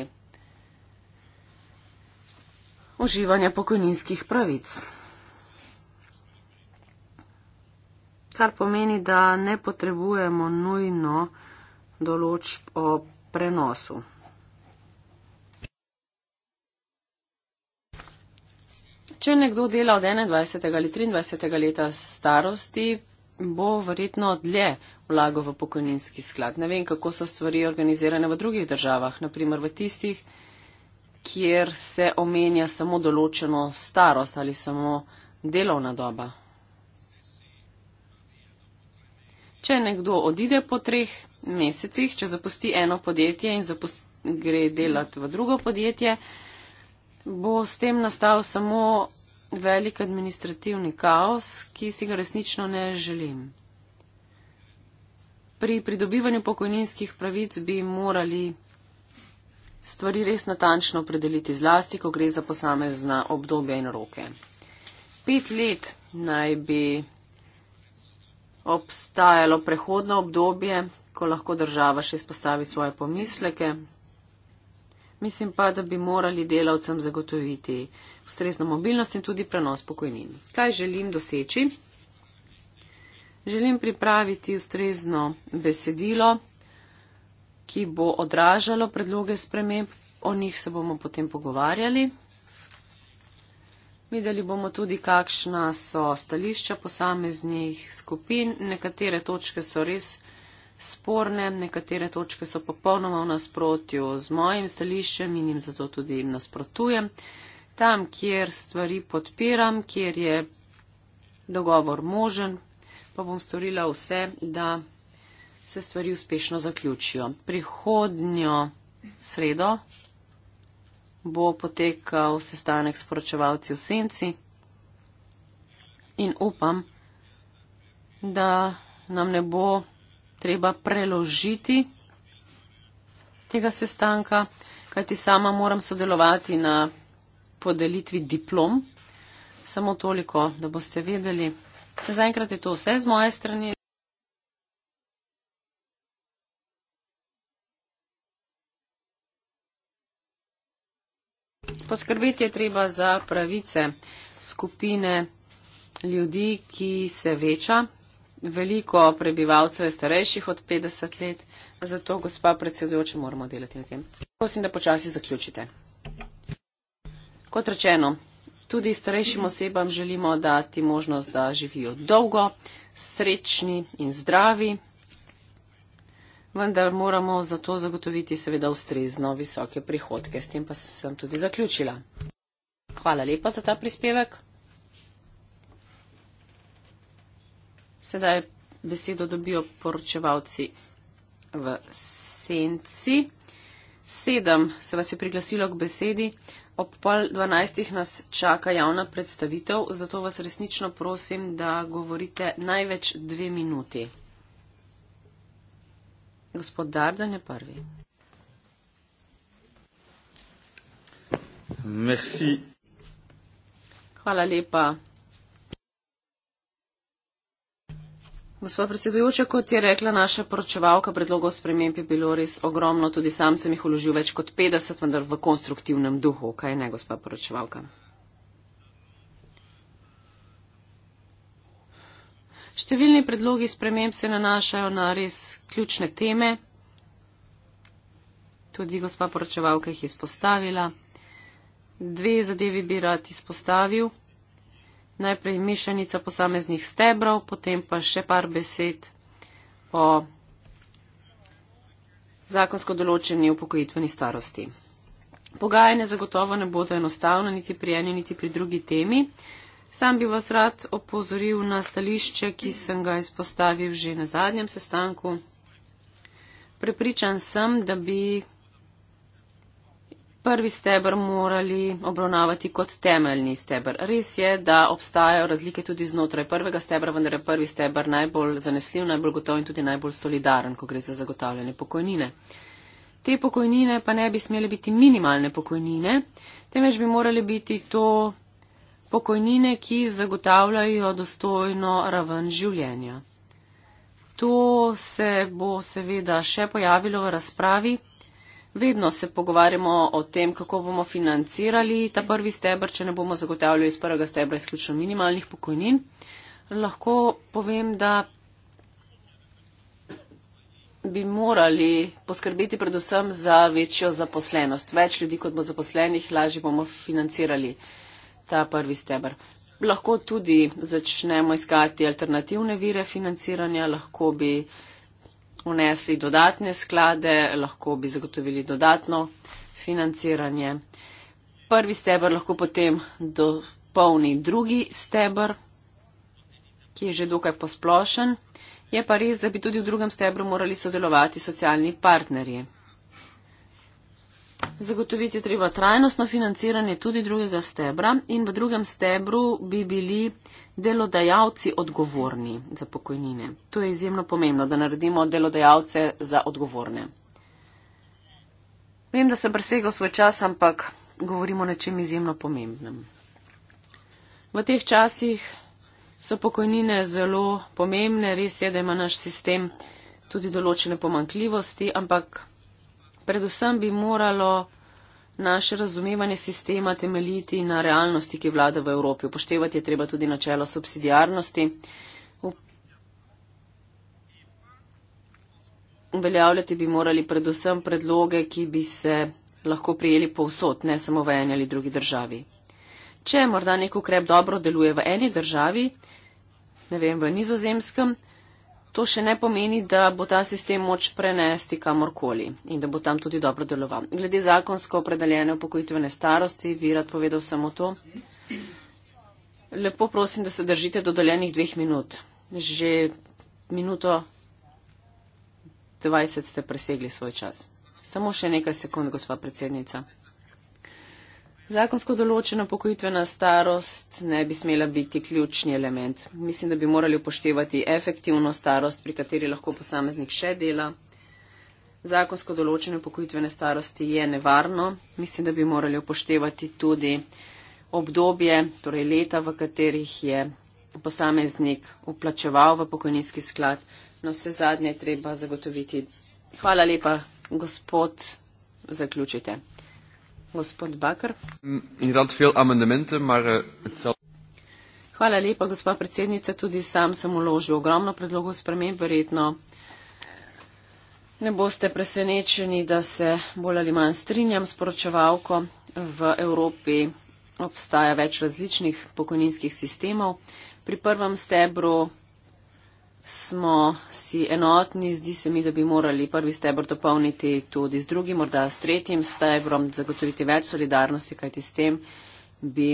uživanja pokojninskih pravic. Kar pomeni, da ne potrebujemo nujno določb o prenosu. Če nekdo dela od 21. ali 23. leta starosti, bo verjetno dlje vlago v pokojninski sklad. Ne vem, kako so stvari organizirane v drugih državah, naprimer v tistih, kjer se omenja samo določeno starost ali samo delovna doba. Če nekdo odide po treh mesecih, če zapusti eno podjetje in zapusti, gre delati v drugo podjetje, bo s tem nastal samo velik administrativni kaos, ki si ga resnično ne želim. Pri pridobivanju pokojninskih pravic bi morali stvari res natančno opredeliti zlasti, ko gre za posamezna obdobja in roke. Pet let naj bi obstajalo prehodno obdobje, ko lahko država še izpostavi svoje pomisleke, mislim pa, da bi morali delavcem zagotoviti ustrezno mobilnost in tudi prenos pokojnin. Kaj želim doseči? Želim pripraviti ustrezno besedilo, ki bo odražalo predloge sprememb, o njih se bomo potem pogovarjali. Videli bomo tudi, kakšna so stališča posameznih skupin. Nekatere točke so res sporne, nekatere točke so popolnoma v nasprotju z mojim stališčem in jim zato tudi nasprotujem. Tam, kjer stvari podpiram, kjer je dogovor možen, pa bom storila vse, da se stvari uspešno zaključijo. Prihodnjo sredo bo potekal sestanek s poročevalci v senci in upam, da nam ne bo treba preložiti tega sestanka, kajti sama moram sodelovati na podelitvi diplom. Samo toliko, da boste vedeli. Zaenkrat je to vse z moje strani. Poskrbeti je treba za pravice skupine ljudi, ki se veča, veliko prebivalcev je starejših od 50 let, zato, gospa predsedujoča, moramo delati na tem. Prosim, da počasi zaključite. Kot rečeno, tudi starejšim osebam želimo dati možnost, da živijo dolgo, srečni in zdravi, vendar moramo za to zagotoviti seveda ustrezno visoke prihodke. S tem pa sem tudi zaključila. Hvala lepa za ta prispevek. Sedaj besedo dobijo poročevalci v senci. Sedem se vas je priglasilo k besedi. Ob pol dvanajstih nas čaka javna predstavitev, zato vas resnično prosim, da govorite največ dve minuti. Gospod Dardan je prvi. Merci. Hvala lepa. Gospod predsedujoča, kot je rekla naša poročevalka, predlogov sprememb je bilo res ogromno, tudi sam sem jih uložil več kot 50, vendar v konstruktivnem duhu, kaj ne, gospod poročevalka? Številni predlogi sprememb se nanašajo na res ključne teme, tudi gospod poročevalka jih izpostavila. Dve zadevi bi rad izpostavil najprej mešanica posameznih stebrov, potem pa še par besed o zakonsko določeni upokojitveni starosti. Pogajanja zagotovo ne bodo enostavna, niti pri eni, niti pri drugi temi. Sam bi vas rad opozoril na stališče, ki sem ga izpostavil že na zadnjem sestanku. Prepričan sem, da bi prvi stebr morali obravnavati kot temeljni stebr. Res je, da obstajajo razlike tudi znotraj prvega stebra, vendar je prvi stebr najbolj zanesljiv, najbolj gotov in tudi najbolj solidaren, ko gre za zagotavljanje pokojnine. Te pokojnine pa ne bi smele biti minimalne pokojnine, temveč bi morali biti to pokojnine, ki zagotavljajo dostojno raven življenja. To se bo seveda še pojavilo v razpravi. Vedno se pogovarjamo o tem, kako bomo financirali ta prvi stebr, če ne bomo zagotavljali iz prvega stebra izključno minimalnih pokojnin. Lahko povem, da bi morali poskrbeti predvsem za večjo zaposlenost. Več ljudi, kot bo zaposlenih, lažje bomo financirali ta prvi stebr. Lahko tudi začnemo iskati alternativne vire financiranja, lahko bi vnesli dodatne sklade, lahko bi zagotovili dodatno financiranje. Prvi stebr lahko potem dopolni drugi stebr, ki je že dokaj posplošen. Je pa res, da bi tudi v drugem stebru morali sodelovati socialni partnerji. Zagotoviti je treba trajnostno financiranje tudi drugega stebra in v drugem stebru bi bili delodajalci odgovorni za pokojnine. To je izjemno pomembno, da naredimo delodajalce za odgovorne. Vem, da sem presegal svoj čas, ampak govorimo o nečem izjemno pomembnem. V teh časih so pokojnine zelo pomembne, res je, da ima naš sistem tudi določene pomankljivosti, ampak predvsem bi moralo naše razumevanje sistema temeljiti na realnosti, ki vlada v Evropi. Upoštevati je treba tudi načelo subsidijarnosti. Uveljavljati bi morali predvsem predloge, ki bi se lahko prijeli povsod, ne samo v eni ali drugi državi. Če morda nek ukrep dobro deluje v eni državi, ne vem, v nizozemskem, To še ne pomeni, da bo ta sistem moč prenesti kamorkoli in da bo tam tudi dobro deloval. Glede zakonsko opredeljene upokojitvene starosti, Virat povedal samo to. Lepo prosim, da se držite dodeljenih dveh minut. Že minuto 20 ste presegli svoj čas. Samo še nekaj sekund, gospa predsednica. Zakonsko določena pokojitvena starost ne bi smela biti ključni element. Mislim, da bi morali upoštevati efektivno starost, pri kateri lahko posameznik še dela. Zakonsko določene pokojitvene starosti je nevarno. Mislim, da bi morali upoštevati tudi obdobje, torej leta, v katerih je posameznik uplačeval v pokojninski sklad. No, vse zadnje treba zagotoviti. Hvala lepa, gospod, zaključite. Gospod Bakr. In rad veel amendementen, maar eh, het zal. Hvala lepa, gospa predsednica. Tudi sam sem uložil ogromno predlogov sprememb. Verjetno ne boste presenečeni, da se bolj ali manj strinjam s poročevalko. V Evropi obstaja več različnih pokojninskih sistemov. Pri prvem stebru smo si enotni, zdi se mi, da bi morali prvi stebr dopolniti tudi z drugim, morda s tretjim stebrom, zagotoviti več solidarnosti, kajti s tem bi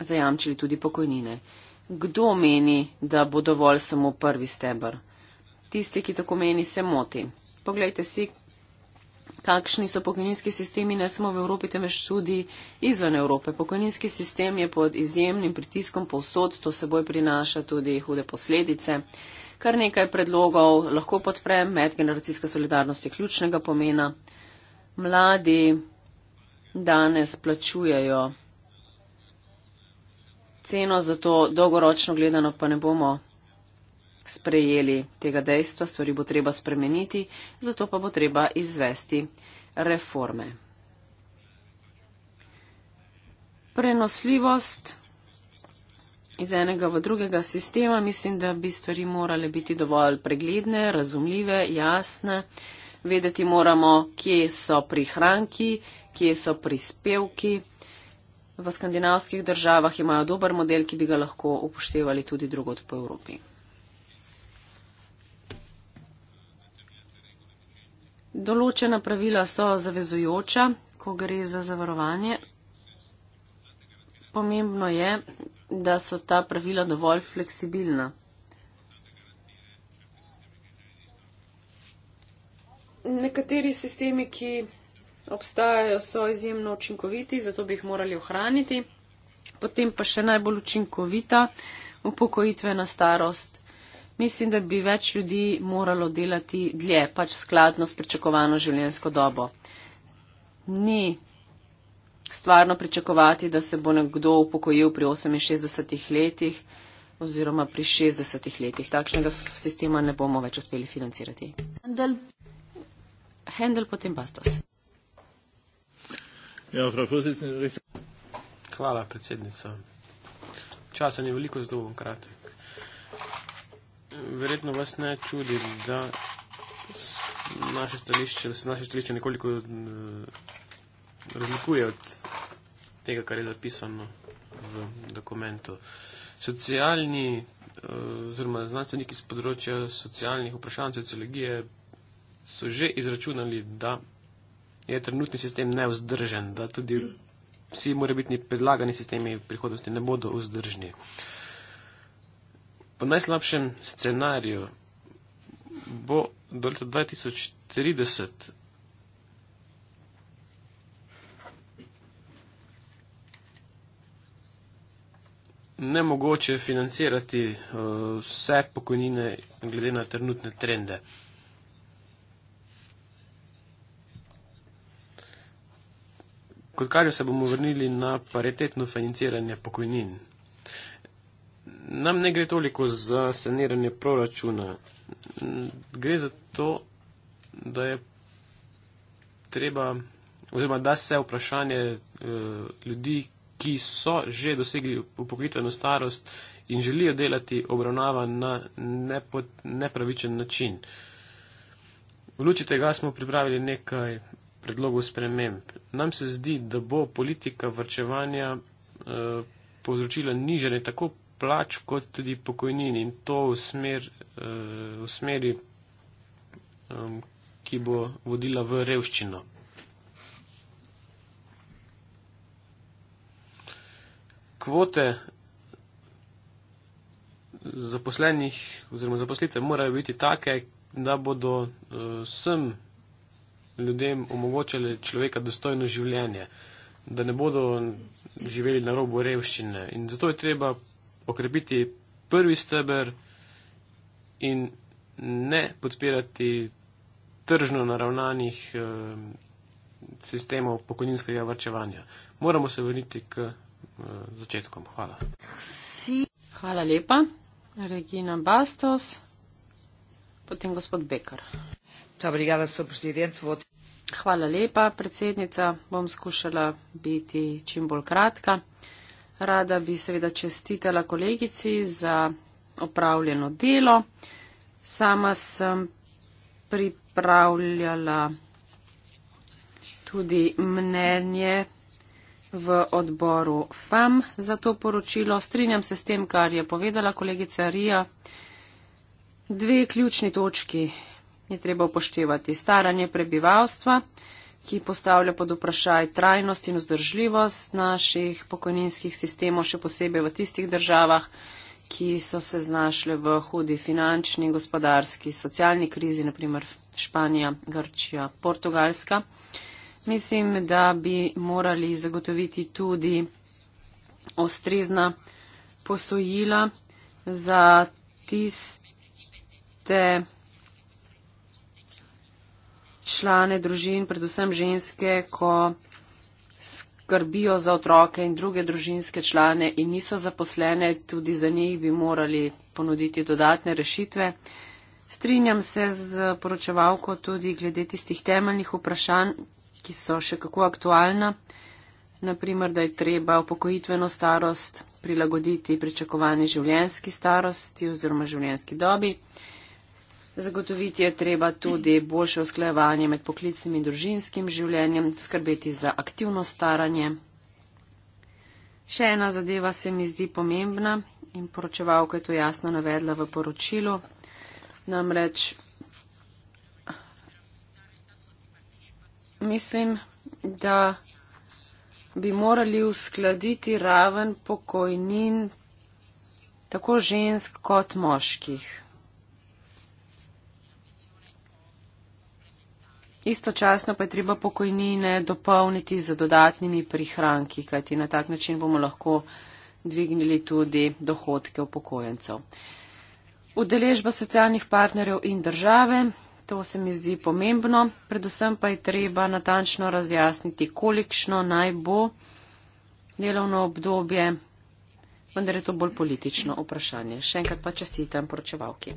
zajamčili tudi pokojnine. Kdo meni, da bo dovolj samo prvi stebr? Tisti, ki tako meni, se moti. Poglejte si, kakšni so pokojninski sistemi ne samo v Evropi, temveč tudi izven Evrope. Pokojninski sistem je pod izjemnim pritiskom povsod, to seboj prinaša tudi hude posledice kar nekaj predlogov lahko podprem. Medgeneracijska solidarnost je ključnega pomena. Mladi danes plačujejo ceno za to, dolgoročno gledano pa ne bomo sprejeli tega dejstva, stvari bo treba spremeniti, zato pa bo treba izvesti reforme. Prenosljivost iz enega v drugega sistema, mislim, da bi stvari morale biti dovolj pregledne, razumljive, jasne. Vedeti moramo, kje so prihranki, kje so prispevki. V skandinavskih državah imajo dober model, ki bi ga lahko upoštevali tudi drugot po Evropi. Določena pravila so zavezujoča, ko gre za zavarovanje. Pomembno je, da so ta pravila dovolj fleksibilna. Nekateri sistemi, ki obstajajo, so izjemno učinkoviti, zato bi jih morali ohraniti. Potem pa še najbolj učinkovita upokojitvena starost. Mislim, da bi več ljudi moralo delati dlje, pač skladno s pričakovano življenjsko dobo. Ni stvarno pričakovati, da se bo nekdo upokojil pri 68 letih oziroma pri 60 letih. Takšnega sistema ne bomo več uspeli financirati. Handel, Handel potem Bastos. Ja, Hvala, predsednica. Časa ni veliko, zdaj bom kratek. Verjetno vas ne čudi, da naše stališče, da se naše stališče nekoliko eh, razlikuje od tega, kar je zapisano v dokumentu. Socialni, eh, oziroma znanstveniki z področja socialnih vprašanj sociologije so že izračunali, da je trenutni sistem neuzdržen, da tudi vsi morebitni predlagani sistemi prihodnosti ne bodo vzdržni. Po najslabšem scenariju bo do leta 2030 nemogoče financirati eh, vse pokojnine glede na trenutne trende. Kot kar jo se bomo vrnili na paritetno financiranje pokojnin. Nam ne gre toliko za saniranje proračuna. Gre za to, da je treba, oziroma da se vprašanje eh, ljudi, ki so že dosegli upokojitveno starost in želijo delati obravnava na nepot, nepravičen način. V luči tega smo pripravili nekaj predlogov sprememb. Nam se zdi, da bo politika vrčevanja eh, povzročila nižanje tako plač kot tudi pokojnin in to v, smer, eh, v smeri, eh, ki bo vodila v revščino. kvote zaposlenih oziroma zaposlitev morajo biti take, da bodo eh, vsem ljudem omogočali človeka dostojno življenje, da ne bodo živeli na robu revščine. In zato je treba okrepiti prvi steber in ne podpirati tržno naravnanih eh, sistemov pokojninskega vrčevanja. Moramo se vrniti k začetkom. Hvala. Hvala lepa. Regina Bastos, potem gospod Bekar. Obrigada, Hvala lepa, predsednica. Bom skušala biti čim bolj kratka. Rada bi seveda čestitala kolegici za opravljeno delo. Sama sem pripravljala tudi mnenje v odboru FAM za to poročilo. Strinjam se s tem, kar je povedala kolegica Rija. Dve ključni točki je treba upoštevati. Staranje prebivalstva, ki postavlja pod vprašaj trajnost in vzdržljivost naših pokojninskih sistemov, še posebej v tistih državah, ki so se znašle v hudi finančni, gospodarski, socialni krizi, naprimer Španija, Grčija, Portugalska. Mislim, da bi morali zagotoviti tudi ostrezna posojila za tiste člane družin, predvsem ženske, ko skrbijo za otroke in druge družinske člane in niso zaposlene, tudi za njih bi morali ponuditi dodatne rešitve. Strinjam se z poročevalko tudi glede tistih temeljnih vprašanj, ki so še kako aktualna, naprimer, da je treba upokojitveno starost prilagoditi pričakovani življenjski starosti oziroma življenjski dobi. Zagotoviti je treba tudi boljše usklajevanje med poklicnim in družinskim življenjem, skrbeti za aktivno staranje. Še ena zadeva se mi zdi pomembna in poročevalka je to jasno navedla v poročilu. Namreč mislim, da bi morali uskladiti raven pokojnin tako žensk kot moških. Istočasno pa je treba pokojnine dopolniti z dodatnimi prihranki, kajti na tak način bomo lahko dvignili tudi dohodke upokojencev. Udeležba socialnih partnerjev in države To se mi zdi pomembno, predvsem pa je treba natančno razjasniti, kolikšno naj bo delovno obdobje, vendar je to bolj politično vprašanje. Še enkrat pa čestitam poročevalki.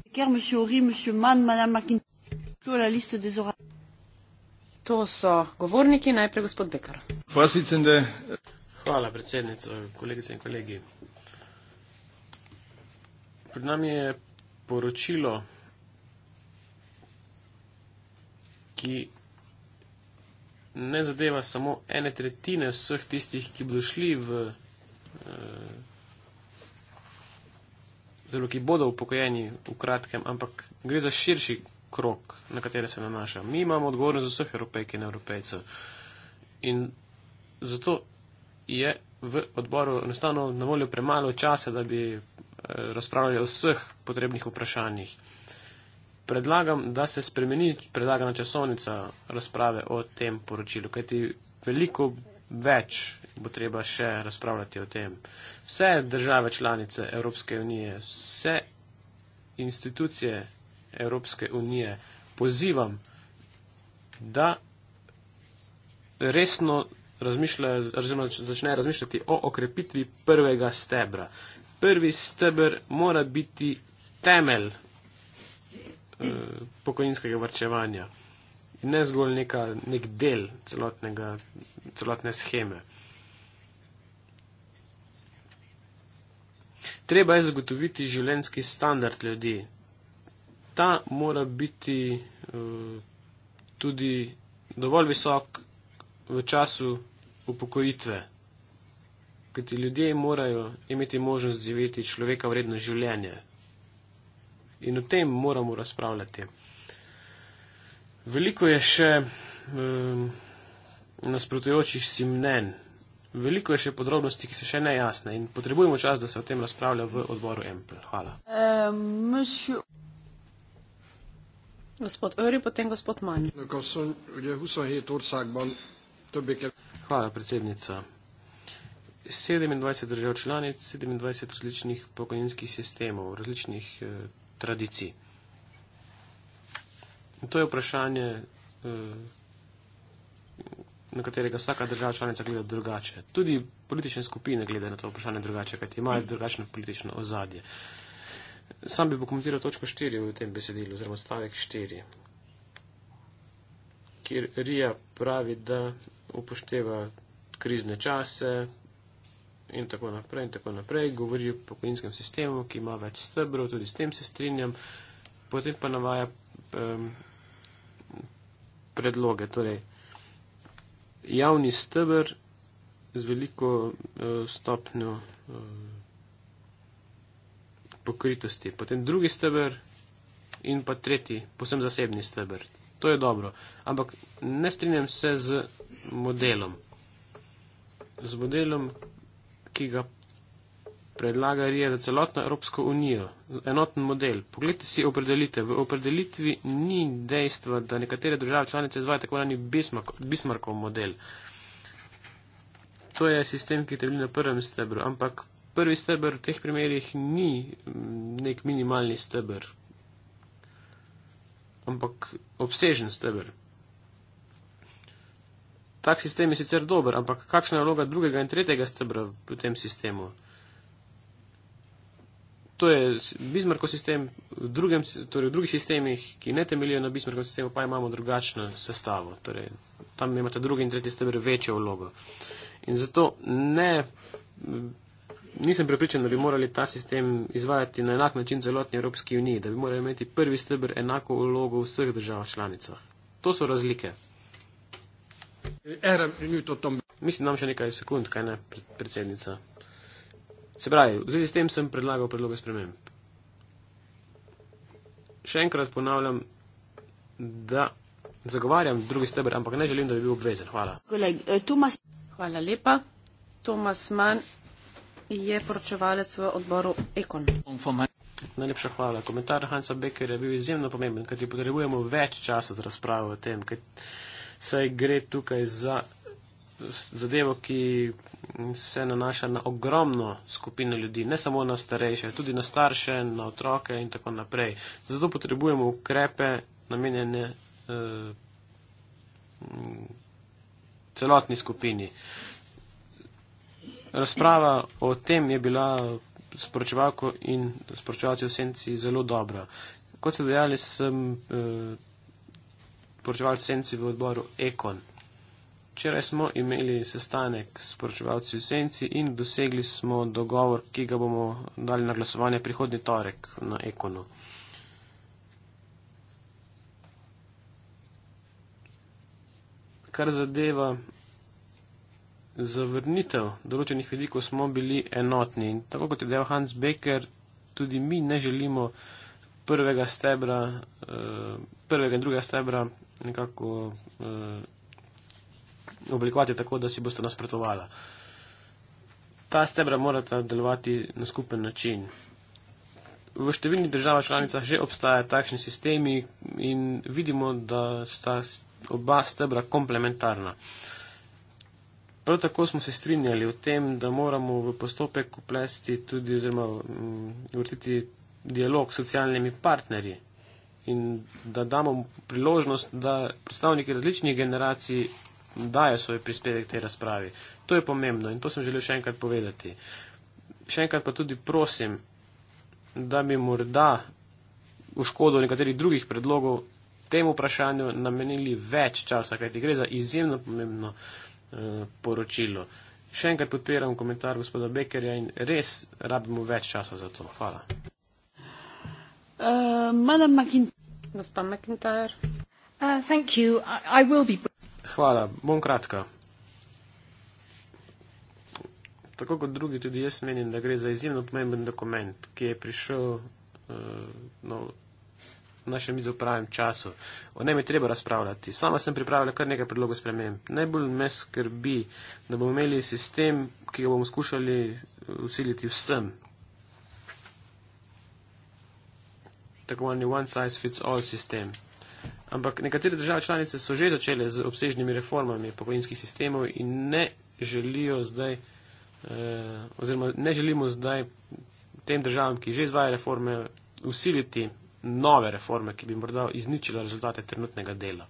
To so govorniki, najprej gospod Bekar. Hvala predsednico, kolegice in kolegi. Pred nami je poročilo ki ne zadeva samo ene tretjine vseh tistih, ki bodo šli v. Eh, Zelo, ki bodo upokojeni v kratkem, ampak gre za širši krok, na katere se nanaša. Mi imamo odgovornost za vseh evropejk in evropejcev. In zato je v odboru enostavno na voljo premalo časa, da bi eh, razpravljali o vseh potrebnih vprašanjih predlagam, da se spremeni predlagana časovnica razprave o tem poročilu, kajti veliko več bo treba še razpravljati o tem. Vse države članice Evropske unije, vse institucije Evropske unije pozivam, da resno začne razmišljati o okrepitvi prvega stebra. Prvi stebr mora biti temelj Eh, pokojninskega vrčevanja. In ne zgolj neka, nek del celotne scheme. Treba je zagotoviti življenski standard ljudi. Ta mora biti eh, tudi dovolj visok v času upokojitve, kajti ljudje morajo imeti možnost živeti človeka vredno življenje, In o tem moramo razpravljati. Veliko je še um, nasprotujočih si mnen, veliko je še podrobnosti, ki so še nejasne in potrebujemo čas, da se o tem razpravlja v odboru MPL. Hvala. Um, gospod Öri, potem gospod Manj. Hvala, predsednica. 27 držav članic, 27 različnih pokojninskih sistemov, različnih eh, tradicij. In to je vprašanje, eh, na katerega vsaka država članica gleda drugače. Tudi politične skupine gledajo na to vprašanje drugače, kajti imajo drugačno politično ozadje. Sam bi pokomentiral točko 4 v tem besedilu, oziroma stavek 4, kjer Rija pravi, da upošteva krizne čase, in tako naprej in tako naprej, govori o pokojninskem sistemu, ki ima več stebrov, tudi s tem se strinjam, potem pa navaja um, predloge, torej javni stebr z veliko uh, stopnjo uh, pokritosti, potem drugi stebr in pa tretji, posem zasebni stebr. To je dobro, ampak ne strinjam se z modelom. Z modelom, ki ga predlaga Rije za celotno Evropsko unijo, enoten model. Poglejte si opredelitev. V opredelitvi ni dejstva, da nekatere države članice izvaja tako imenovani Bismarckov model. To je sistem, ki temelji na prvem stebru, ampak prvi stebr v teh primerjih ni mm, nek minimalni stebr, ampak obsežen stebr tak sistem je sicer dober, ampak kakšna je vloga drugega in tretjega stebra v tem sistemu? To je Bismarckov sistem, v, drugem, torej v drugih sistemih, ki ne temeljijo na Bismarckov sistemu, pa imamo drugačno sestavo. Torej, tam imate drugi in tretji steber večjo vlogo. In zato ne, nisem prepričan, da bi morali ta sistem izvajati na enak način celotni Evropski uniji, da bi morali imeti prvi steber enako vlogo v vseh državah članicah. To so razlike. Erre nyújtottam. Mislim, nam še nekaj sekund, kaj ne, predsednica. Se pravi, v zvezi s tem sem predlagal predloge sprememb. Še enkrat ponavljam, da zagovarjam drugi stebr, ampak ne želim, da bi bil obvezen. Hvala. Koleg, eh, Tomas... Hvala lepa. Tomas Mann je poročevalec v odboru Ekon. Najlepša hvala. Komentar Hansa Becker je bil izjemno pomemben, kajti potrebujemo več časa za razpravo o tem. Kaj saj gre tukaj za zadevo, ki se nanaša na ogromno skupino ljudi, ne samo na starejše, tudi na starše, na otroke in tako naprej. Zato potrebujemo ukrepe namenjene eh, celotni skupini. Razprava o tem je bila sporočevalko in sporočevalci v senci zelo dobra. Kot ste dejali, sem eh, poročevalci senci v odboru Ekon. Včeraj smo imeli sestanek s poročevalci v senci in dosegli smo dogovor, ki ga bomo dali na glasovanje prihodni torek na Ekonu. Kar zadeva zavrnitev določenih vidikov, smo bili enotni in tako kot je dejal Hans Becker, tudi mi ne želimo prvega stebra, eh, prvega in drugega stebra nekako eh, oblikovati tako, da si boste nasprotovali. Ta stebra morata delovati na skupen način. V številnih državah članicah že obstajajo takšni sistemi in vidimo, da sta oba stebra komplementarna. Prav tako smo se strinjali o tem, da moramo v postopek uplesti tudi oziroma mm, vrtiti dialog s socialnimi partnerji in da damo priložnost, da predstavniki različnih generacij dajo svoj prispevek tej razpravi. To je pomembno in to sem želel še enkrat povedati. Še enkrat pa tudi prosim, da bi morda v škodo nekaterih drugih predlogov temu vprašanju namenili več časa, kajti gre za izjemno pomembno eh, poročilo. Še enkrat podpiram komentar gospoda Bekerja in res rabimo več časa za to. Hvala. Uh, uh, Hvala, bom kratka. Tako kot drugi, tudi jaz menim, da gre za izjemno pomemben dokument, ki je prišel uh, no, v našem mizu v pravem času. O njem je treba razpravljati. Sama sem pripravila kar nekaj predlogov sprememb. Najbolj me skrbi, da bomo imeli sistem, ki ga bomo skušali usiliti vsem tako imenovani one size fits all sistem. Ampak nekatere države članice so že začele z obsežnimi reformami pokojninskih sistemov in ne želijo zdaj, eh, oziroma ne želimo zdaj tem državam, ki že izvaja reforme, usiliti nove reforme, ki bi morda izničila rezultate trenutnega dela.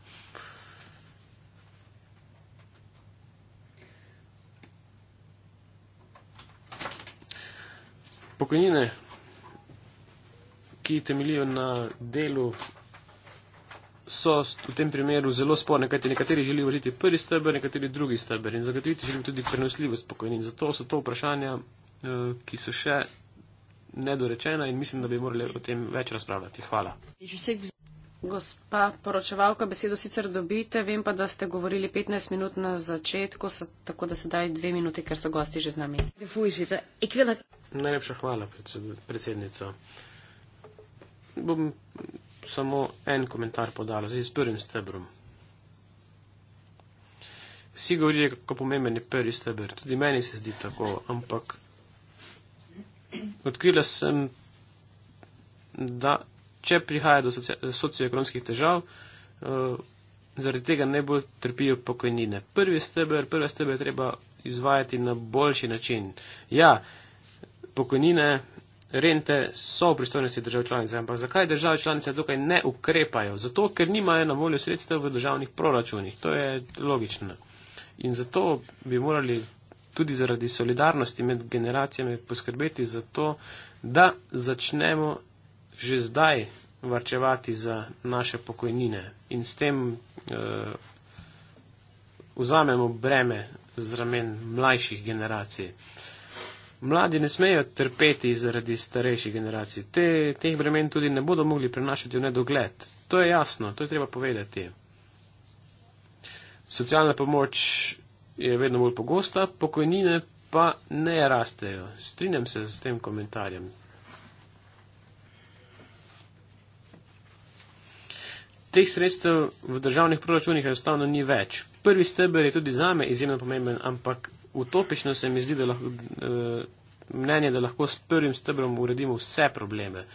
Pokojnine ki temeljijo na delu, so v tem primeru zelo sporne, kajti nekateri želijo vzeti prvi steber, nekateri drugi steber in zagotoviti želijo tudi prenosljivost pokojnin. Zato so to vprašanja, eh, ki so še nedorečena in mislim, da bi morali o tem več razpravljati. Hvala. Gospa poročevalka, besedo sicer dobite, vem pa, da ste govorili 15 minut na začetku, so, tako da sedaj dve minuti, ker so gosti že z nami. Najlepša hvala, predsednica bom samo en komentar podal, zdaj s prvim stebrom. Vsi govorijo, kako pomemben je prvi steber, tudi meni se zdi tako, ampak odkrila sem, da če prihaja do socioekonomskih težav, eh, zaradi tega ne bo trpijo pokojnine. Prvi steber, prve stebe treba izvajati na boljši način. Ja, pokojnine rente so v pristojnosti držav članic. Ampak zakaj države članice tukaj ne ukrepajo? Zato, ker nimajo na voljo sredstev v državnih proračunih. To je logično. In zato bi morali tudi zaradi solidarnosti med generacijami poskrbeti za to, da začnemo že zdaj varčevati za naše pokojnine in s tem uh, vzamemo breme z ramen mlajših generacij. Uh, Mladi ne smejo trpeti zaradi starejših generacij. Te, teh bremen tudi ne bodo mogli prenašati v nedogled. To je jasno, to je treba povedati. Socialna pomoč je vedno bolj pogosta, pokojnine pa ne rastejo. Strinjam se s tem komentarjem. Teh sredstev v državnih proračunih enostavno ni več. Prvi stebr je tudi zame izjemno pomemben, ampak utopično se mi zdi, da lahko, eh, mnenje, da lahko s prvim stebrom uredimo vse probleme.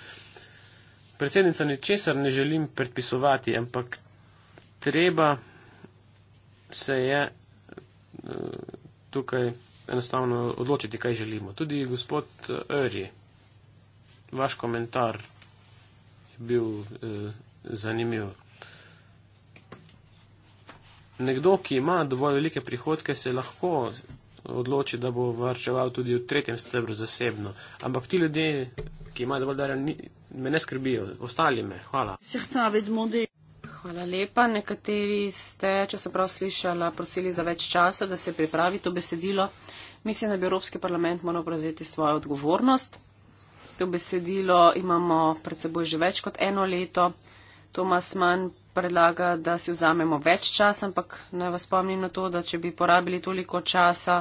Predsednica, ničesar ne želim predpisovati, ampak treba se je eh, tukaj enostavno odločiti, kaj želimo. Tudi gospod Öri, eh, vaš komentar je bil eh, zanimiv. Nekdo, ki ima dovolj velike prihodke, se lahko odloči, da bo varčeval tudi v tretjem stebru zasebno. Ampak ti ljudje, ki imajo dovolj darja, me ne skrbijo, ostali me. Hvala. Hvala lepa. Nekateri ste, če se prav slišala, prosili za več časa, da se pripravi to besedilo. Mislim, da bi Evropski parlament moral prevzeti svojo odgovornost. To besedilo imamo pred seboj že več kot eno leto. Tomas Mann predlaga, da si vzamemo več časa, ampak naj vas spomnim na to, da če bi porabili toliko časa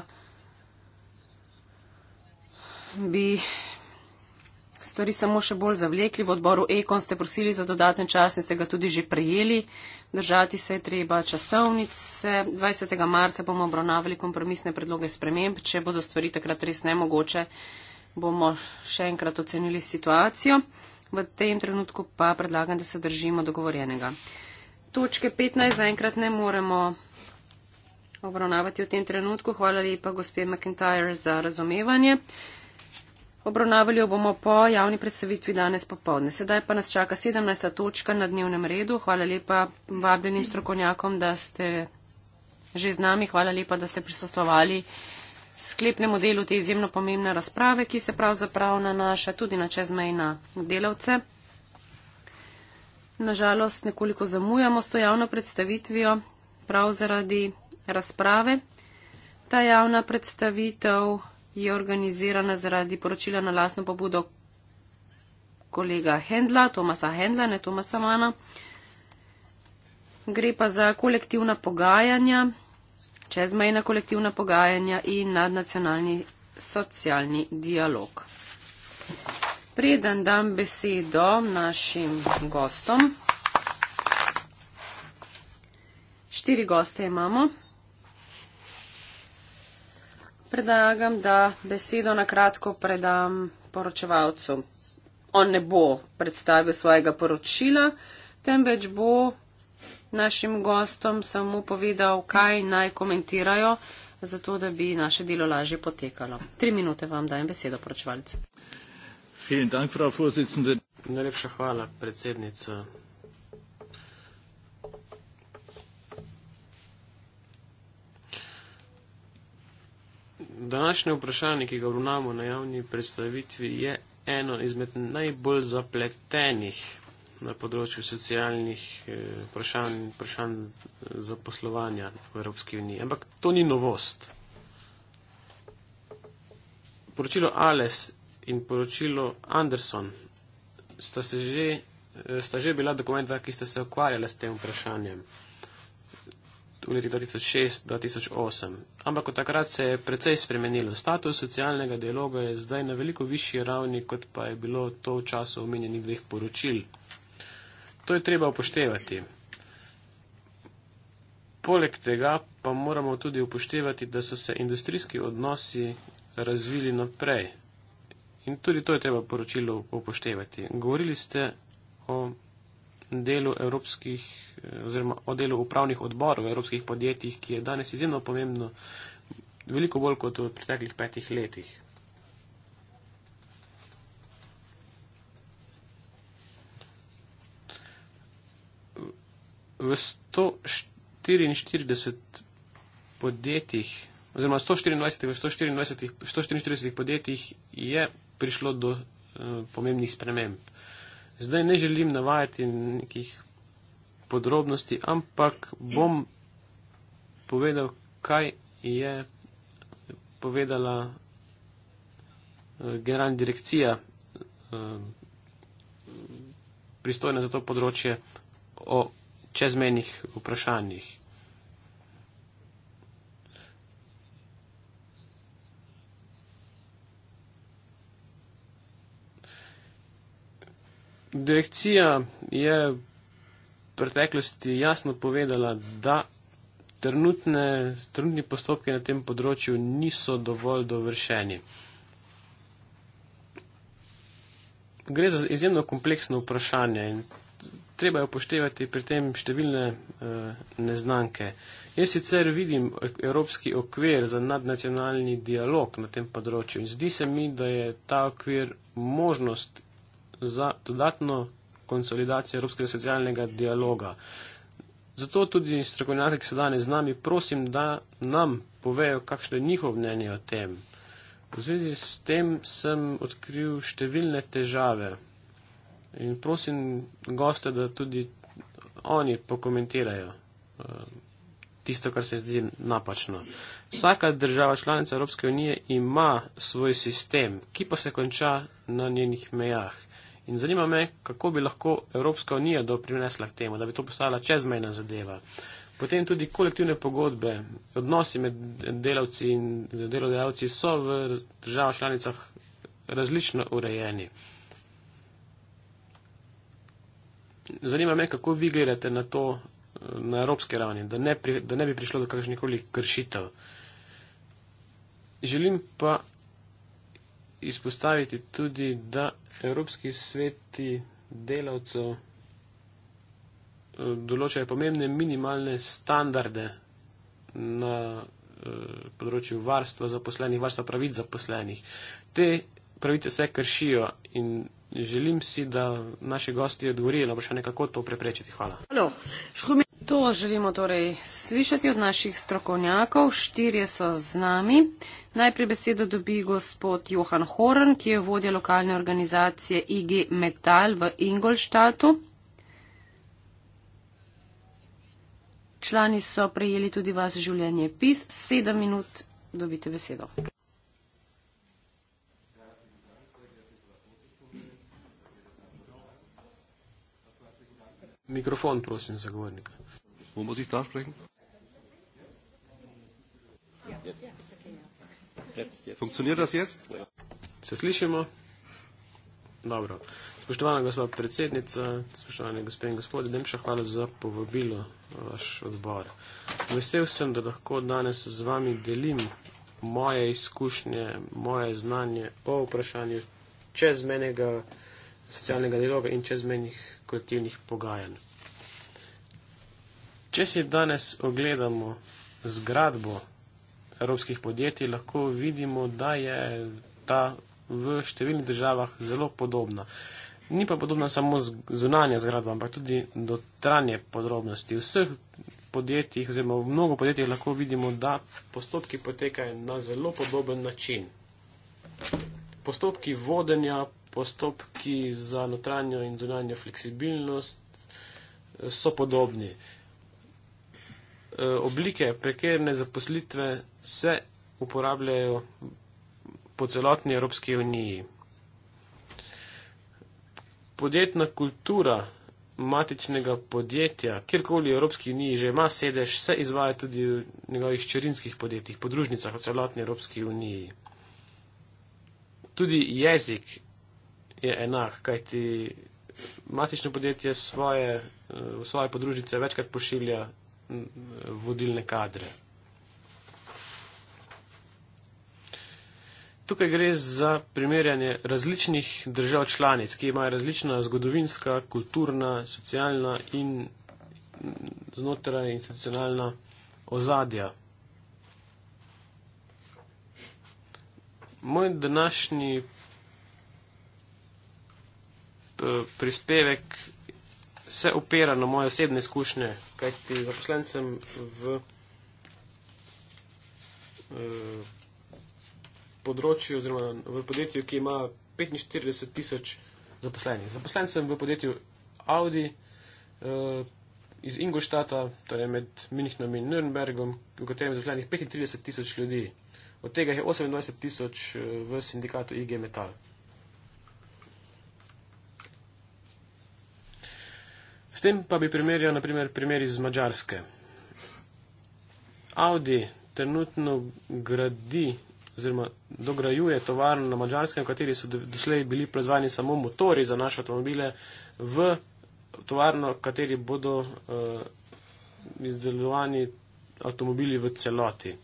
bi stvari samo še bolj zavlekli. V odboru Ekon ste prosili za dodaten čas in ste ga tudi že prijeli. Držati se je treba časovnice. 20. marca bomo obravnavali kompromisne predloge sprememb. Če bodo stvari takrat res nemogoče, bomo še enkrat ocenili situacijo. V tem trenutku pa predlagam, da se držimo dogovorjenega. Točke 15 zaenkrat ne moremo obravnavati v tem trenutku. Hvala lepa gospe McIntyre za razumevanje. Obravnavali jo bomo po javni predstavitvi danes popovdne. Sedaj pa nas čaka 17. točka na dnevnem redu. Hvala lepa vabljenim strokovnjakom, da ste že z nami. Hvala lepa, da ste prisostovali sklepnemu delu te izjemno pomembne razprave, ki se pravzaprav nanaša tudi na čezmejna delavce. Nažalost, nekoliko zamujamo s to javno predstavitvijo, prav zaradi razprave. Ta javna predstavitev je organizirana zaradi poročila na lasno pobudo kolega Hendla, Tomasa Hendla, ne Tomasa Mana. Gre pa za kolektivna pogajanja, čezmejna kolektivna pogajanja in nadnacionalni socialni dialog. Preden dam besedo našim gostom. Štiri goste imamo predlagam, da besedo na kratko predam poročevalcu. On ne bo predstavil svojega poročila, temveč bo našim gostom samo povedal, kaj naj komentirajo, zato da bi naše delo lažje potekalo. Tri minute vam dajem besedo, poročevalci. Najlepša hvala, predsednica Današnje vprašanje, ki ga obravnavamo na javni predstavitvi, je eno izmed najbolj zapletenih na področju socialnih eh, vprašanj, vprašanj eh, za poslovanja v Evropski uniji. Ampak to ni novost. Poročilo Ales in poročilo Anderson sta, se že, eh, sta že bila dokumenta, ki sta se ukvarjala s tem vprašanjem v letih 2006-2008. Ampak od takrat se je precej spremenilo. Status socialnega dialoga je zdaj na veliko višji ravni, kot pa je bilo to v času omenjenih dveh poročil. To je treba upoštevati. Poleg tega pa moramo tudi upoštevati, da so se industrijski odnosi razvili naprej. In tudi to je treba poročilo upoštevati. Govorili ste o delu evropskih eh, oziroma o delu upravnih odborov evropskih podjetjih, ki je danes izjemno pomembno, veliko bolj kot v preteklih petih letih. V 144 podjetjih oziroma 124 v 144, 144 podjetjih je prišlo do uh, pomembnih sprememb. Zdaj ne želim navajati nekih podrobnosti, ampak bom povedal, kaj je povedala eh, generalna direkcija eh, pristojna za to področje o čezmenih vprašanjih. Direkcija je v preteklosti jasno povedala, da trenutne, trenutni postopki na tem področju niso dovolj dovršeni. Gre za izjemno kompleksno vprašanje in treba je upoštevati pri tem številne e, neznanke. Jaz sicer vidim evropski okvir za nadnacionalni dialog na tem področju in zdi se mi, da je ta okvir možnost za dodatno konsolidacijo evropskega socialnega dialoga. Zato tudi strokovnjaki, ki so danes z nami, prosim, da nam povejo, kakšno je njihovo mnenje o tem. V zvezi s tem sem odkril številne težave in prosim goste, da tudi oni pokomentirajo eh, tisto, kar se zdi napačno. Vsaka država članica Evropske unije ima svoj sistem, ki pa se konča na njenih mejah. In zanima me, kako bi lahko Evropska unija doprinesla k temu, da bi to postala čezmejna zadeva. Potem tudi kolektivne pogodbe, odnosi med delavci in delodajalci so v državah članicah različno urejeni. Zanima me, kako vi gledate na to na evropski ravni, da ne, pri, da ne bi prišlo do kakršnih koli kršitev. Želim pa izpostaviti tudi, da Evropski sveti delavcev eh, določajo pomembne minimalne standarde na eh, področju varstva zaposlenih, varstva pravic zaposlenih. Te pravice vse kršijo in želim si, da naši gosti odgovorijo na vprašanje, kako to preprečiti. Hvala. To želimo torej slišati od naših strokovnjakov. Štirje so z nami. Najprej besedo dobi gospod Johan Horn, ki je vodja lokalne organizacije IG Metal v Ingolštatu. Člani so prejeli tudi vas življenje pis. Sedem minut dobite besedo. Mikrofon, prosim, zagovornik. Bomo zjutraj sprejeli? Funkcionira das jetzt? Ja. Se slišimo? Dobro. Spoštovana gospa predsednica, spoštovane gospe in gospodje, Demša, hvala za povabilo vaš odbor. Vesel sem, da lahko danes z vami delim moje izkušnje, moje znanje o vprašanju čezmenega socialnega dialoga in čezmenih kolektivnih pogajanj. Če si danes ogledamo zgradbo evropskih podjetij, lahko vidimo, da je ta v številnih državah zelo podobna. Ni pa podobna samo zunanja zgradba, ampak tudi dotranje podrobnosti. V vseh podjetjih oziroma v mnogo podjetjih lahko vidimo, da postopki potekajo na zelo podoben način. Postopki vodenja, postopki za notranjo in zunanjo fleksibilnost eh, so podobni. Uh, Eh, oblike prekerne zaposlitve se uporabljajo po celotni Evropski uniji. Podjetna kultura matičnega podjetja, kjerkoli v Evropski uniji že ima sedež, se izvaja tudi v njegovih čerinskih podjetjih, podružnicah v celotni Evropski uniji. Tudi jezik je enak, kajti matično podjetje svoje, eh, svoje podružnice večkrat pošilja vodilne kadre. Tukaj gre za primerjanje različnih držav članic, ki imajo različna zgodovinska, kulturna, socialna in znotraj institucionalna ozadja. Moj današnji eh, prispevek se opira na moje osebne izkušnje, kajti zaposlen sem v eh, področju oziroma v podjetju, ki ima 45 tisoč zaposlenih. Zaposlen sem v podjetju Audi eh, iz Ingolstata, torej med Münchnom in Nürnbergom, v katerem je zaposlenih 35 tisoč ljudi. Od tega je 28 tisoč eh, v sindikatu IG Metal. S tem pa bi primerjal naprimer primer iz Mačarske. Audi trenutno gradi oziroma dograjuje tovarn na Mačarskem, v kateri so doslej bili proizvajani samo motori za naše avtomobile, v tovarno, v kateri bodo uh, izdelovani avtomobili v celoti.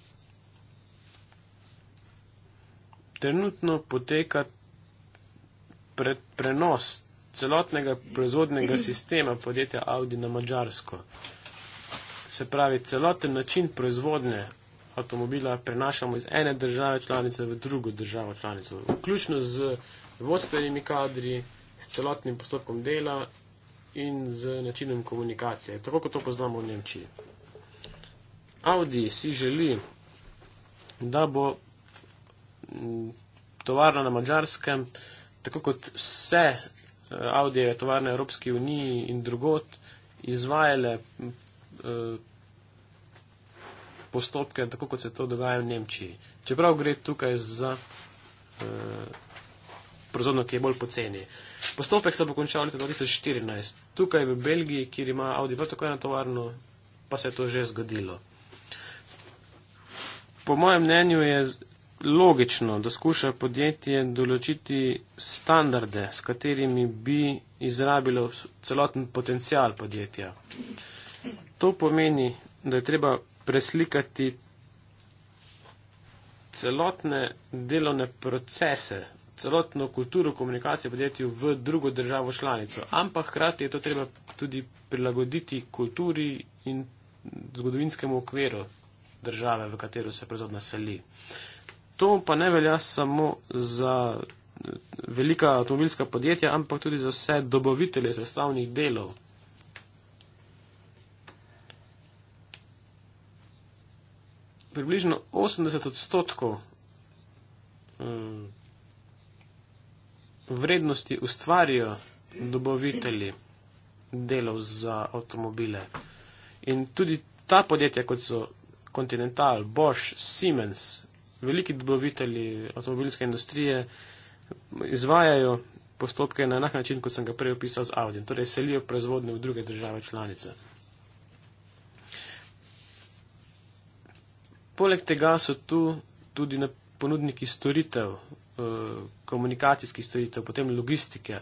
Trenutno poteka pre prenos celotnega proizvodnega sistema podjetja Audi na Mačarsko. Se pravi, celoten način proizvodnje avtomobila prenašamo iz ene države članice v drugo državo članico, vključno z vodstvenimi kadri, s celotnim postopkom dela in z načinom komunikacije, tako kot to poznamo v Nemčiji. Audi si želi, da bo tovarna na mačarskem, tako kot vse Audije, tovarne Evropske unije in drugot izvajale eh, postopke, tako kot se to dogaja v Nemčiji. Čeprav gre tukaj za eh, prozorno, ki je bolj poceni. Postopek se bo končal leta 2014. Tukaj v Belgiji, kjer ima Audi prav tako eno tovarno, pa se je to že zgodilo. Po mojem mnenju je logično, da skuša podjetje določiti standarde, s katerimi bi izrabilo celoten potencial podjetja. To pomeni, da je treba preslikati celotne delovne procese, celotno kulturo komunikacije podjetju v drugo državo članico, ampak hkrati je to treba tudi prilagoditi kulturi in zgodovinskemu okviru države, v katero se proizvodna seli. Uh, To pa ne velja samo za eh, velika avtomobilska podjetja, ampak tudi za vse dobavitelje sestavnih delov. Približno 80 odstotkov eh, vrednosti ustvarijo dobavitelji delov za avtomobile. In tudi ta podjetja, kot so Continental, Bosch, Siemens, veliki dobavitelji avtomobilske industrije izvajajo postopke na enak način, kot sem ga prej opisal z Audijem, torej selijo proizvodne v druge države članice. Poleg tega so tu tudi ponudniki storitev, eh, komunikacijskih storitev, potem logistike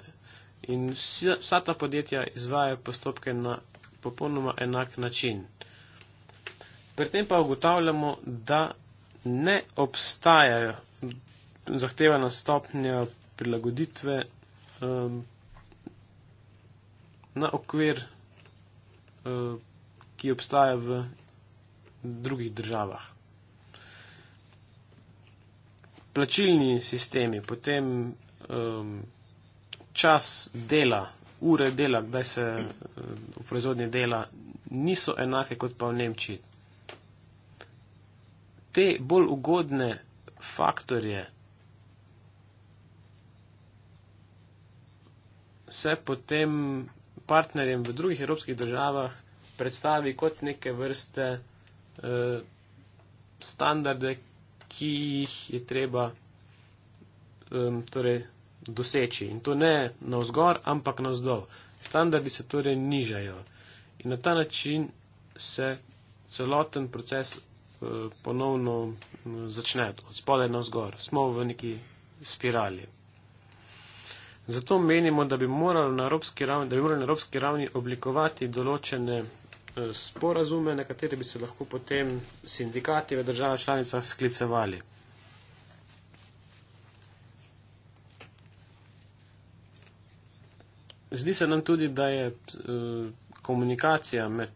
in vsa ta podjetja izvajajo postopke na popolnoma enak način. Pri tem pa ugotavljamo, da ne obstajajo zahtevana stopnja prilagoditve um, na okvir, uh, ki obstaja v drugih državah. Plačilni sistemi, potem um, čas dela, ure dela, kdaj se uh, v proizvodnji dela, niso enake kot pa v Nemčiji te bolj ugodne faktorje se potem partnerjem v drugih evropskih državah predstavi kot neke vrste eh, standarde, ki jih je treba eh, torej, doseči. In to ne na vzgor, ampak na vzdol. Standardi se torej nižajo. In na ta način se celoten proces Eh, ponovno mm, začne od spodaj na vzgor. Smo v neki spirali. Zato menimo, da bi morali na evropski ravni, da bi morali na evropski ravni oblikovati določene eh, sporazume, na katere bi se lahko potem sindikati v državah članicah sklicevali. Zdi se nam tudi, da je eh, komunikacija med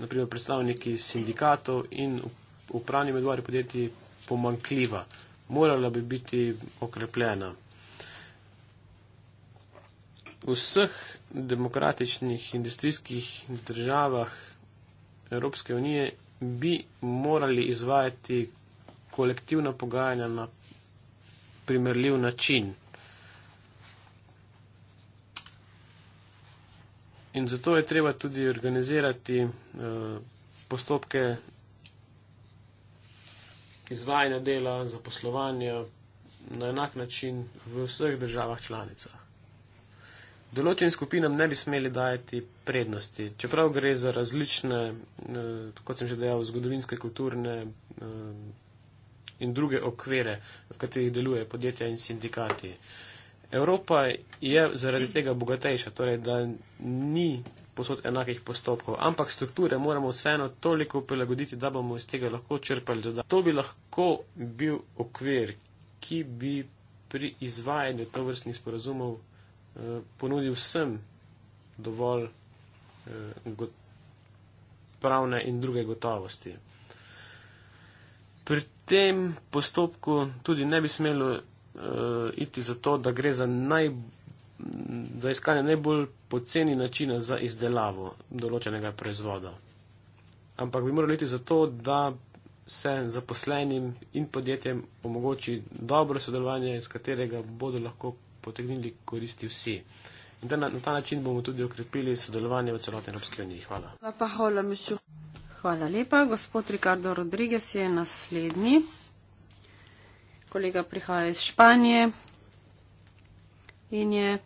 naprimer predstavniki sindikatov in upravni medvari podjetji pomankljiva. Morala bi biti okrepljena. V vseh demokratičnih industrijskih državah Evropske unije bi morali izvajati kolektivna pogajanja na primerljiv način. In zato je treba tudi organizirati eh, postopke izvajanja dela, zaposlovanja na enak način v vseh državah članicah. Določenim skupinam ne bi smeli dajati prednosti, čeprav gre za različne, eh, kot sem že dejal, zgodovinske, kulturne eh, in druge okvere, v katerih delujejo podjetja in sindikati. Evropa je zaradi tega bogatejša, torej da ni posod enakih postopkov, ampak strukture moramo vseeno toliko prilagoditi, da bomo iz tega lahko črpali dodatno. To bi lahko bil okvir, ki bi pri izvajanju to vrstnih sporazumov eh, ponudil vsem dovolj eh, got, pravne in druge gotovosti. Pri tem postopku tudi ne bi smelo uh, iti za to, da gre za, naj, za iskanje najbolj poceni načina za izdelavo določenega proizvoda. Ampak bi morali iti za to, da se zaposlenim in podjetjem omogoči dobro sodelovanje, iz katerega bodo lahko potegnili koristi vsi. In da na, na ta način bomo tudi okrepili sodelovanje v celotni Evropski uniji. Hvala. Hvala, pa, hola, Hvala lepa. Gospod Ricardo Rodriguez je naslednji kolega prihaja iz Španije in je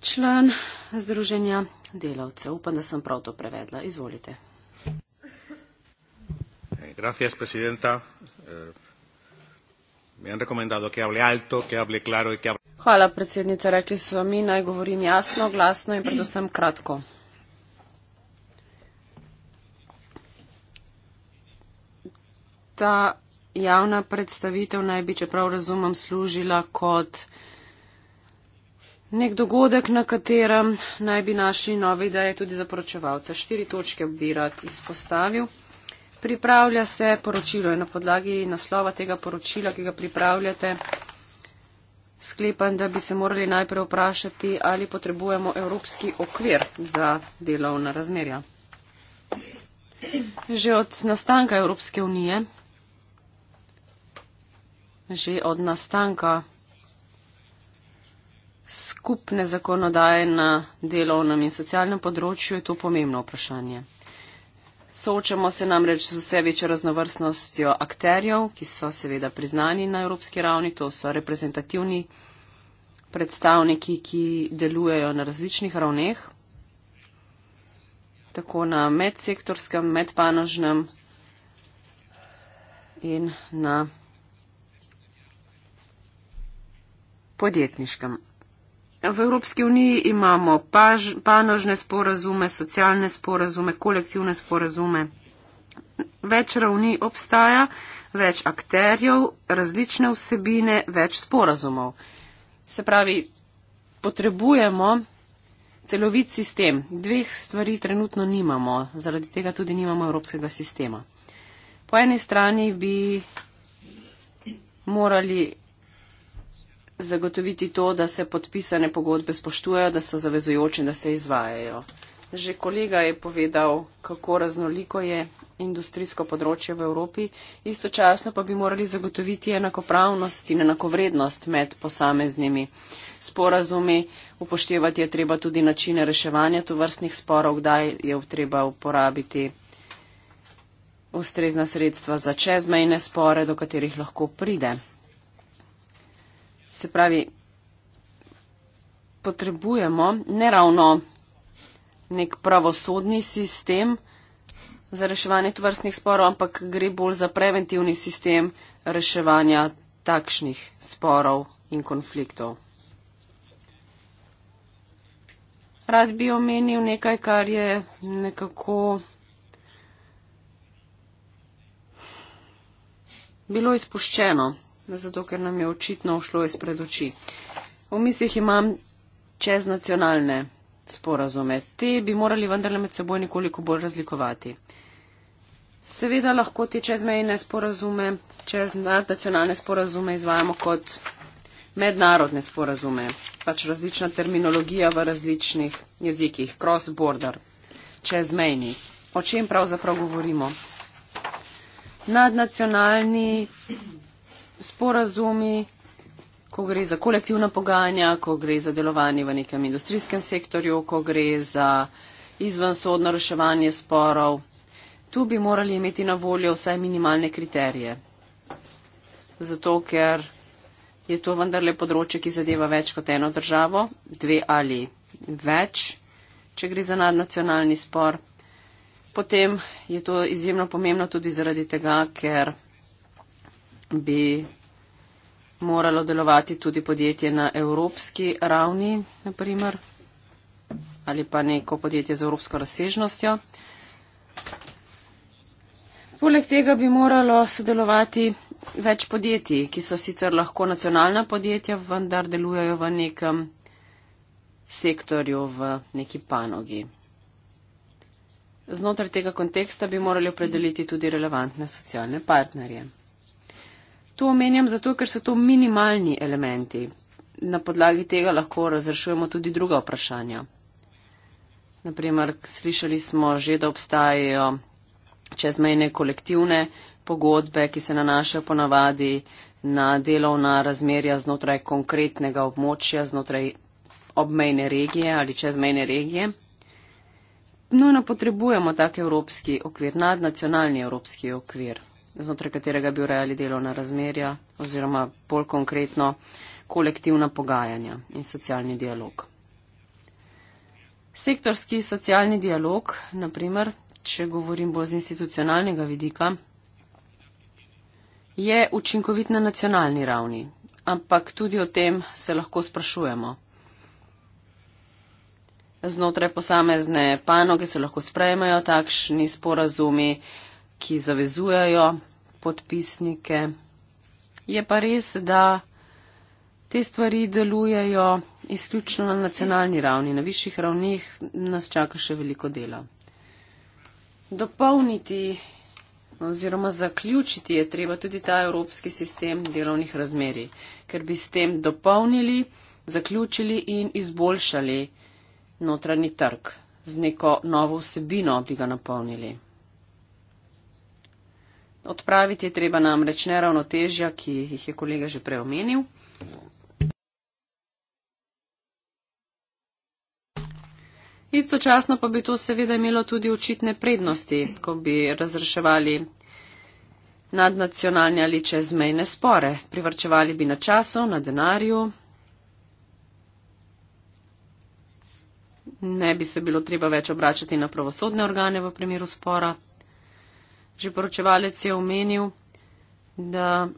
član Združenja delavcev. Upam, da sem prav to prevedla. Izvolite. Eh, gracias, presidenta. Eh, me han recomendado que hable alto, que hable claro y que hable... Hvala, predsednica. Rekli so mi, naj govorim jasno, glasno in predvsem kratko. Da javna predstavitev naj bi, čeprav razumem, služila kot nek dogodek, na katerem naj bi našli nove ideje tudi za poročevalce. Štiri točke bi rad izpostavil. Pripravlja se poročilo in na podlagi naslova tega poročila, ki ga pripravljate, sklepam, da bi se morali najprej vprašati, ali potrebujemo evropski okvir za delovna razmerja. Že od nastanka Evropske unije že od nastanka skupne zakonodaje na delovnem in socialnem področju, je to pomembno vprašanje. Soočamo se namreč z vse večjo raznovrstnostjo akterjev, ki so seveda priznani na evropski ravni, to so reprezentativni predstavniki, ki delujejo na različnih ravneh, tako na medsektorskem, medpanožnem in na podjetniškem. V Evropski uniji imamo paž, panožne sporazume, socialne sporazume, kolektivne sporazume. Več ravni obstaja, več akterjev, različne vsebine, več sporazumov. Se pravi, potrebujemo celovit sistem. Dveh stvari trenutno nimamo, zaradi tega tudi nimamo evropskega sistema. Po eni strani bi morali zagotoviti to, da se podpisane pogodbe spoštujejo, da so zavezujoče in da se izvajajo. Že kolega je povedal, kako raznoliko je industrijsko področje v Evropi, istočasno pa bi morali zagotoviti enakopravnost in enakovrednost med posameznimi sporazumi. Upoštevati je treba tudi načine reševanja tovrstnih sporov, kdaj je treba uporabiti ustrezna sredstva za čezmejne spore, do katerih lahko pride se pravi, potrebujemo ne ravno nek pravosodni sistem za reševanje tovrstnih sporov, ampak gre bolj za preventivni sistem reševanja takšnih sporov in konfliktov. Rad bi omenil nekaj, kar je nekako bilo izpuščeno zato ker nam je očitno ušlo izpred oči. V mislih imam čeznacionalne sporazume. Te bi morali vendarle med seboj nekoliko bolj razlikovati. Seveda lahko te čezmejne sporazume, čeznacionalne sporazume izvajamo kot mednarodne sporazume, pač različna terminologija v različnih jezikih, cross-border, čezmejni. O čem pravzaprav govorimo? Nadnacionalni sporazumi, ko gre za kolektivna pogajanja, ko gre za delovanje v nekem industrijskem sektorju, ko gre za izvensodno reševanje sporov. Tu bi morali imeti na voljo vsaj minimalne kriterije, zato ker je to vendarle področje, ki zadeva več kot eno državo, dve ali več, če gre za nadnacionalni spor. Potem je to izjemno pomembno tudi zaradi tega, ker bi moralo delovati tudi podjetje na evropski ravni, naprimer, ali pa neko podjetje z evropsko razsežnostjo. Poleg tega bi moralo sodelovati več podjetij, ki so sicer lahko nacionalna podjetja, vendar delujejo v nekem sektorju, v neki panogi. Znotraj tega konteksta bi morali opredeliti tudi relevantne socialne partnerje. To omenjam zato, ker so to minimalni elementi. Na podlagi tega lahko razrešujemo tudi druga vprašanja. Naprimer, slišali smo že, da obstajajo čezmejne kolektivne pogodbe, ki se nanašajo ponavadi na delovna razmerja znotraj konkretnega območja, znotraj obmejne regije ali čezmejne regije. Nujno potrebujemo tak evropski okvir, nadnacionalni evropski okvir znotraj katerega bi urejali delovna razmerja oziroma bolj konkretno kolektivna pogajanja in socialni dialog. Sektorski socialni dialog, naprimer, če govorim bolj z institucionalnega vidika, je učinkovit na nacionalni ravni, ampak tudi o tem se lahko sprašujemo. Znotraj posamezne panoge se lahko sprejmejo takšni sporazumi, ki zavezujajo podpisnike. Je pa res, da te stvari delujejo izključno na nacionalni ravni. Na višjih ravnih nas čaka še veliko dela. Dopolniti oziroma zaključiti je treba tudi ta evropski sistem delovnih razmeri, ker bi s tem dopolnili, zaključili in izboljšali notranji trg. Z neko novo vsebino bi ga napolnili. Odpraviti je treba namreč neravnotežja, ki jih je kolega že preomenil. Istočasno pa bi to seveda imelo tudi očitne prednosti, ko bi razreševali nadnacionalne ali čezmejne spore. Privrčevali bi na času, na denarju. Ne bi se bilo treba več obračati na pravosodne organe v primeru spora že poročevalec je omenil, da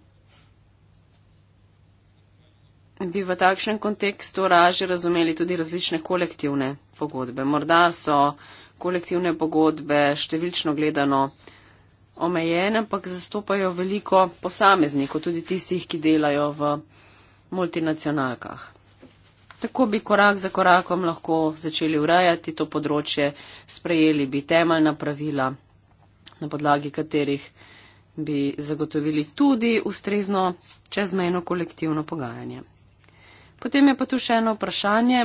bi v takšnem kontekstu raže razumeli tudi različne kolektivne pogodbe. Morda so kolektivne pogodbe številčno gledano omejene, ampak zastopajo veliko posameznikov, tudi tistih, ki delajo v multinacionalkah. Tako bi korak za korakom lahko začeli urejati to področje, sprejeli bi temeljna pravila, na podlagi katerih bi zagotovili tudi ustrezno čezmejno kolektivno pogajanje. Potem je pa tu še eno vprašanje,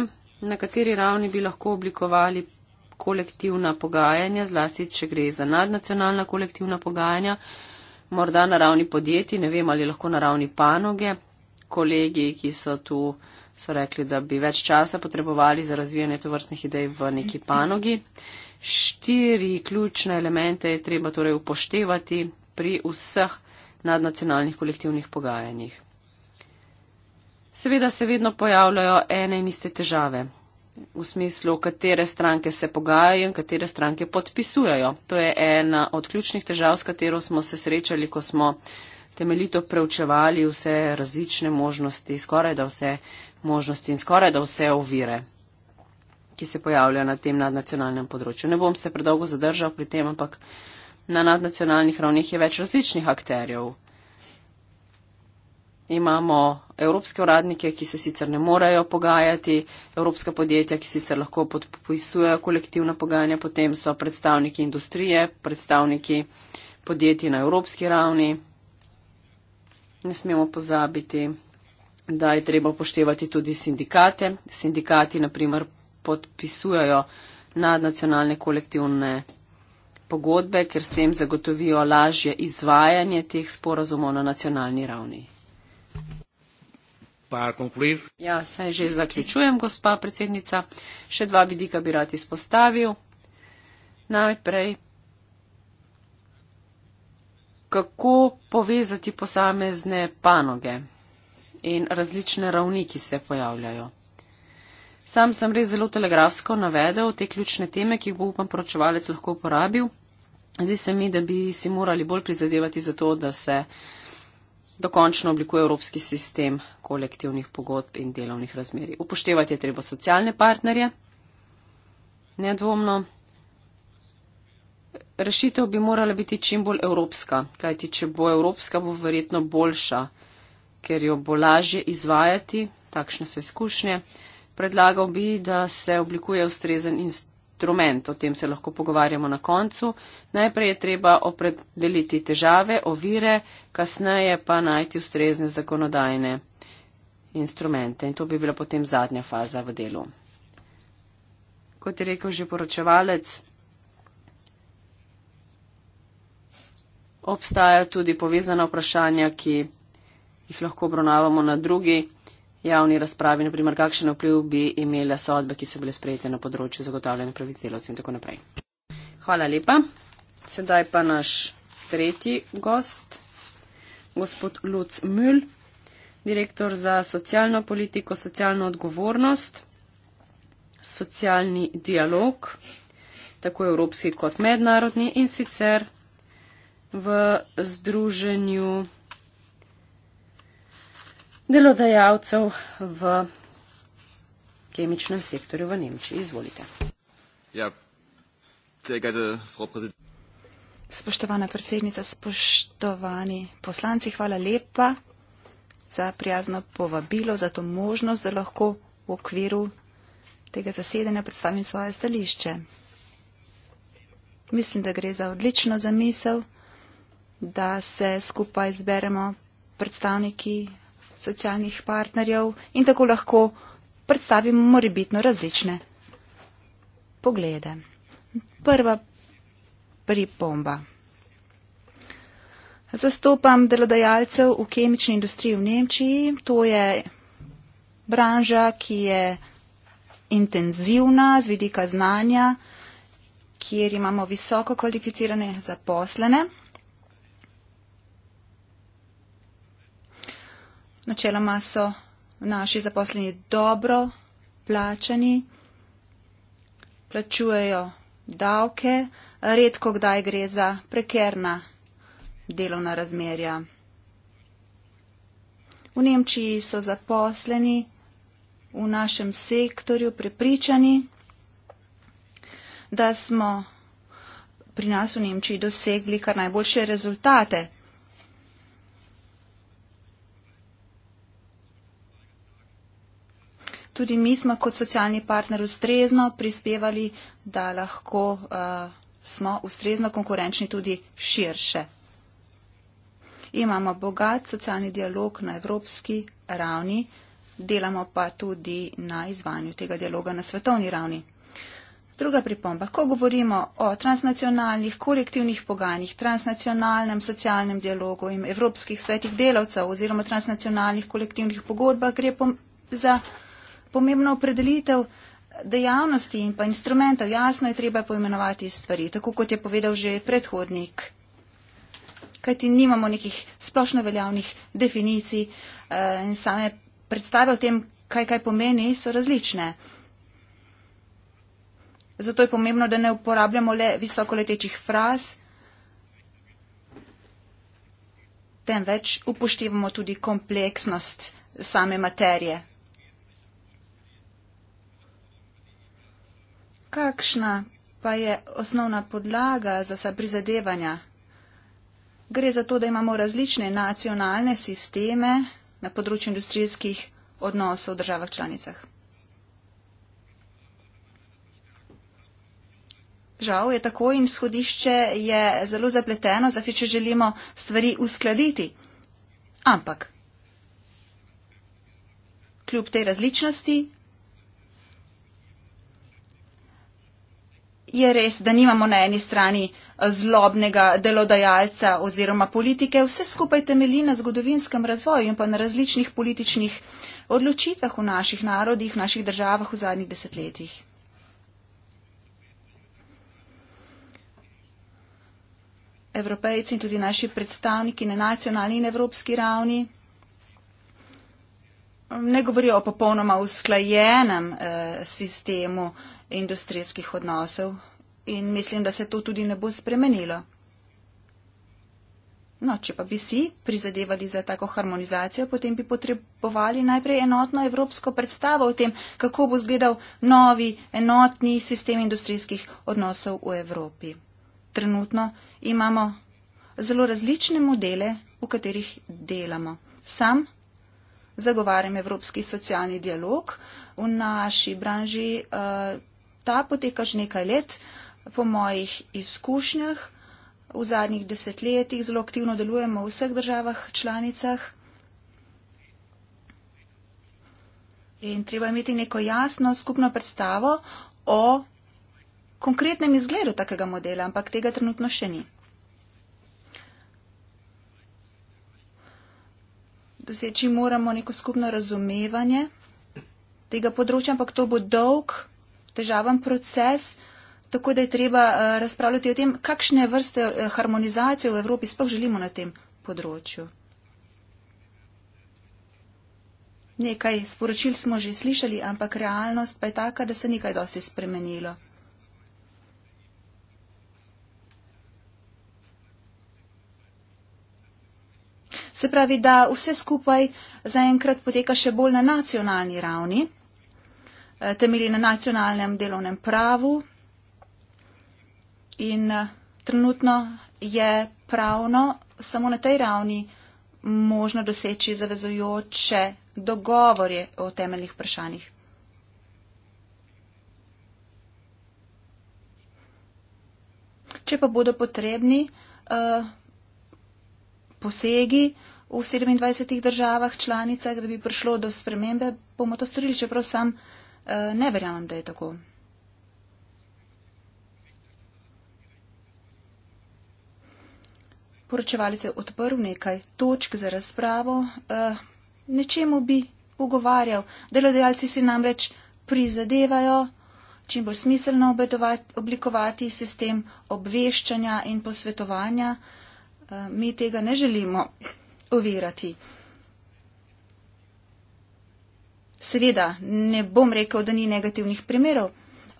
na kateri ravni bi lahko oblikovali kolektivna pogajanja, zlasti, če gre za nadnacionalna kolektivna pogajanja, morda na ravni podjetij, ne vem, ali lahko na ravni panoge. Kolegi, ki so tu, so rekli, da bi več časa potrebovali za razvijanje tovrstnih idej v neki panogi. Mm -hmm. Štiri ključne elemente je treba torej upoštevati pri vseh nadnacionalnih kolektivnih pogajanjih. Seveda se vedno pojavljajo ene in iste težave v smislu, katere stranke se pogajajo in katere stranke podpisujejo. To je ena od ključnih težav, s katero smo se srečali, ko smo temeljito preučevali vse različne možnosti, skoraj da vse možnosti in skoraj da vse ovire ki se pojavlja na tem nadnacionalnem področju. Ne bom se predolgo zadržal pri tem, ampak na nadnacionalnih ravnih je več različnih akterjev. Imamo evropske uradnike, ki se sicer ne morejo pogajati, evropska podjetja, ki sicer lahko podpisujejo kolektivna pogajanja, potem so predstavniki industrije, predstavniki podjetij na evropski ravni. Ne smemo pozabiti, da je treba upoštevati tudi sindikate. Sindikati, naprimer, podpisujejo nadnacionalne kolektivne pogodbe, ker s tem zagotovijo lažje izvajanje teh sporazumov na nacionalni ravni. Ja, saj že zaključujem, gospa predsednica. Še dva vidika bi rad izpostavil. Najprej, kako povezati posamezne panoge in različne ravni, ki se pojavljajo. Sam sem res zelo telegrafsko navedel te ključne teme, ki jih bo upam poročevalec lahko uporabil. Zdi se mi, da bi si morali bolj prizadevati za to, da se dokončno oblikuje evropski sistem kolektivnih pogodb in delovnih razmerij. Upoštevati je treba socialne partnerje, nedvomno. Rešitev bi morala biti čim bolj evropska, kajti če bo evropska, bo verjetno boljša, ker jo bo lažje izvajati, takšne so izkušnje predlagal bi, da se oblikuje ustrezen instrument. O tem se lahko pogovarjamo na koncu. Najprej je treba opredeliti težave, ovire, kasneje pa najti ustrezne zakonodajne instrumente. In to bi bila potem zadnja faza v delu. Kot je rekel že poročevalec, obstajajo tudi povezana vprašanja, ki jih lahko obravnavamo na drugi javni razpravi, naprimer, kakšen vpliv bi imele sodbe, ki so bile sprejete na področju zagotavljanja pravic delavcev in tako naprej. Hvala lepa. Sedaj pa naš tretji gost, gospod Luc Mül, direktor za socialno politiko, socialno odgovornost, socialni dialog, tako evropski kot mednarodni in sicer v združenju delodajalcev v kemičnem sektorju v Nemčiji. Izvolite. Ja, tega, da, spoštovana predsednica, spoštovani poslanci, hvala lepa za prijazno povabilo, za to možnost, da lahko v okviru tega zasedanja predstavim svoje stališče. Mislim, da gre za odlično zamisel, da se skupaj zberemo predstavniki socialnih partnerjev in tako lahko predstavimo morebitno različne poglede. Prva pripomba. Zastopam delodajalcev v kemični industriji v Nemčiji. To je branža, ki je intenzivna z vidika znanja, kjer imamo visoko kvalificirane zaposlene. načeloma so naši zaposleni dobro plačani, plačujejo davke, redko kdaj gre za prekerna delovna razmerja. V Nemčiji so zaposleni v našem sektorju prepričani, da smo pri nas v Nemčiji dosegli kar najboljše rezultate tudi mi smo kot socialni partner ustrezno prispevali, da lahko uh, smo ustrezno konkurenčni tudi širše. Imamo bogat socialni dialog na evropski ravni, delamo pa tudi na izvanju tega dialoga na svetovni ravni. Druga pripomba. Ko govorimo o transnacionalnih kolektivnih pogajanjih, transnacionalnem socialnem dialogu in evropskih svetih delavcev oziroma transnacionalnih kolektivnih pogodbah, gre za pomembna opredelitev dejavnosti in pa instrumentov. Jasno je treba poimenovati stvari, tako kot je povedal že predhodnik. Kajti nimamo nekih splošno veljavnih definicij eh, in same predstave o tem, kaj kaj pomeni, so različne. Zato je pomembno, da ne uporabljamo le visokoletečih fraz, temveč upoštevamo tudi kompleksnost same materije. Kakšna pa je osnovna podlaga za vsa prizadevanja? Gre za to, da imamo različne nacionalne sisteme na področju industrijskih odnosov v državah članicah. Žal je tako in shodišče je zelo zapleteno, zdaj če želimo stvari uskladiti. Ampak, kljub tej različnosti, je res, da nimamo na eni strani eh, zlobnega delodajalca oziroma politike. Vse skupaj temelji na zgodovinskem razvoju in pa na različnih političnih odločitvah v naših narodih, v naših državah v zadnjih desetletjih. Evropejci in tudi naši predstavniki na nacionalni in evropski ravni ne govorijo o popolnoma usklajenem eh, sistemu eh, industrijskih odnosov in mislim, da se to tudi ne bo spremenilo. No, če pa bi si prizadevali za tako harmonizacijo, potem bi potrebovali najprej enotno evropsko predstavo o tem, kako bo zgledal novi enotni sistem industrijskih odnosov v Evropi. Trenutno imamo zelo različne modele, v katerih delamo. Sam zagovarjam evropski socialni dialog. V naši branži uh, ta poteka že nekaj let. Po mojih izkušnjah v zadnjih desetletjih zelo aktivno delujemo v vseh državah članicah. In treba imeti neko jasno skupno predstavo o konkretnem izgledu takega modela, ampak tega trenutno še ni. Doseči moramo neko skupno razumevanje tega področja, ampak to bo dolg težaven proces, tako da je treba eh, razpravljati o tem, kakšne vrste eh, harmonizacije v Evropi sploh želimo na tem področju. Nekaj sporočil smo že slišali, ampak realnost pa je taka, da se nekaj dosti spremenilo. Se pravi, da vse skupaj zaenkrat poteka še bolj na nacionalni ravni. Eh, temelji na nacionalnem delovnem pravu in eh, trenutno je pravno samo na tej ravni možno doseči zavezujoče dogovore o temeljnih vprašanjih. Če pa bodo potrebni uh, posegi v 27 državah članicah, da bi prišlo do spremembe, bomo to storili, čeprav sam uh, Не верявам да е тако. Poročevalice odprl nekaj točk za razpravo, uh, nečemu bi ugovarjal. Delodajalci si namreč prizadevajo čim bolj smiselno oblikovati sistem obveščanja in posvetovanja. Uh, mi tega ne želimo ovirati. Seveda, ne bom rekel, da ni negativnih primerov,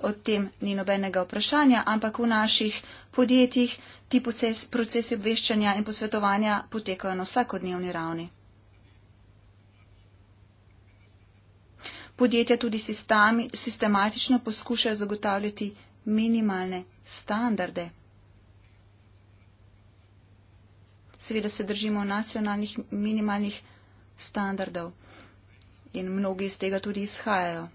o tem ni nobenega vprašanja, ampak v naših podjetjih ti proces, procesi obveščanja in posvetovanja potekajo na vsakodnevni ravni. Podjetja tudi sistami, sistematično poskušajo zagotavljati minimalne standarde. Seveda se držimo nacionalnih minimalnih standardov in mnogi iz tega tudi izhajajo.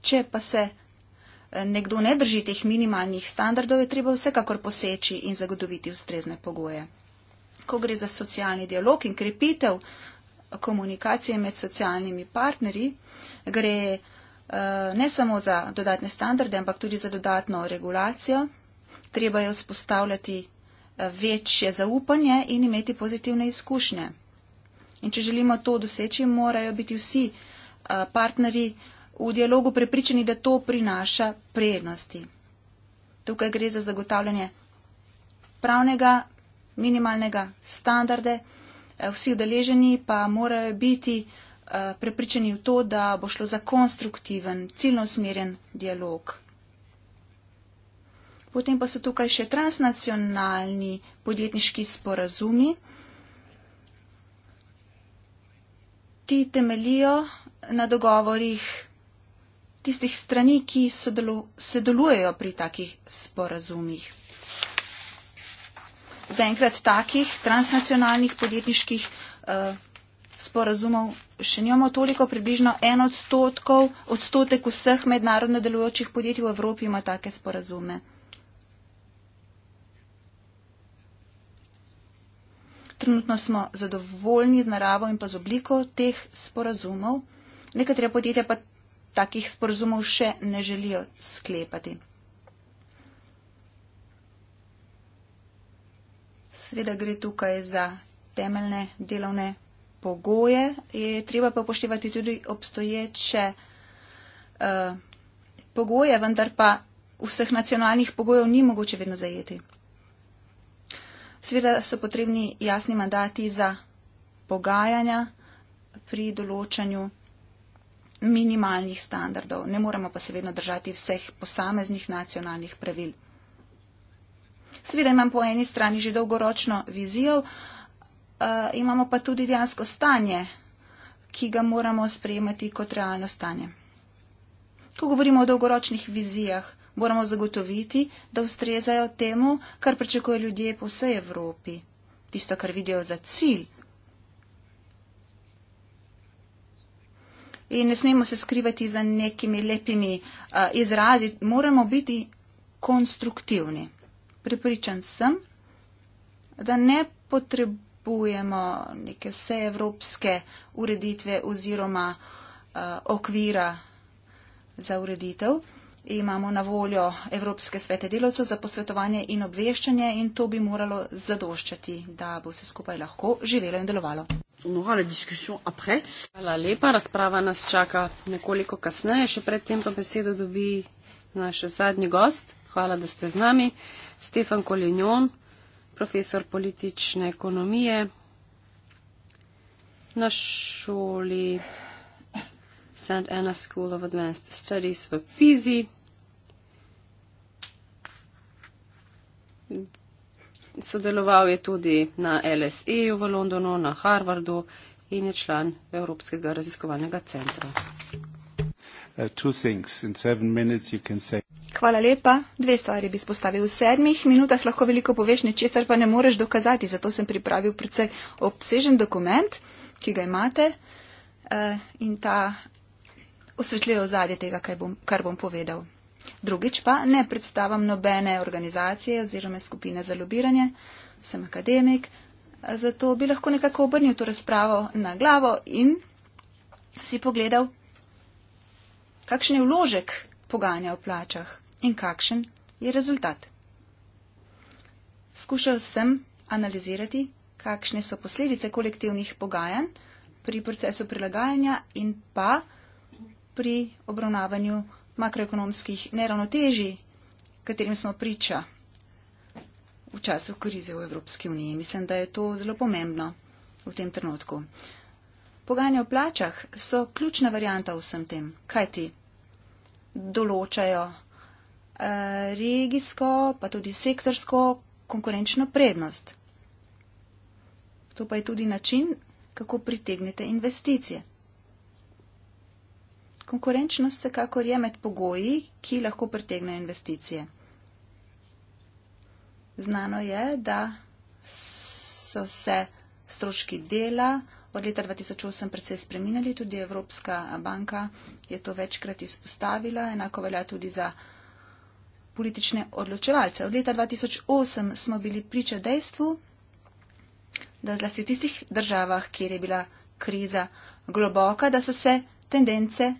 Če pa se eh, nekdo ne drži teh minimalnih standardov, je treba vsekakor poseči in zagotoviti ustrezne pogoje. Ko gre za socialni dialog in krepitev eh, komunikacije med socialnimi partnerji, gre eh, ne samo za dodatne standarde, ampak tudi za dodatno regulacijo. Treba je vzpostavljati večje zaupanje in imeti pozitivne izkušnje. In če želimo to doseči, morajo biti vsi eh, partnerji v dialogu prepričani, da to prinaša prednosti. Tukaj gre za zagotavljanje pravnega, minimalnega standarde. Eh, vsi udeleženi pa morajo biti eh, prepričani v to, da bo šlo za konstruktiven, ciljno usmerjen dialog. Potem pa so tukaj še transnacionalni podjetniški sporazumi. ti temelijo na dogovorih tistih strani, ki sodelu, sodelujejo pri takih sporazumih. Zaenkrat takih transnacionalnih podjetniških eh, sporazumov še nimamo toliko, približno en odstotek vseh mednarodno delujočih podjetij v Evropi ima take sporazume. Trenutno smo zadovoljni z naravo in pa z obliko teh sporazumov. Nekatera podjetja pa takih sporazumov še ne želijo sklepati. Sveda gre tukaj za temeljne delovne pogoje. Je treba pa upoštevati tudi obstoječe uh, pogoje, vendar pa vseh nacionalnih pogojev ni mogoče vedno zajeti. Sveda so potrebni jasni mandati za pogajanja pri določanju minimalnih standardov. Ne moremo pa se vedno držati vseh posameznih nacionalnih pravil. Sveda imam po eni strani že dolgoročno vizijo, eh, imamo pa tudi dejansko stanje, ki ga moramo sprejemati kot realno stanje. Ko govorimo o dolgoročnih vizijah, moramo zagotoviti, da ustrezajo temu, kar pričakuje ljudje po vsej Evropi, tisto, kar vidijo za cilj. In ne smemo se skrivati za nekimi lepimi uh, izrazi, moramo biti konstruktivni. Pripričan sem, da ne potrebujemo neke vseevropske ureditve oziroma uh, okvira za ureditev imamo na voljo Evropske svete delovcev za posvetovanje in obveščanje in to bi moralo zadoščati, da bo vse skupaj lahko živelo in delovalo. Hvala lepa, razprava nas čaka nekoliko kasneje, še predtem pa besedo dobi naš zadnji gost. Hvala, da ste z nami. Stefan Kolinjon, profesor politične ekonomije na šoli. St. Anna's School of Advanced Studies v Pizi. Sodeloval je tudi na LSE-ju v Londonu, na Harvardu in je član Evropskega raziskovalnega centra. Uh, Hvala lepa. Dve stvari bi spostavil. V sedmih minutah lahko veliko poveš, nečesar pa ne moreš dokazati, zato sem pripravil precej obsežen dokument, ki ga imate. Uh, in ta osvetljuje ozadje tega, bom, kar bom povedal. Drugič pa ne predstavam nobene organizacije oziroma skupine za lobiranje, sem akademik, zato bi lahko nekako obrnil to razpravo na glavo in si pogledal, kakšen je vložek pogajanja o plačah in kakšen je rezultat. Skušal sem analizirati, kakšne so posledice kolektivnih pogajanj pri procesu prilagajanja in pa, pri obravnavanju makroekonomskih neravnotežij, katerim smo priča v času krize v Evropski uniji. Mislim, da je to zelo pomembno v tem trenutku. Pogajanja o plačah so ključna varijanta vsem tem, kaj ti določajo eh, regijsko, pa tudi sektorsko konkurenčno prednost. To pa je tudi način, kako pritegnete investicije. Konkurenčnost vsekakor je med pogoji, ki lahko pritegnejo investicije. Znano je, da so se stroški dela od leta 2008 precej spreminjali, tudi Evropska banka je to večkrat izpostavila, enako velja tudi za politične odločevalce. Od leta 2008 smo bili priča dejstvu, da zlasti v tistih državah, kjer je bila kriza globoka, da so se tendence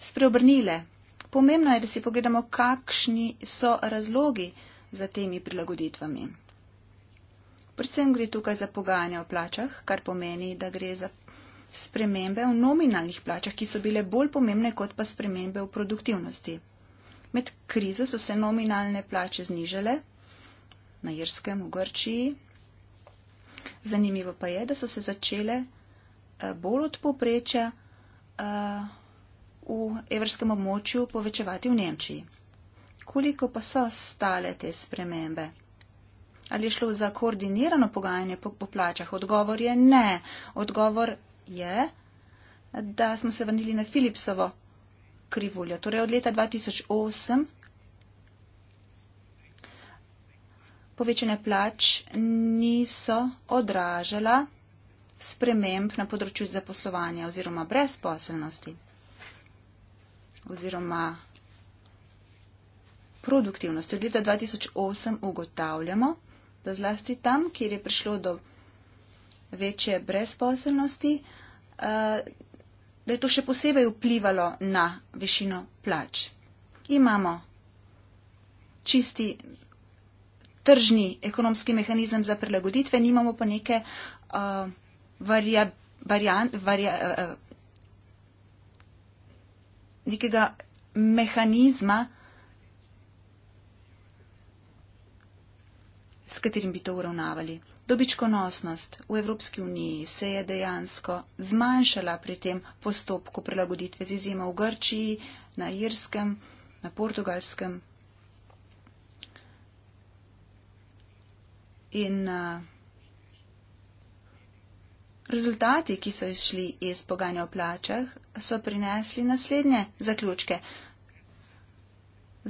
spreobrnile. Pomembno je, da si pogledamo, kakšni so razlogi za temi prilagoditvami. Predvsem gre tukaj za pogajanja o plačah, kar pomeni, da gre za spremembe v nominalnih plačah, ki so bile bolj pomembne kot pa spremembe v produktivnosti. Med krizo so se nominalne plače znižale na Irskem, v Grčiji. Zanimivo pa je, da so se začele eh, bolj od poprečja eh, v evrskem območju povečevati v Nemčiji. Koliko pa so stale te spremembe? Ali je šlo za koordinirano pogajanje po, po plačah? Odgovor je ne. Odgovor je, da smo se vrnili na Philipsovo krivuljo. Torej od leta 2008 povečene plač niso odražala sprememb na področju zaposlovanja oziroma brezposelnosti oziroma produktivnosti. Od leta 2008 ugotavljamo, da zlasti tam, kjer je prišlo do večje brezposelnosti, eh, da je to še posebej vplivalo na višino plač. Imamo čisti tržni ekonomski mehanizem za prilagoditve, nimamo pa neke uh, eh, varja, varja, varja, uh, eh, nekega mehanizma, s katerim bi to uravnavali. Dobičkonosnost v Evropski uniji se je dejansko zmanjšala pri tem postopku prilagoditve z izjemo v Grčiji, na Irskem, na Portugalskem. In uh, Rezultati, ki so izšli iz pogajanja o plačah, so prinesli naslednje zaključke.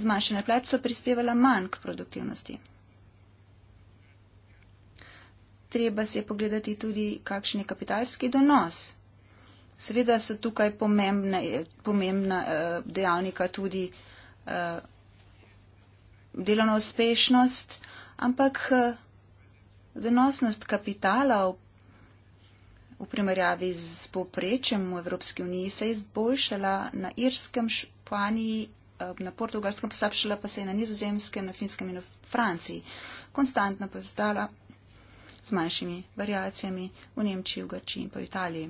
Zmanjšanje plač so prispevala manj k produktivnosti. Treba se je pogledati tudi, kakšen je kapitalski donos. Seveda so tukaj pomembne, pomembna eh, dejavnika tudi eh, delovna uspešnost, ampak eh, donosnost kapitala v v primerjavi z poprečjem v Evropski uniji se je izboljšala na Irskem, Španiji, eh, na Portugalskem, poslabšala pa se je na Nizozemskem, na Finskem in v Franciji. Konstantno pa zdala z manjšimi variacijami v Nemčiji, v Grčiji in pa v Italiji.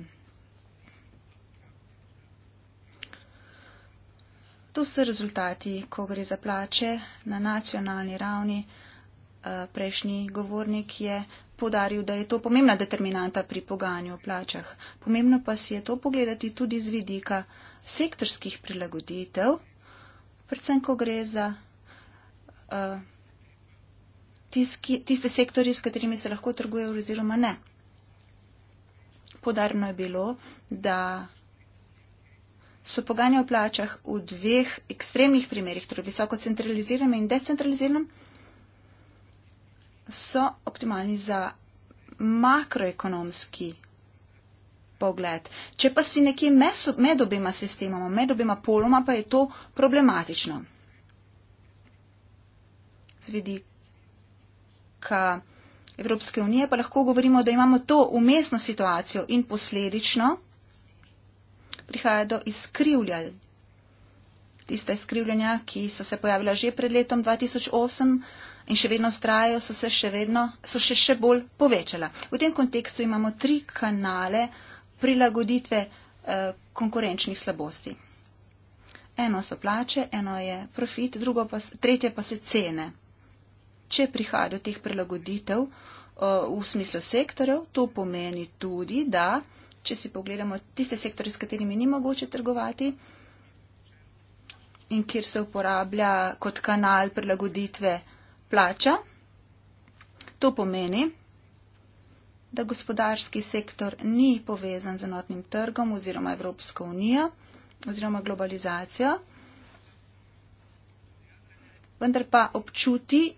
To so rezultati, ko gre za plače na nacionalni ravni. Eh, prejšnji govornik je podaril, da je to pomembna determinanta pri pogajanju o plačah. Pomembno pa si je to pogledati tudi z vidika sektorskih prilagoditev, predvsem, ko gre za uh, tiski, tiste sektori, s katerimi se lahko trguje oziroma ne. Podarno je bilo, da so pogajanja o plačah v dveh ekstremnih primerjih, torej visoko centraliziranem in decentraliziranem, so optimalni za makroekonomski pogled. Če pa si nekje med obema sistemoma, med obema poloma, pa je to problematično. Z vidika Evropske unije pa lahko govorimo, da imamo to umestno situacijo in posledično prihaja do izkrivljanj. Tiste izkrivljanja, ki so se pojavila že pred letom 2008 in še vedno vztrajajo, so se še, vedno, so še, še bolj povečala. V tem kontekstu imamo tri kanale prilagoditve eh, konkurenčnih slabosti. Eno so plače, eno je profit, pa, tretje pa se cene. Če prihaja do teh prilagoditev eh, v smislu sektorjev, to pomeni tudi, da če si pogledamo tiste sektore, s katerimi ni mogoče trgovati, in kjer se uporablja kot kanal prilagoditve plača. To pomeni, da gospodarski sektor ni povezan z enotnim trgom oziroma Evropsko unijo oziroma globalizacijo, vendar pa občuti,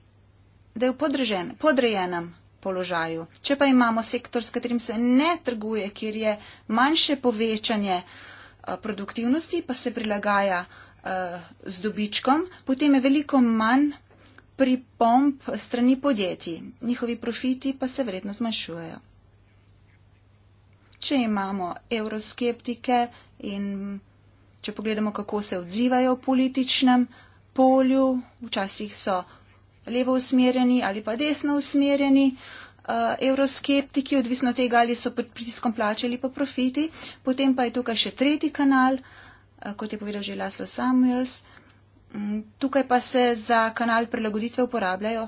da je v podrežen, podrejenem položaju. Če pa imamo sektor, s katerim se ne trguje, kjer je manjše povečanje eh, produktivnosti, pa se prilagaja uh, z dobičkom, potem je veliko manj pripomb strani podjetij, njihovi profiti pa se vredno zmanjšujejo. Če imamo euroskeptike in če pogledamo, kako se odzivajo v političnem polju, včasih so levo usmerjeni ali pa desno usmerjeni uh, eh, euroskeptiki, odvisno od tega, ali so pod pritiskom plačali pa profiti. Potem pa je tukaj še tretji kanal, uh, kot je povedal že Laslo Samuels, uh, Mm, tukaj pa se za kanal prilagoditve uporabljajo.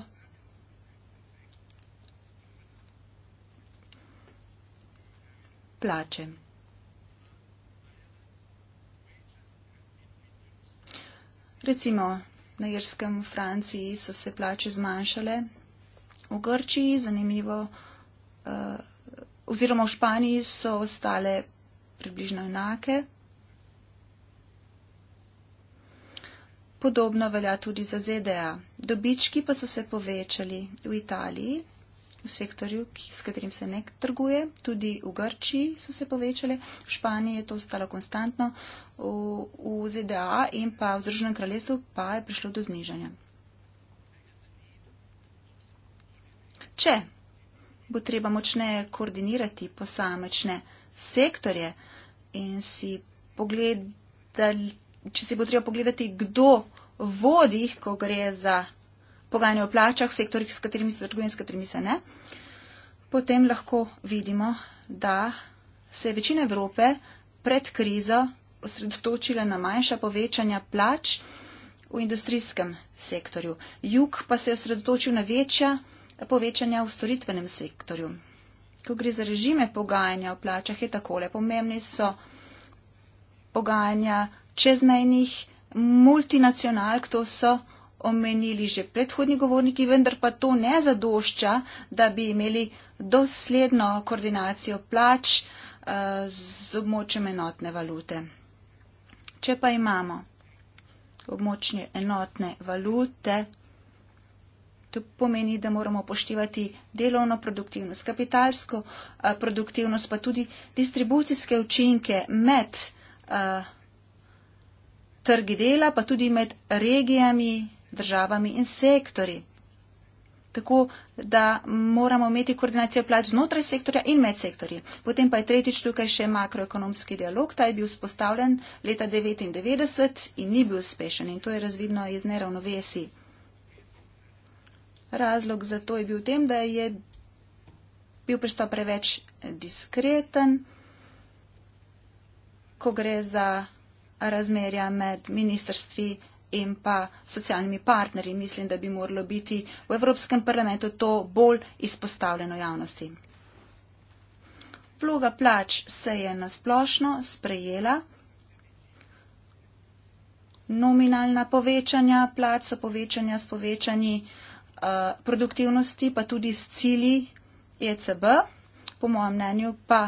Plače. Recimo, na Irskem v Franciji so se plače zmanjšale, v Grčiji zanimivo, eh, oziroma v Španiji so ostale približno enake. Podobno velja tudi za ZDA. Dobički pa so se povečali v Italiji, v sektorju, s katerim se ne trguje, tudi v Grčiji so se povečali, v Španiji je to ostalo konstantno, v, v ZDA in pa v Združenem kraljestvu pa je prišlo do znižanja. Če bo treba močneje koordinirati posamečne sektorje in si pogledali, če si bo treba pogledati, kdo vodjih, ko gre za pogajanje o plačah, v sektorjih, s katerimi se trgujem, s katerimi se ne, potem lahko vidimo, da se je večina Evrope pred krizo osredotočila na manjša povečanja plač v industrijskem sektorju. Jug pa se je osredotočil na večja povečanja v storitvenem sektorju. Ko gre za režime pogajanja o plačah, je takole pomembni so pogajanja čezmejnih, multinacionalk, to so omenili že predhodni govorniki, vendar pa to ne zadošča, da bi imeli dosledno koordinacijo plač eh, z območjem enotne valute. Če pa imamo območje enotne valute, To pomeni, da moramo poštivati delovno produktivnost, kapitalsko eh, produktivnost, pa tudi distribucijske učinke med uh, trgi dela, pa tudi med regijami, državami in sektori. Tako da moramo imeti koordinacijo plač znotraj sektorja in med sektorji. Potem pa je tretjič tukaj še makroekonomski dialog. Ta je bil spostavljen leta 1999 in ni bil uspešen in to je razvidno iz neravnovesi. Razlog za to je bil v tem, da je bil pristop preveč diskreten, ko gre za razmerja med ministrstvi in pa socialnimi partnerji. Mislim, da bi moralo biti v Evropskem parlamentu to bolj izpostavljeno javnosti. Vloga plač se je nasplošno sprejela. Nominalna povečanja plač so povečanja s povečanji uh, produktivnosti, pa tudi s cili ECB. Po mojem mnenju pa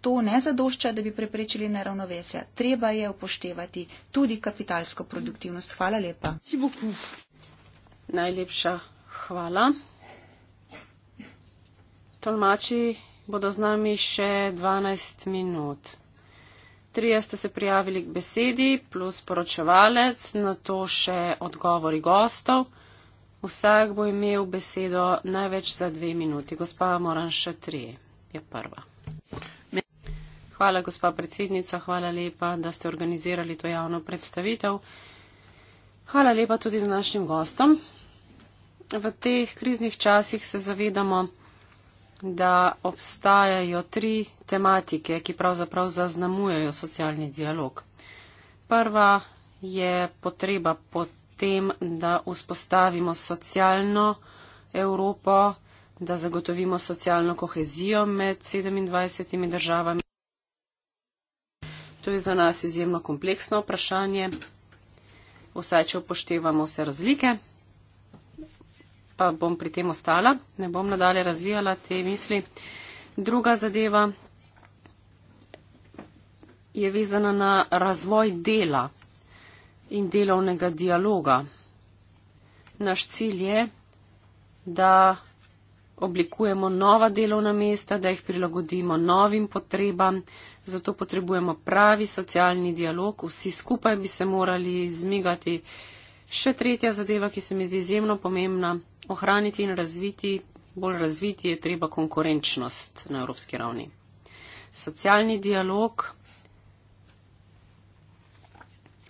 to ne zadošča, da bi preprečili neravnovesja. Treba je upoštevati tudi kapitalsko produktivnost. Hvala lepa. Najlepša hvala. Tolmači bodo z nami še 12 minut. Trije ste se prijavili k besedi, plus poročevalec, na to še odgovori gostov. Vsak bo imel besedo največ za dve minuti. Gospa Moran še tri je prva. Hvala, gospa predsednica, hvala lepa, da ste organizirali to javno predstavitev. Hvala lepa tudi današnjim gostom. V teh kriznih časih se zavedamo, da obstajajo tri tematike, ki pravzaprav zaznamujejo socialni dialog. Prva je potreba po tem, da vzpostavimo socialno Evropo, da zagotovimo socialno kohezijo med 27 državami. To je za nas izjemno kompleksno vprašanje, vse če upoštevamo vse razlike, pa bom pri tem ostala, ne bom nadalje razvijala te misli. Druga zadeva je vezana na razvoj dela in delovnega dialoga. Naš cilj je, da oblikujemo nova delovna mesta, da jih prilagodimo novim potrebam, zato potrebujemo pravi socialni dialog, vsi skupaj bi se morali zmigati. Še tretja zadeva, ki se mi zdi izjemno pomembna, ohraniti in razviti, bolj razviti je treba konkurenčnost na evropski ravni. Socialni dialog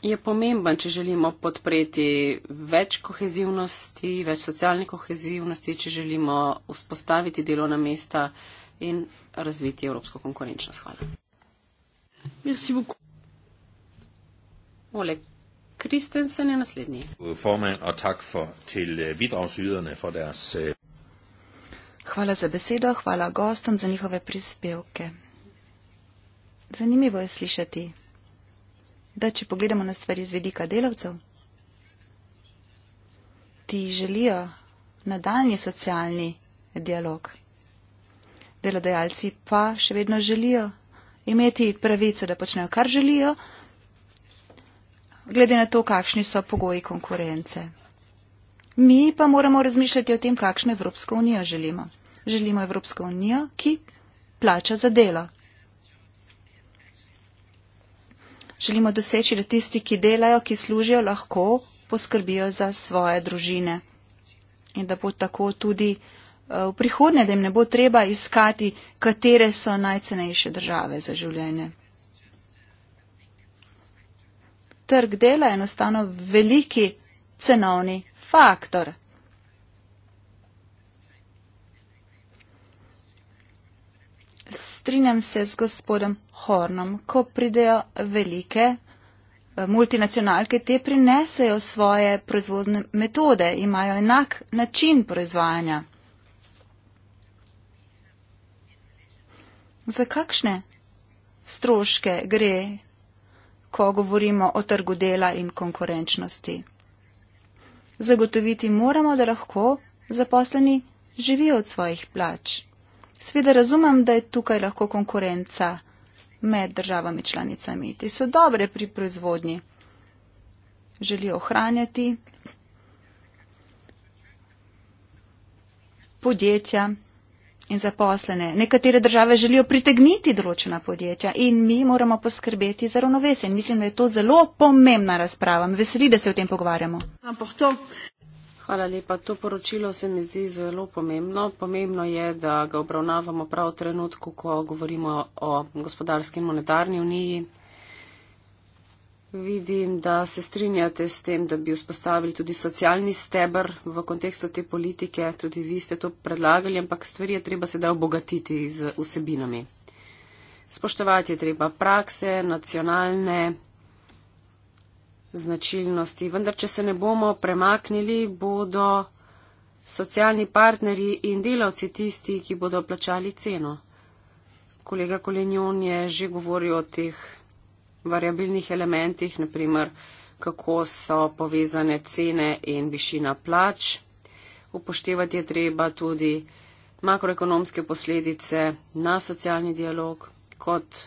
je pomemben, če želimo podpreti več kohezivnosti, več socialne kohezivnosti, če želimo vzpostaviti delovna mesta in razviti evropsko konkurenčnost. Hvala. Merci beaucoup. Ole Kristensen je naslednji. Formen, a tak for til øh, bidragsyderne for deres. Øh, hvala za besedo, hvala gostom za njihove prispevke. Zanimivo je slišati da če pogledamo na stvari z vidika delavcev, ti želijo nadaljni socialni dialog. Delodajalci pa še vedno želijo imeti pravico, da počnejo, kar želijo, glede na to, kakšni so pogoji konkurence. Mi pa moramo razmišljati o tem, kakšno Evropsko unijo želimo. Želimo Evropsko unijo, ki plača za delo, želimo doseči, da tisti, ki delajo, ki služijo, lahko poskrbijo za svoje družine. In da bo tako tudi eh, v prihodnje, da jim ne bo treba iskati, katere so najcenejše države za življenje. Trg dela je enostavno veliki cenovni faktor. strinjam se z gospodom Hornom, ko pridejo velike eh, multinacionalke, te prinesejo svoje proizvozne metode, imajo enak način proizvajanja. Za kakšne stroške gre, ko govorimo o trgu dela in konkurenčnosti? Zagotoviti moramo, da lahko zaposleni živijo od svojih plač. Sveda razumem, da je tukaj lahko konkurenca med državami članicami. Te so dobre pri proizvodnji, želijo ohranjati podjetja in zaposlene. Nekatere države želijo pritegniti določena podjetja in mi moramo poskrbeti za ravnovesje. Mislim, da je to zelo pomembna razprava. Veseli, da se o tem pogovarjamo. Ampak to, Hvala lepa. To poročilo se mi zdi zelo pomembno. Pomembno je, da ga obravnavamo prav v trenutku, ko govorimo o gospodarski in monetarni uniji. Vidim, da se strinjate s tem, da bi vzpostavili tudi socialni stebr v kontekstu te politike. Tudi vi ste to predlagali, ampak stvari je treba sedaj obogatiti z vsebinami. Spoštovati je treba prakse, nacionalne značilnosti. Vendar, če se ne bomo premaknili, bodo socialni partnerji in delavci tisti, ki bodo plačali ceno. Kolega Kolenjon je že govoril o teh variabilnih elementih, naprimer, kako so povezane cene in višina plač. Upoštevati je treba tudi makroekonomske posledice na socialni dialog kot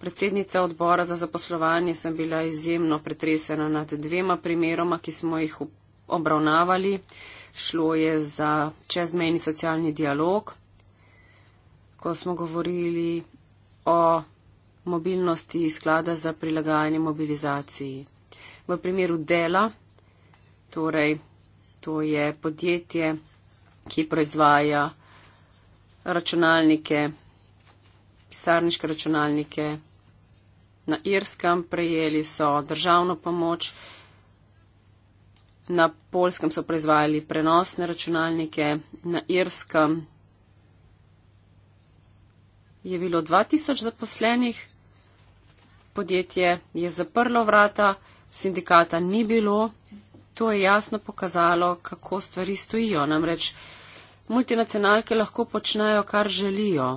predsednica odbora za zaposlovanje sem bila izjemno pretresena nad dvema primeroma, ki smo jih obravnavali. Šlo je za čezmejni socialni dialog, ko smo govorili o mobilnosti sklada za prilagajanje mobilizaciji. V primeru dela, torej to je podjetje, ki proizvaja računalnike, pisarniške računalnike, na Irskem, prejeli so državno pomoč, na Polskem so proizvajali prenosne računalnike, na Irskem je bilo 2000 zaposlenih, podjetje je zaprlo vrata, sindikata ni bilo, to je jasno pokazalo, kako stvari stojijo. Namreč multinacionalke lahko počnejo, kar želijo.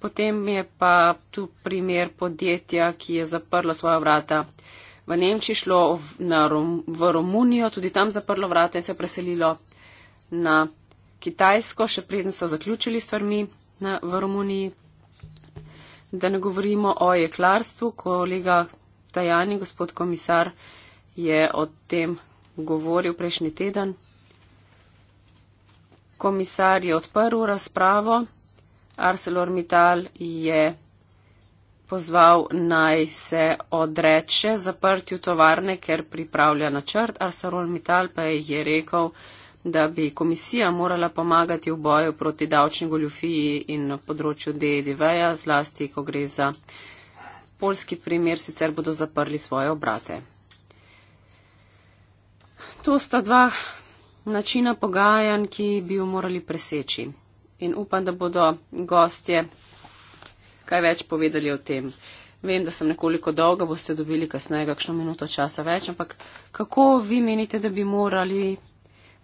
Potem je pa tu primer podjetja, ki je zaprlo svoja vrata v Nemčiji, šlo na Rom, v Romunijo, tudi tam zaprlo vrata in se preselilo na Kitajsko, še preden so zaključili stvarmi na, v Romuniji. Da ne govorimo o jeklarstvu, kolega Tajani, gospod komisar, je o tem govoril prejšnji teden. Komisar je odprl razpravo. ArcelorMittal je pozval naj se odreče zaprtju tovarne, ker pripravlja načrt. ArcelorMittal pa je rekel, da bi komisija morala pomagati v boju proti davčni goljufiji in na področju DDV-ja, zlasti, ko gre za polski primer, sicer bodo zaprli svoje obrate. To sta dva načina pogajanj, ki bi jo morali preseči in upam, da bodo gostje kaj več povedali o tem. Vem, da sem nekoliko dolga, boste dobili kasneje kakšno minuto časa več, ampak kako vi menite, da bi morali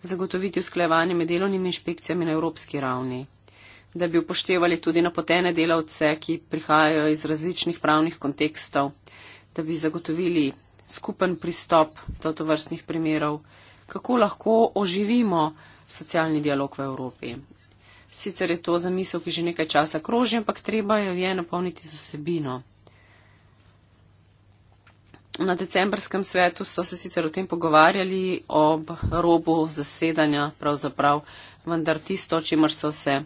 zagotoviti usklajevanje med delovnimi inšpekcijami na evropski ravni? Da bi upoštevali tudi napotene delavce, ki prihajajo iz različnih pravnih kontekstov, da bi zagotovili skupen pristop do tovrstnih primerov. Kako lahko oživimo socialni dialog v Evropi? Sicer je to zamisel, ki že nekaj časa kroži, ampak treba jo je napolniti z osebino. Na decembrskem svetu so se sicer o tem pogovarjali ob robu zasedanja, pravzaprav, vendar tisto, o čemer so se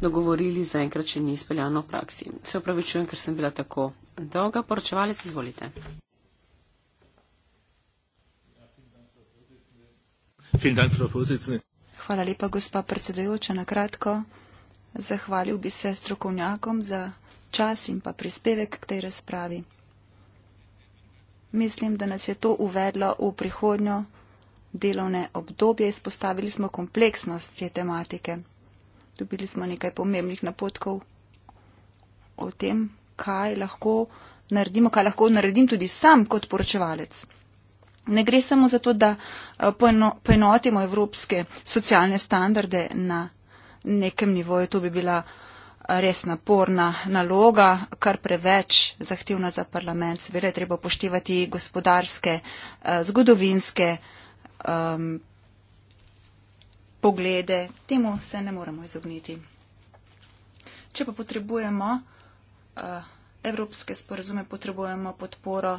dogovorili, zaenkrat še ni izpeljano v praksi. Se upravičujem, ker sem bila tako dolga. Poročevalec, izvolite. Vielen Dank, Frau Vorsitzende. Hvala lepa, gospa predsedujoča, na kratko. Zahvalil bi se strokovnjakom za čas in pa prispevek k tej razpravi. Mislim, da nas je to uvedlo v prihodnjo delovne obdobje. Izpostavili smo kompleksnost te tematike. Dobili smo nekaj pomembnih napotkov o tem, kaj lahko naredimo, kaj lahko naredim tudi sam kot poročevalec. Ne gre samo za to, da eh, poenotimo evropske socialne standarde na nekem nivoju, to bi bila eh, res naporna naloga, kar preveč zahtevna za parlament. Seveda je treba poštevati gospodarske, eh, zgodovinske um, poglede. Temu se ne moremo izogniti. Če pa potrebujemo uh, evropske sporazume, potrebujemo podporo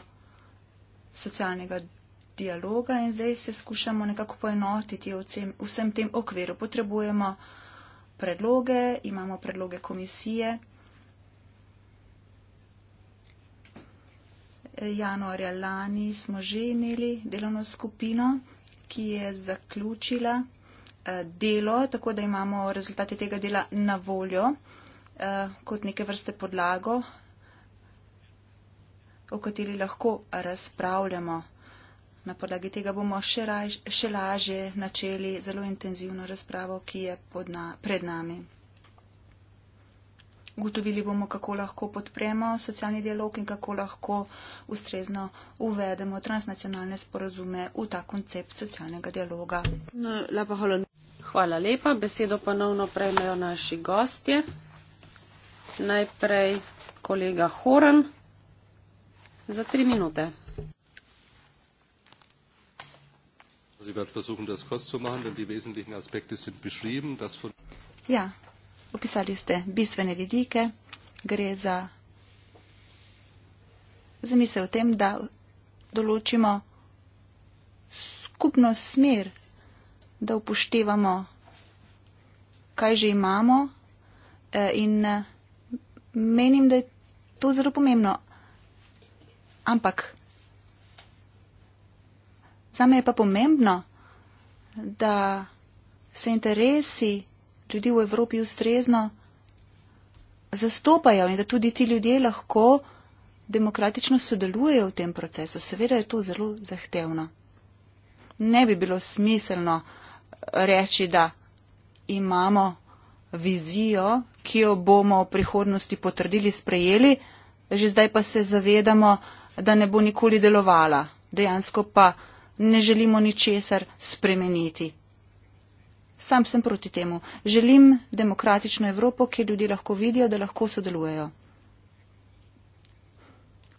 socialnega dogovora dialoga in zdaj se skušamo nekako poenotiti v vsem, vsem tem okviru. Potrebujemo predloge, imamo predloge komisije. Januarja lani smo že imeli delovno skupino, ki je zaključila eh, delo, tako da imamo rezultate tega dela na voljo eh, kot neke vrste podlago, o kateri lahko razpravljamo. Na podlagi tega bomo še, raž, še lažje načeli zelo intenzivno razpravo, ki je na, pred nami. Gotovili bomo, kako lahko podpremo socialni dialog in kako lahko ustrezno uvedemo transnacionalne sporazume v ta koncept socialnega dialoga. Hvala lepa. Besedo ponovno prejmejo naši gostje. Najprej kolega Horan za tri minute. Sie werden versuchen, das kurz zu machen, denn die wesentlichen Aspekte sind beschrieben. Das von ja, opisali ste bistvene vidike. Gre za zamisel o tem, da določimo skupno smer, da upoštevamo, kaj že imamo eh, in eh, menim, da je to zelo pomembno. Ampak Zame je pa pomembno, da se interesi ljudi v Evropi ustrezno zastopajo in da tudi ti ljudje lahko demokratično sodelujejo v tem procesu. Seveda je to zelo zahtevno. Ne bi bilo smiselno reči, da imamo vizijo, ki jo bomo v prihodnosti potrdili, sprejeli, že zdaj pa se zavedamo, da ne bo nikoli delovala. Dejansko pa ne želimo ničesar spremeniti. Sam sem proti temu. Želim demokratično Evropo, kjer ljudje lahko vidijo, da lahko sodelujejo.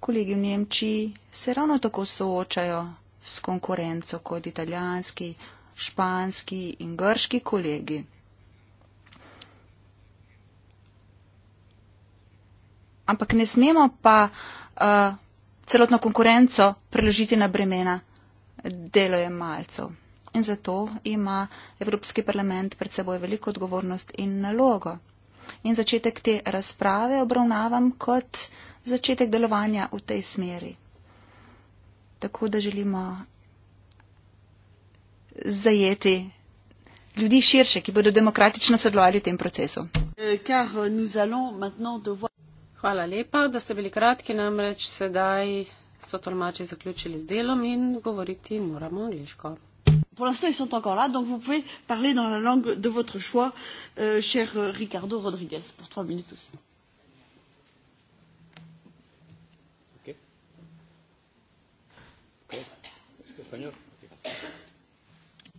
Kolegi v Nemčiji se ravno tako soočajo s konkurenco kot italijanski, španski in grški kolegi. Ampak ne smemo pa uh, celotno konkurenco preložiti na bremena delojemalcev. In zato ima Evropski parlament pred seboj veliko odgovornost in nalogo. In začetek te razprave obravnavam kot začetek delovanja v tej smeri. Tako da želimo zajeti ljudi širše, ki bodo demokratično sodelovali v tem procesu. Hvala lepa, da ste bili kratki, namreč sedaj so tolmači zaključili z delom in govoriti moramo angliško. Pour l'instant, ils sont encore là, donc vous pouvez parler dans la langue de votre choix, euh, cher euh, Ricardo Rodriguez, pour trois minutes aussi. Ok. Espagnol.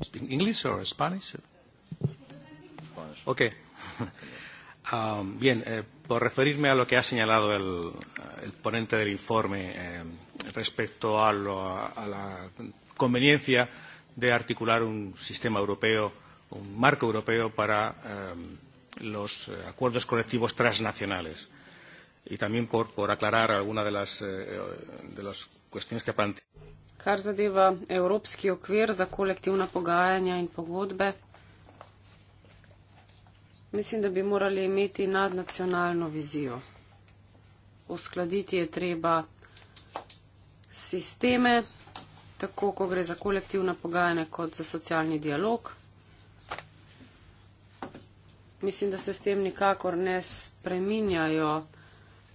Speak English or Spanish? Ok. Um, bien, eh, por referirme a lo que ha señalado el, el ponente del informe. Eh, respecto a, lo, a la conveniencia de articular un sistema europeo, un marco europeo para eh, los acuerdos colectivos transnacionales. Y también por, por aclarar alguna de las, eh, de las cuestiones que plante. Kar zadeva evropski okvir za kolektivna pogajanja in pogodbe, mislim, da bi morali imeti nadnacionalno vizijo. Uskladiti je treba sisteme, tako ko gre za kolektivna pogajanja, kot za socialni dialog. Mislim, da se s tem nikakor ne spreminjajo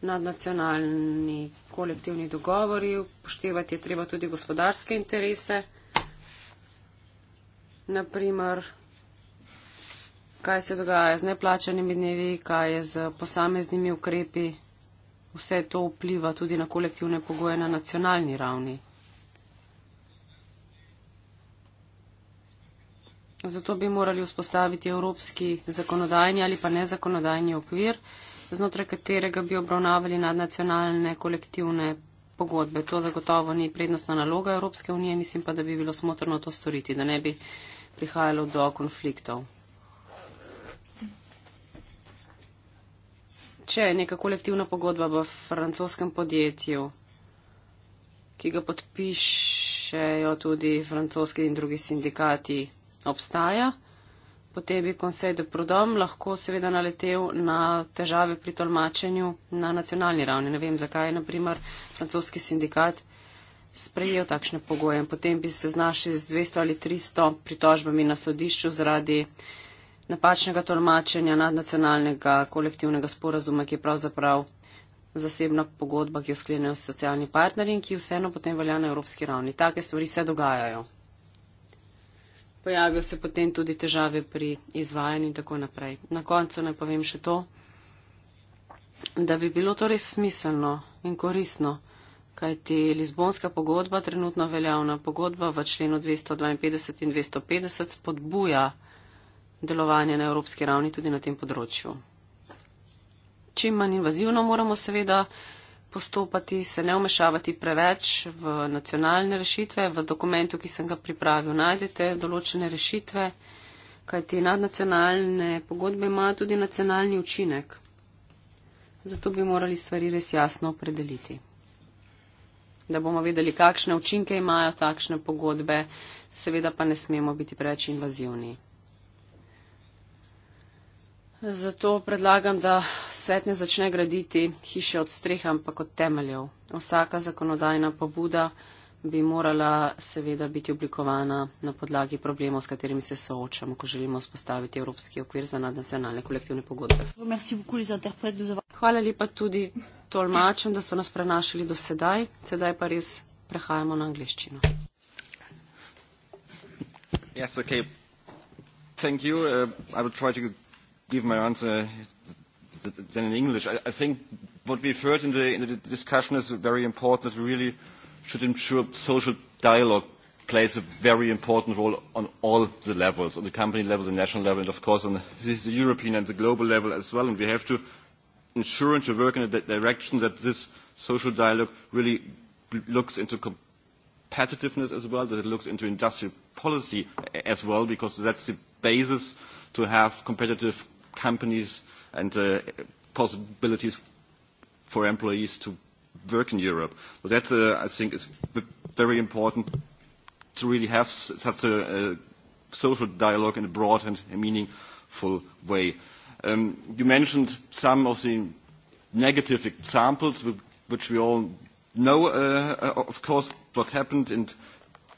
nadnacionalni kolektivni dogovori, poštevati je treba tudi gospodarske interese. Naprimer, kaj se dogaja z neplačanimi dnevi, kaj je z posameznimi ukrepi, vse to vpliva tudi na kolektivne pogoje na nacionalni ravni. Zato bi morali vzpostaviti evropski zakonodajni ali pa nezakonodajni okvir, znotraj katerega bi obravnavali nadnacionalne kolektivne pogodbe. To zagotovo ni prednostna naloga Evropske unije, mislim pa, da bi bilo smotrno to storiti, da ne bi prihajalo do konfliktov. teče neka kolektivna pogodba v francoskem podjetju, ki ga podpišejo tudi francoski in drugi sindikati, obstaja, potem bi Conseil de Prodom lahko seveda naletel na težave pri tolmačenju na nacionalni ravni. Ne vem, zakaj je naprimer francoski sindikat sprejel takšne pogoje. Potem bi se znašli z 200 ali 300 pritožbami na sodišču zaradi napačnega tolmačenja nadnacionalnega kolektivnega sporazuma, ki je pravzaprav zasebna pogodba, ki jo sklenijo socialni partnerji in ki vseeno potem velja na evropski ravni. Take stvari se dogajajo. Pojavijo se potem tudi težave pri izvajanju in tako naprej. Na koncu naj povem še to, da bi bilo to res smiselno in koristno, kajti Lizbonska pogodba, trenutno veljavna pogodba v členu 252 in 250, spodbuja delovanje na evropski ravni tudi na tem področju. Čim manj invazivno moramo seveda postopati, se ne omešavati preveč v nacionalne rešitve. V dokumentu, ki sem ga pripravil, najdete določene rešitve, kajti nadnacionalne pogodbe imajo tudi nacionalni učinek. Zato bi morali stvari res jasno opredeliti. Da bomo vedeli, kakšne učinke imajo takšne pogodbe, seveda pa ne smemo biti preveč invazivni. Zato predlagam, da svet ne začne graditi hiše od streha, ampak od temeljev. Vsaka zakonodajna pobuda bi morala seveda biti oblikovana na podlagi problemov, s katerimi se soočamo, ko želimo spostaviti Evropski okvir za nadnacionalne kolektivne pogodbe. Hvala lepa tudi tolmačem, da so nas prenašali do sedaj. Sedaj pa res prehajamo na angliščino. Yes, okay. Thank you. Uh, I will try to give my answer then in English. I, I think what we've heard in the, in the discussion is very important. That we really should ensure social dialogue plays a very important role on all the levels, on the company level, the national level, and of course on the, the European and the global level as well. And we have to ensure and to work in a direction that this social dialogue really looks into competitiveness as well, that it looks into industrial policy as well, because that's the basis to have competitive companies and uh, possibilities for employees to work in Europe. So that, uh, I think, is very important to really have such a, a social dialogue in a broad and meaningful way. Um, you mentioned some of the negative examples which we all know, uh, uh, of course, what happened in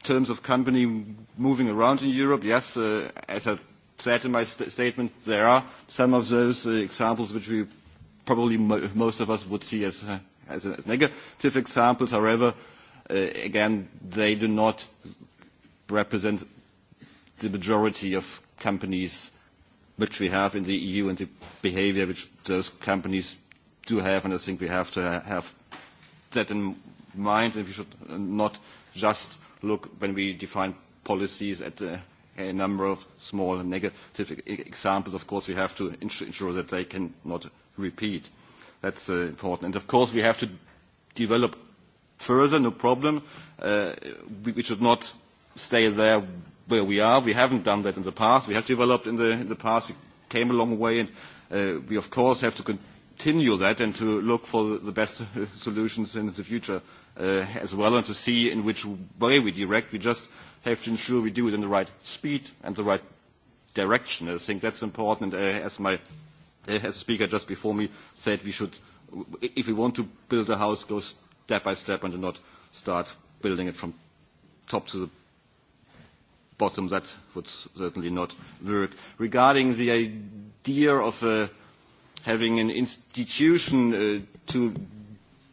terms of company moving around in Europe. Yes, uh, as I said in my st- statement, there are some of those uh, examples which we probably mo- most of us would see as, uh, as, as negative examples. However, uh, again, they do not represent the majority of companies which we have in the EU and the behavior which those companies do have. And I think we have to ha- have that in mind. And we should not just look when we define policies at the uh, a number of small negative e-, e-, examples. Of course, we have to ensure that they cannot repeat. That's uh, important. And of course, we have to develop further, no problem. Uh, we, we should not stay there where we are. We haven't done that in the past. We have developed in the, in the past. We came a long way. And uh, we, of course, have to continue that and to look for the best uh, solutions in the future uh, as well and to see in which way we direct. We just have to ensure we do it in the right speed and the right direction. I think that's important. Uh, as my uh, as a speaker just before me said, we should, if we want to build a house, go step by step and not start building it from top to the bottom. That would certainly not work. Regarding the idea of uh, having an institution uh, to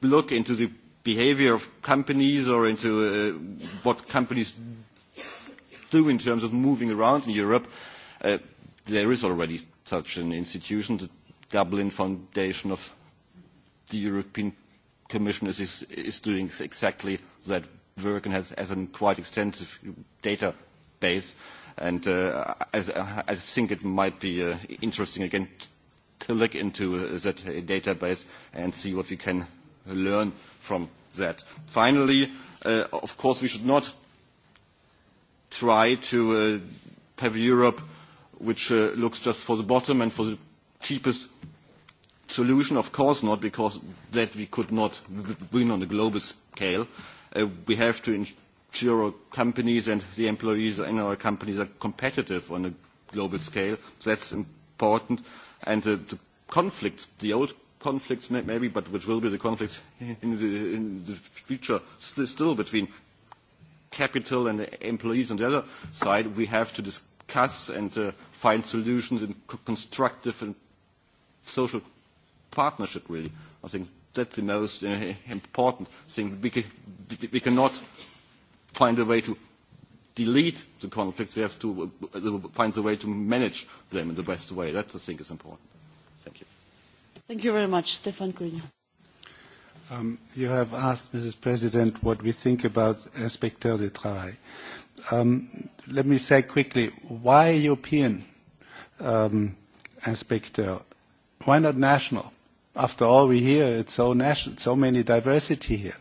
look into the behavior of companies or into uh, what companies do in terms of moving around in Europe. Uh, there is already such an institution, the Dublin Foundation of the European Commission is, is, is doing exactly that work and has, has a quite extensive database. And uh, as, uh, I think it might be uh, interesting again t- to look into uh, that uh, database and see what we can learn from that. Finally, uh, of course, we should not try to uh, have Europe which uh, looks just for the bottom and for the cheapest solution? Of course not, because that we could not win on a global scale. Uh, we have to ensure our companies and the employees in our companies are competitive on a global scale. That's important. The conflicts, the old conflicts maybe, but which will be the conflicts in the future still between capital and employees. On the other side, we have to discuss and uh, find solutions in co constructive and social partnership, really. I think that's the most uh, important thing. We, can, we cannot find a way to delete the conflicts. We have to uh, find a way to manage them in the best way. That, I think, is important. Thank you. Thank you very much, Stefan Grigny. Um, you have asked, Mrs. President, what we think about Inspecteur du Travail. Um, let me say quickly, why European um, Inspecteur? Why not national? After all, we hear it's so national, so many diversity here.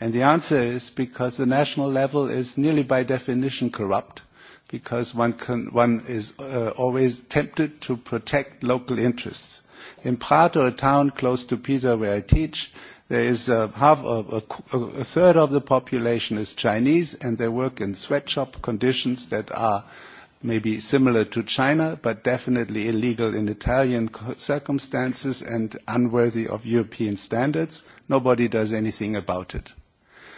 And the answer is because the national level is nearly by definition corrupt, because one, can, one is uh, always tempted to protect local interests. In Prato, a town close to Pisa where I teach, There is a half of a, a third of the population is Chinese, and they work in sweatshop conditions that are maybe similar to China, but definitely illegal in Italian circumstances and unworthy of European standards. Nobody does anything about it.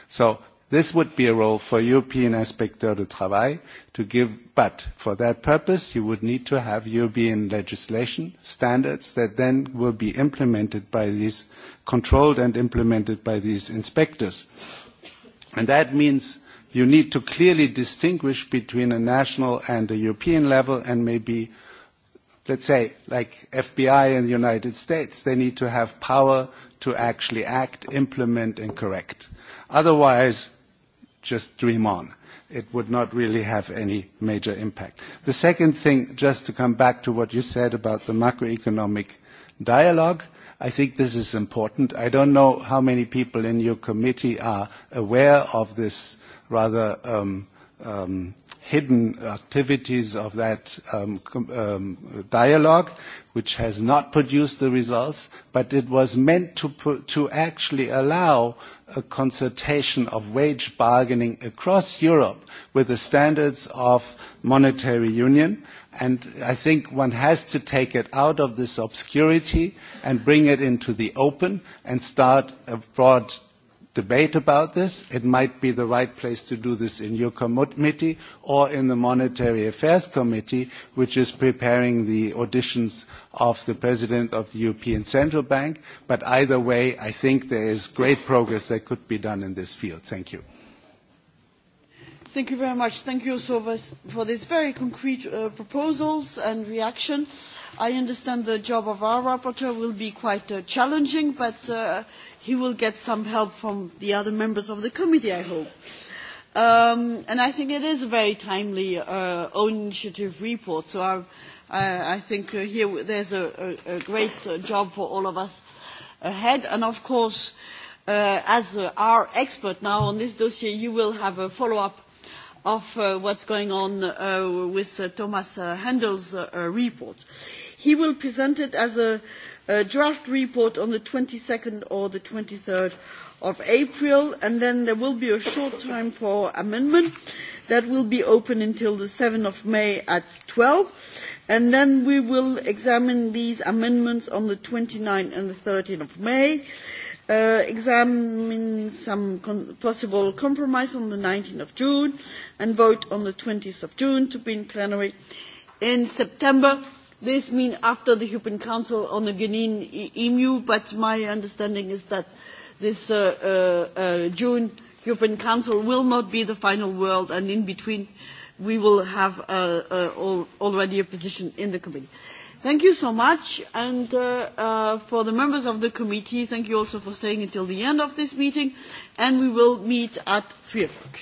So this would be a role for European inspecteurs de travail to give, but for that purpose, you would need to have European legislation standards that then will be implemented by these controlled and implemented by these inspectors. And that means you need to clearly distinguish between a national and a European level and maybe, let's say, like FBI in the United States, they need to have power to actually act, implement and correct. Otherwise, just dream on. It would not really have any major impact. The second thing, just to come back to what you said about the macroeconomic dialogue, uh, I think this is important. I don't know how many people in your committee are aware of this rather um, um, hidden activities of that um, um, dialogue, which has not produced the results, but it was meant to, put, to actually allow a consultation of wage bargaining across Europe with the standards of monetary union. And I think one has to take it out of this obscurity and bring it into the open and start a broad debate about this. It might be the right place to do this in your committee or in the Monetary Affairs Committee, which is preparing the auditions of the President of the European Central Bank. But either way, I think there is great progress that could be done in this field. Thank you. Thank you very much. Thank you also for these very concrete uh, proposals and reaction. I understand the job of our rapporteur will be quite uh, challenging, but uh, he will get some help from the other members of the committee, I hope. Um, and I think it is a very timely uh, own initiative report, so I, I, I think uh, here there's a, a, a great uh, job for all of us ahead. And of course, uh, as uh, our expert now on this dossier, you will have a follow-up of uh, what's going on uh, with uh, Thomas uh, Handel's uh, uh, report. He will present it as a, a draft report on the 22nd or the 23rd of April, and then there will be a short time for amendment that will be open until the 7th of May at 12. And then we will examine these amendments on the 29th and the 13th of May. Uh, uh, examine some con- possible compromise on the 19th of June and vote on the 20th of June to be in plenary in September. This means after the European Council on the Guinean EMU, e but my understanding is that this uh, uh, uh, June European Council will not be the final world and in between we will have uh, uh, all, already a position in the committee. Uh, Thank you so much. And uh, uh, for the members of the committee, thank you also for staying until the end of this meeting. And we will meet at 3 o'clock.